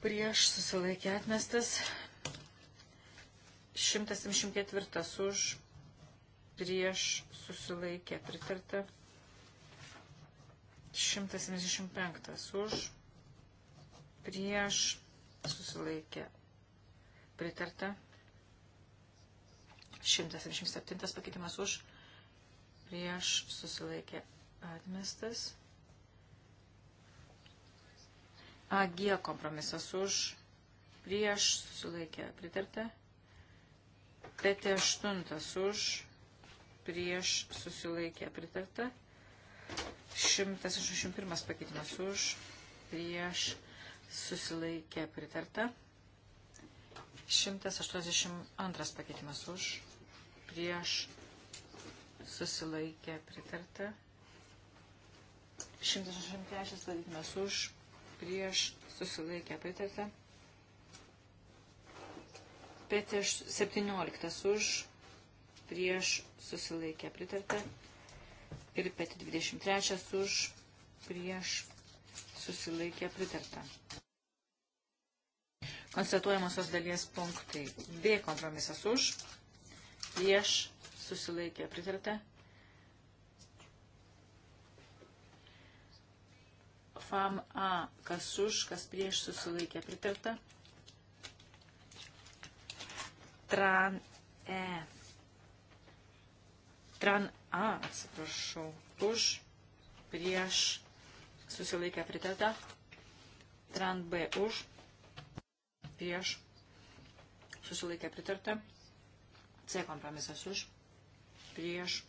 prieš susilaikė atmestas. 174 už prieš susilaikė pritarta. 175 už prieš susilaikė pritarta. 177 pakeitimas už prieš susilaikė atmestas. AG kompromisas už, prieš susilaikė pritarta. PT8 už, prieš susilaikė pritarta. 181 pakeitimas už, prieš susilaikė pritarta. 182 pakeitimas už, prieš susilaikė pritarta. 183 pakeitimas už, prieš susilaikę pritarta. Prieš 17 už prieš susilaikę pritarta. Ir peti 23 už prieš susilaikę pritarta. Konstatuojamosios dalies punktai. B kompromisas už prieš susilaikę pritarta. FAM A, kas už, kas prieš susilaikė pritarta. Tran E. Tran A, atsiprašau, už, prieš susilaikė pritarta. Tran B už, prieš susilaikė pritarta. C kompromisas už, prieš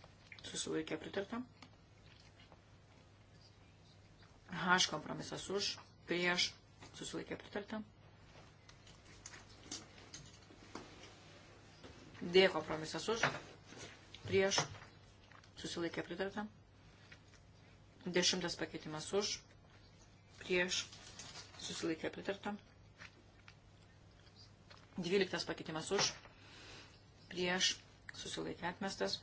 susilaikė pritarta. H kompromisas už, prieš, susilaikė pritarta. D kompromisas už, prieš, susilaikė pritarta. Dešimtas pakeitimas už, prieš, susilaikė pritarta. Dvyliktas pakeitimas už, prieš, susilaikė atmestas.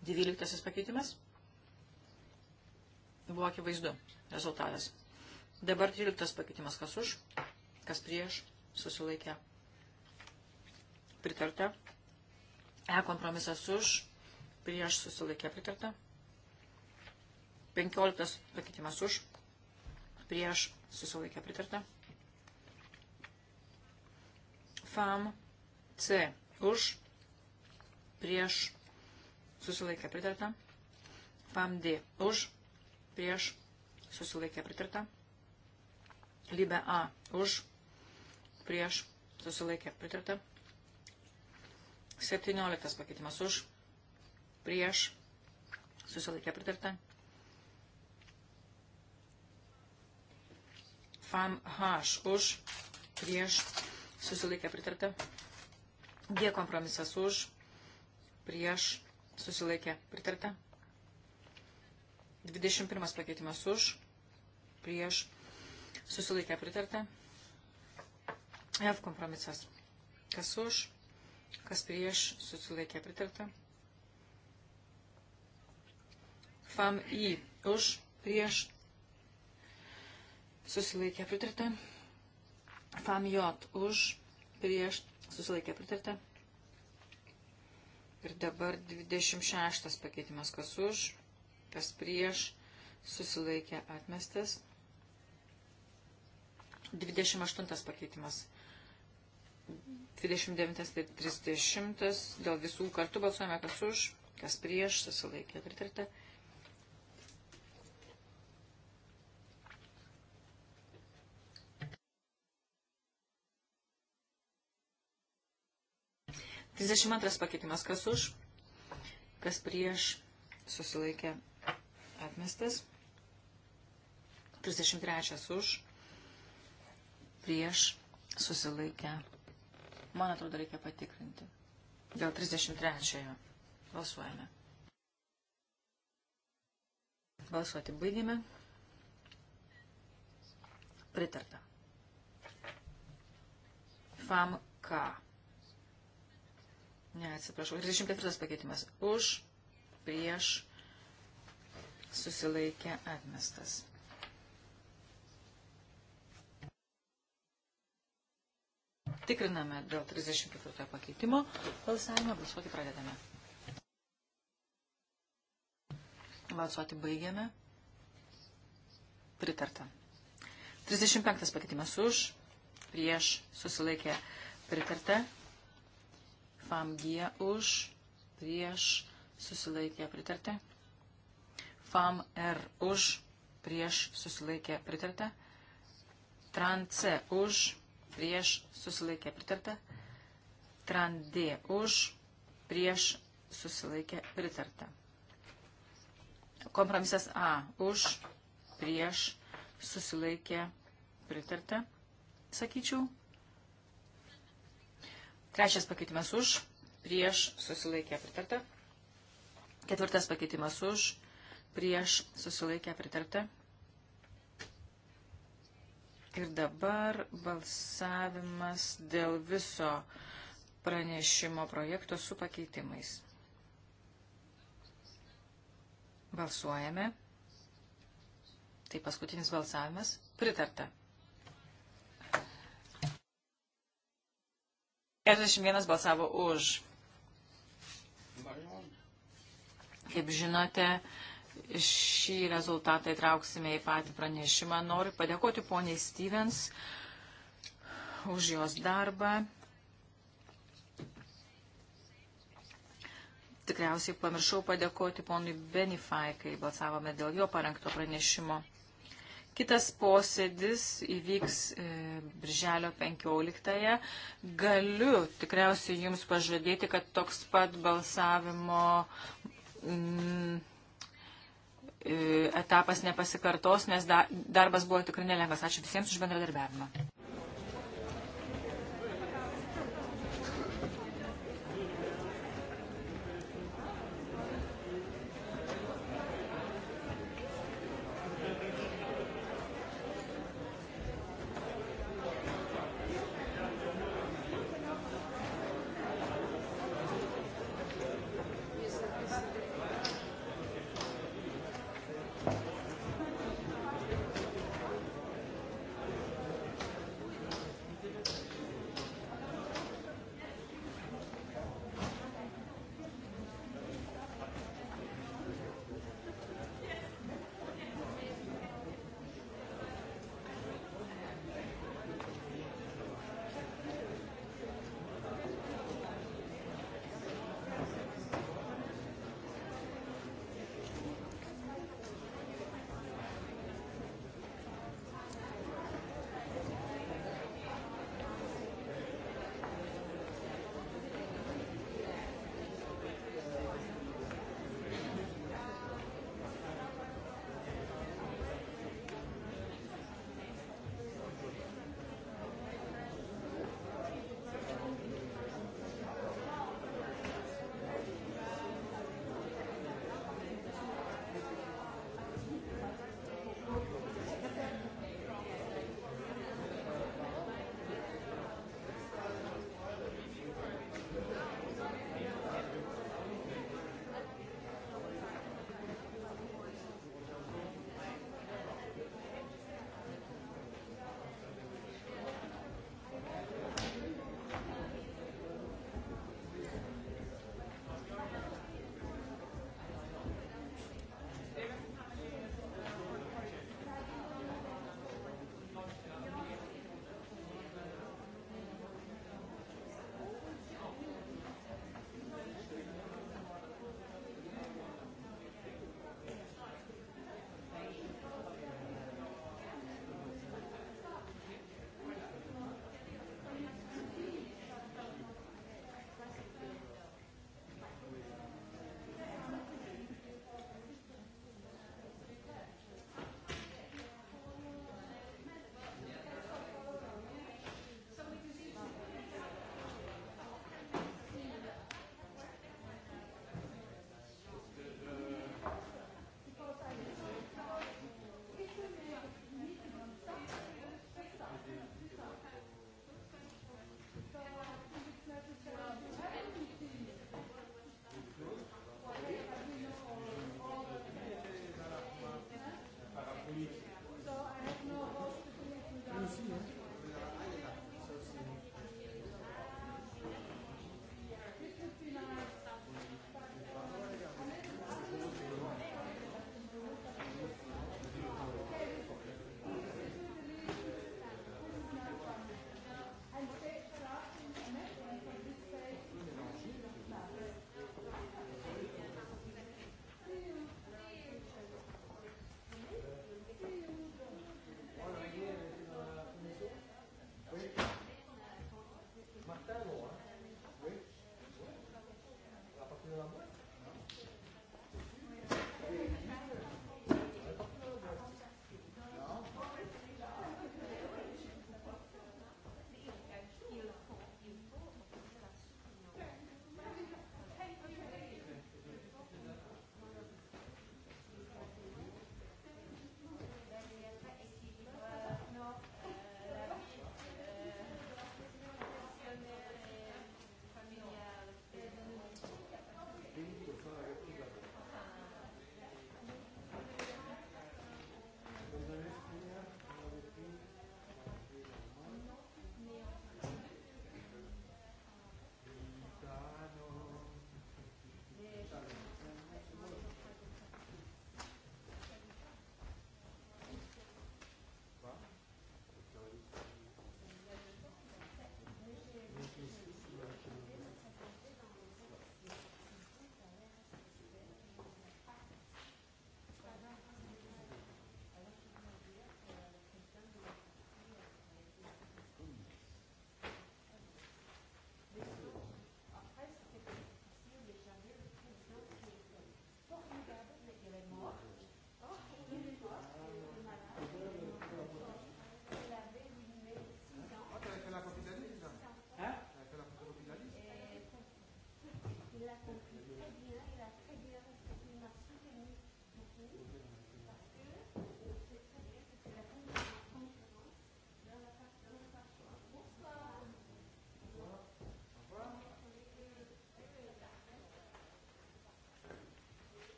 Dvyliktasis pakeitimas. Buvo akivaizdu rezultatas. Dabar tryliktas pakeitimas. Kas už, kas prieš, susilaikė. Pritarta. E kompromisas už, prieš susilaikė pritarta. Penkioliktas pakeitimas už, prieš susilaikė pritarta. FAM C už, prieš susilaikė pritarta. PAM D už, prieš, susilaikė pritarta. Libe A už, prieš, susilaikė pritarta. 17 pakeitimas už, prieš, susilaikė pritarta. FAM H už, prieš, susilaikė pritarta. G kompromisas už, prieš, susilaikė pritarta. 21 pakeitimas už, prieš, susilaikė pritarta. F kompromisas. Kas už, kas prieš, susilaikė pritarta. FAM I už, prieš, susilaikė pritarta. FAM J už, prieš, susilaikė pritarta. Ir dabar 26 pakeitimas, kas už, kas prieš, susilaikė atmestas. 28 pakeitimas. 29 ir 30. Dėl visų kartų balsuojame, kas už, kas prieš, susilaikė pritarta. Prit, prit. 32 pakeitimas. Kas už? Kas prieš? Susilaikė atmestas. 33 už. Prieš susilaikę. Man atrodo, reikia patikrinti. Dėl 33-ojo. Balsuojame. Balsuoti baigėme. Pritarta. FAM K. Ne, atsiprašau. 34 pakeitimas. Už, prieš, susilaikė atmestas. Tikriname dėl 34 pakeitimo. Balsavimą balsuoti pradedame. Balsuoti baigiame. Pritarta. 35 pakeitimas už, prieš, susilaikė pritarta. FAM G už, prieš, susilaikė pritartę. FAM R už, prieš, susilaikė pritartę. TRAN C už, prieš, susilaikė pritartę. TRAN D už, prieš, susilaikė pritartę. Kompromisas A už, prieš, susilaikė pritartę, sakyčiau. Trečias pakeitimas už, prieš susilaikė pritarta. Ketvirtas pakeitimas už, prieš susilaikė pritarta. Ir dabar balsavimas dėl viso pranešimo projekto su pakeitimais. Balsuojame. Tai paskutinis balsavimas. Pritarta. 41 balsavo už. Kaip žinote, šį rezultatą įtrauksime į patį pranešimą. Noriu padėkoti poniai Stevens už jos darbą. Tikriausiai pamiršau padėkoti ponui Benifai, kai balsavome dėl jo parengto pranešimo. Kitas posėdis įvyks e, birželio 15-ąją. Galiu tikriausiai Jums pažadėti, kad toks pat balsavimo mm, e, etapas nepasikartos, nes da, darbas buvo tikrai nelengvas. Ačiū visiems už bendradarbiavimą.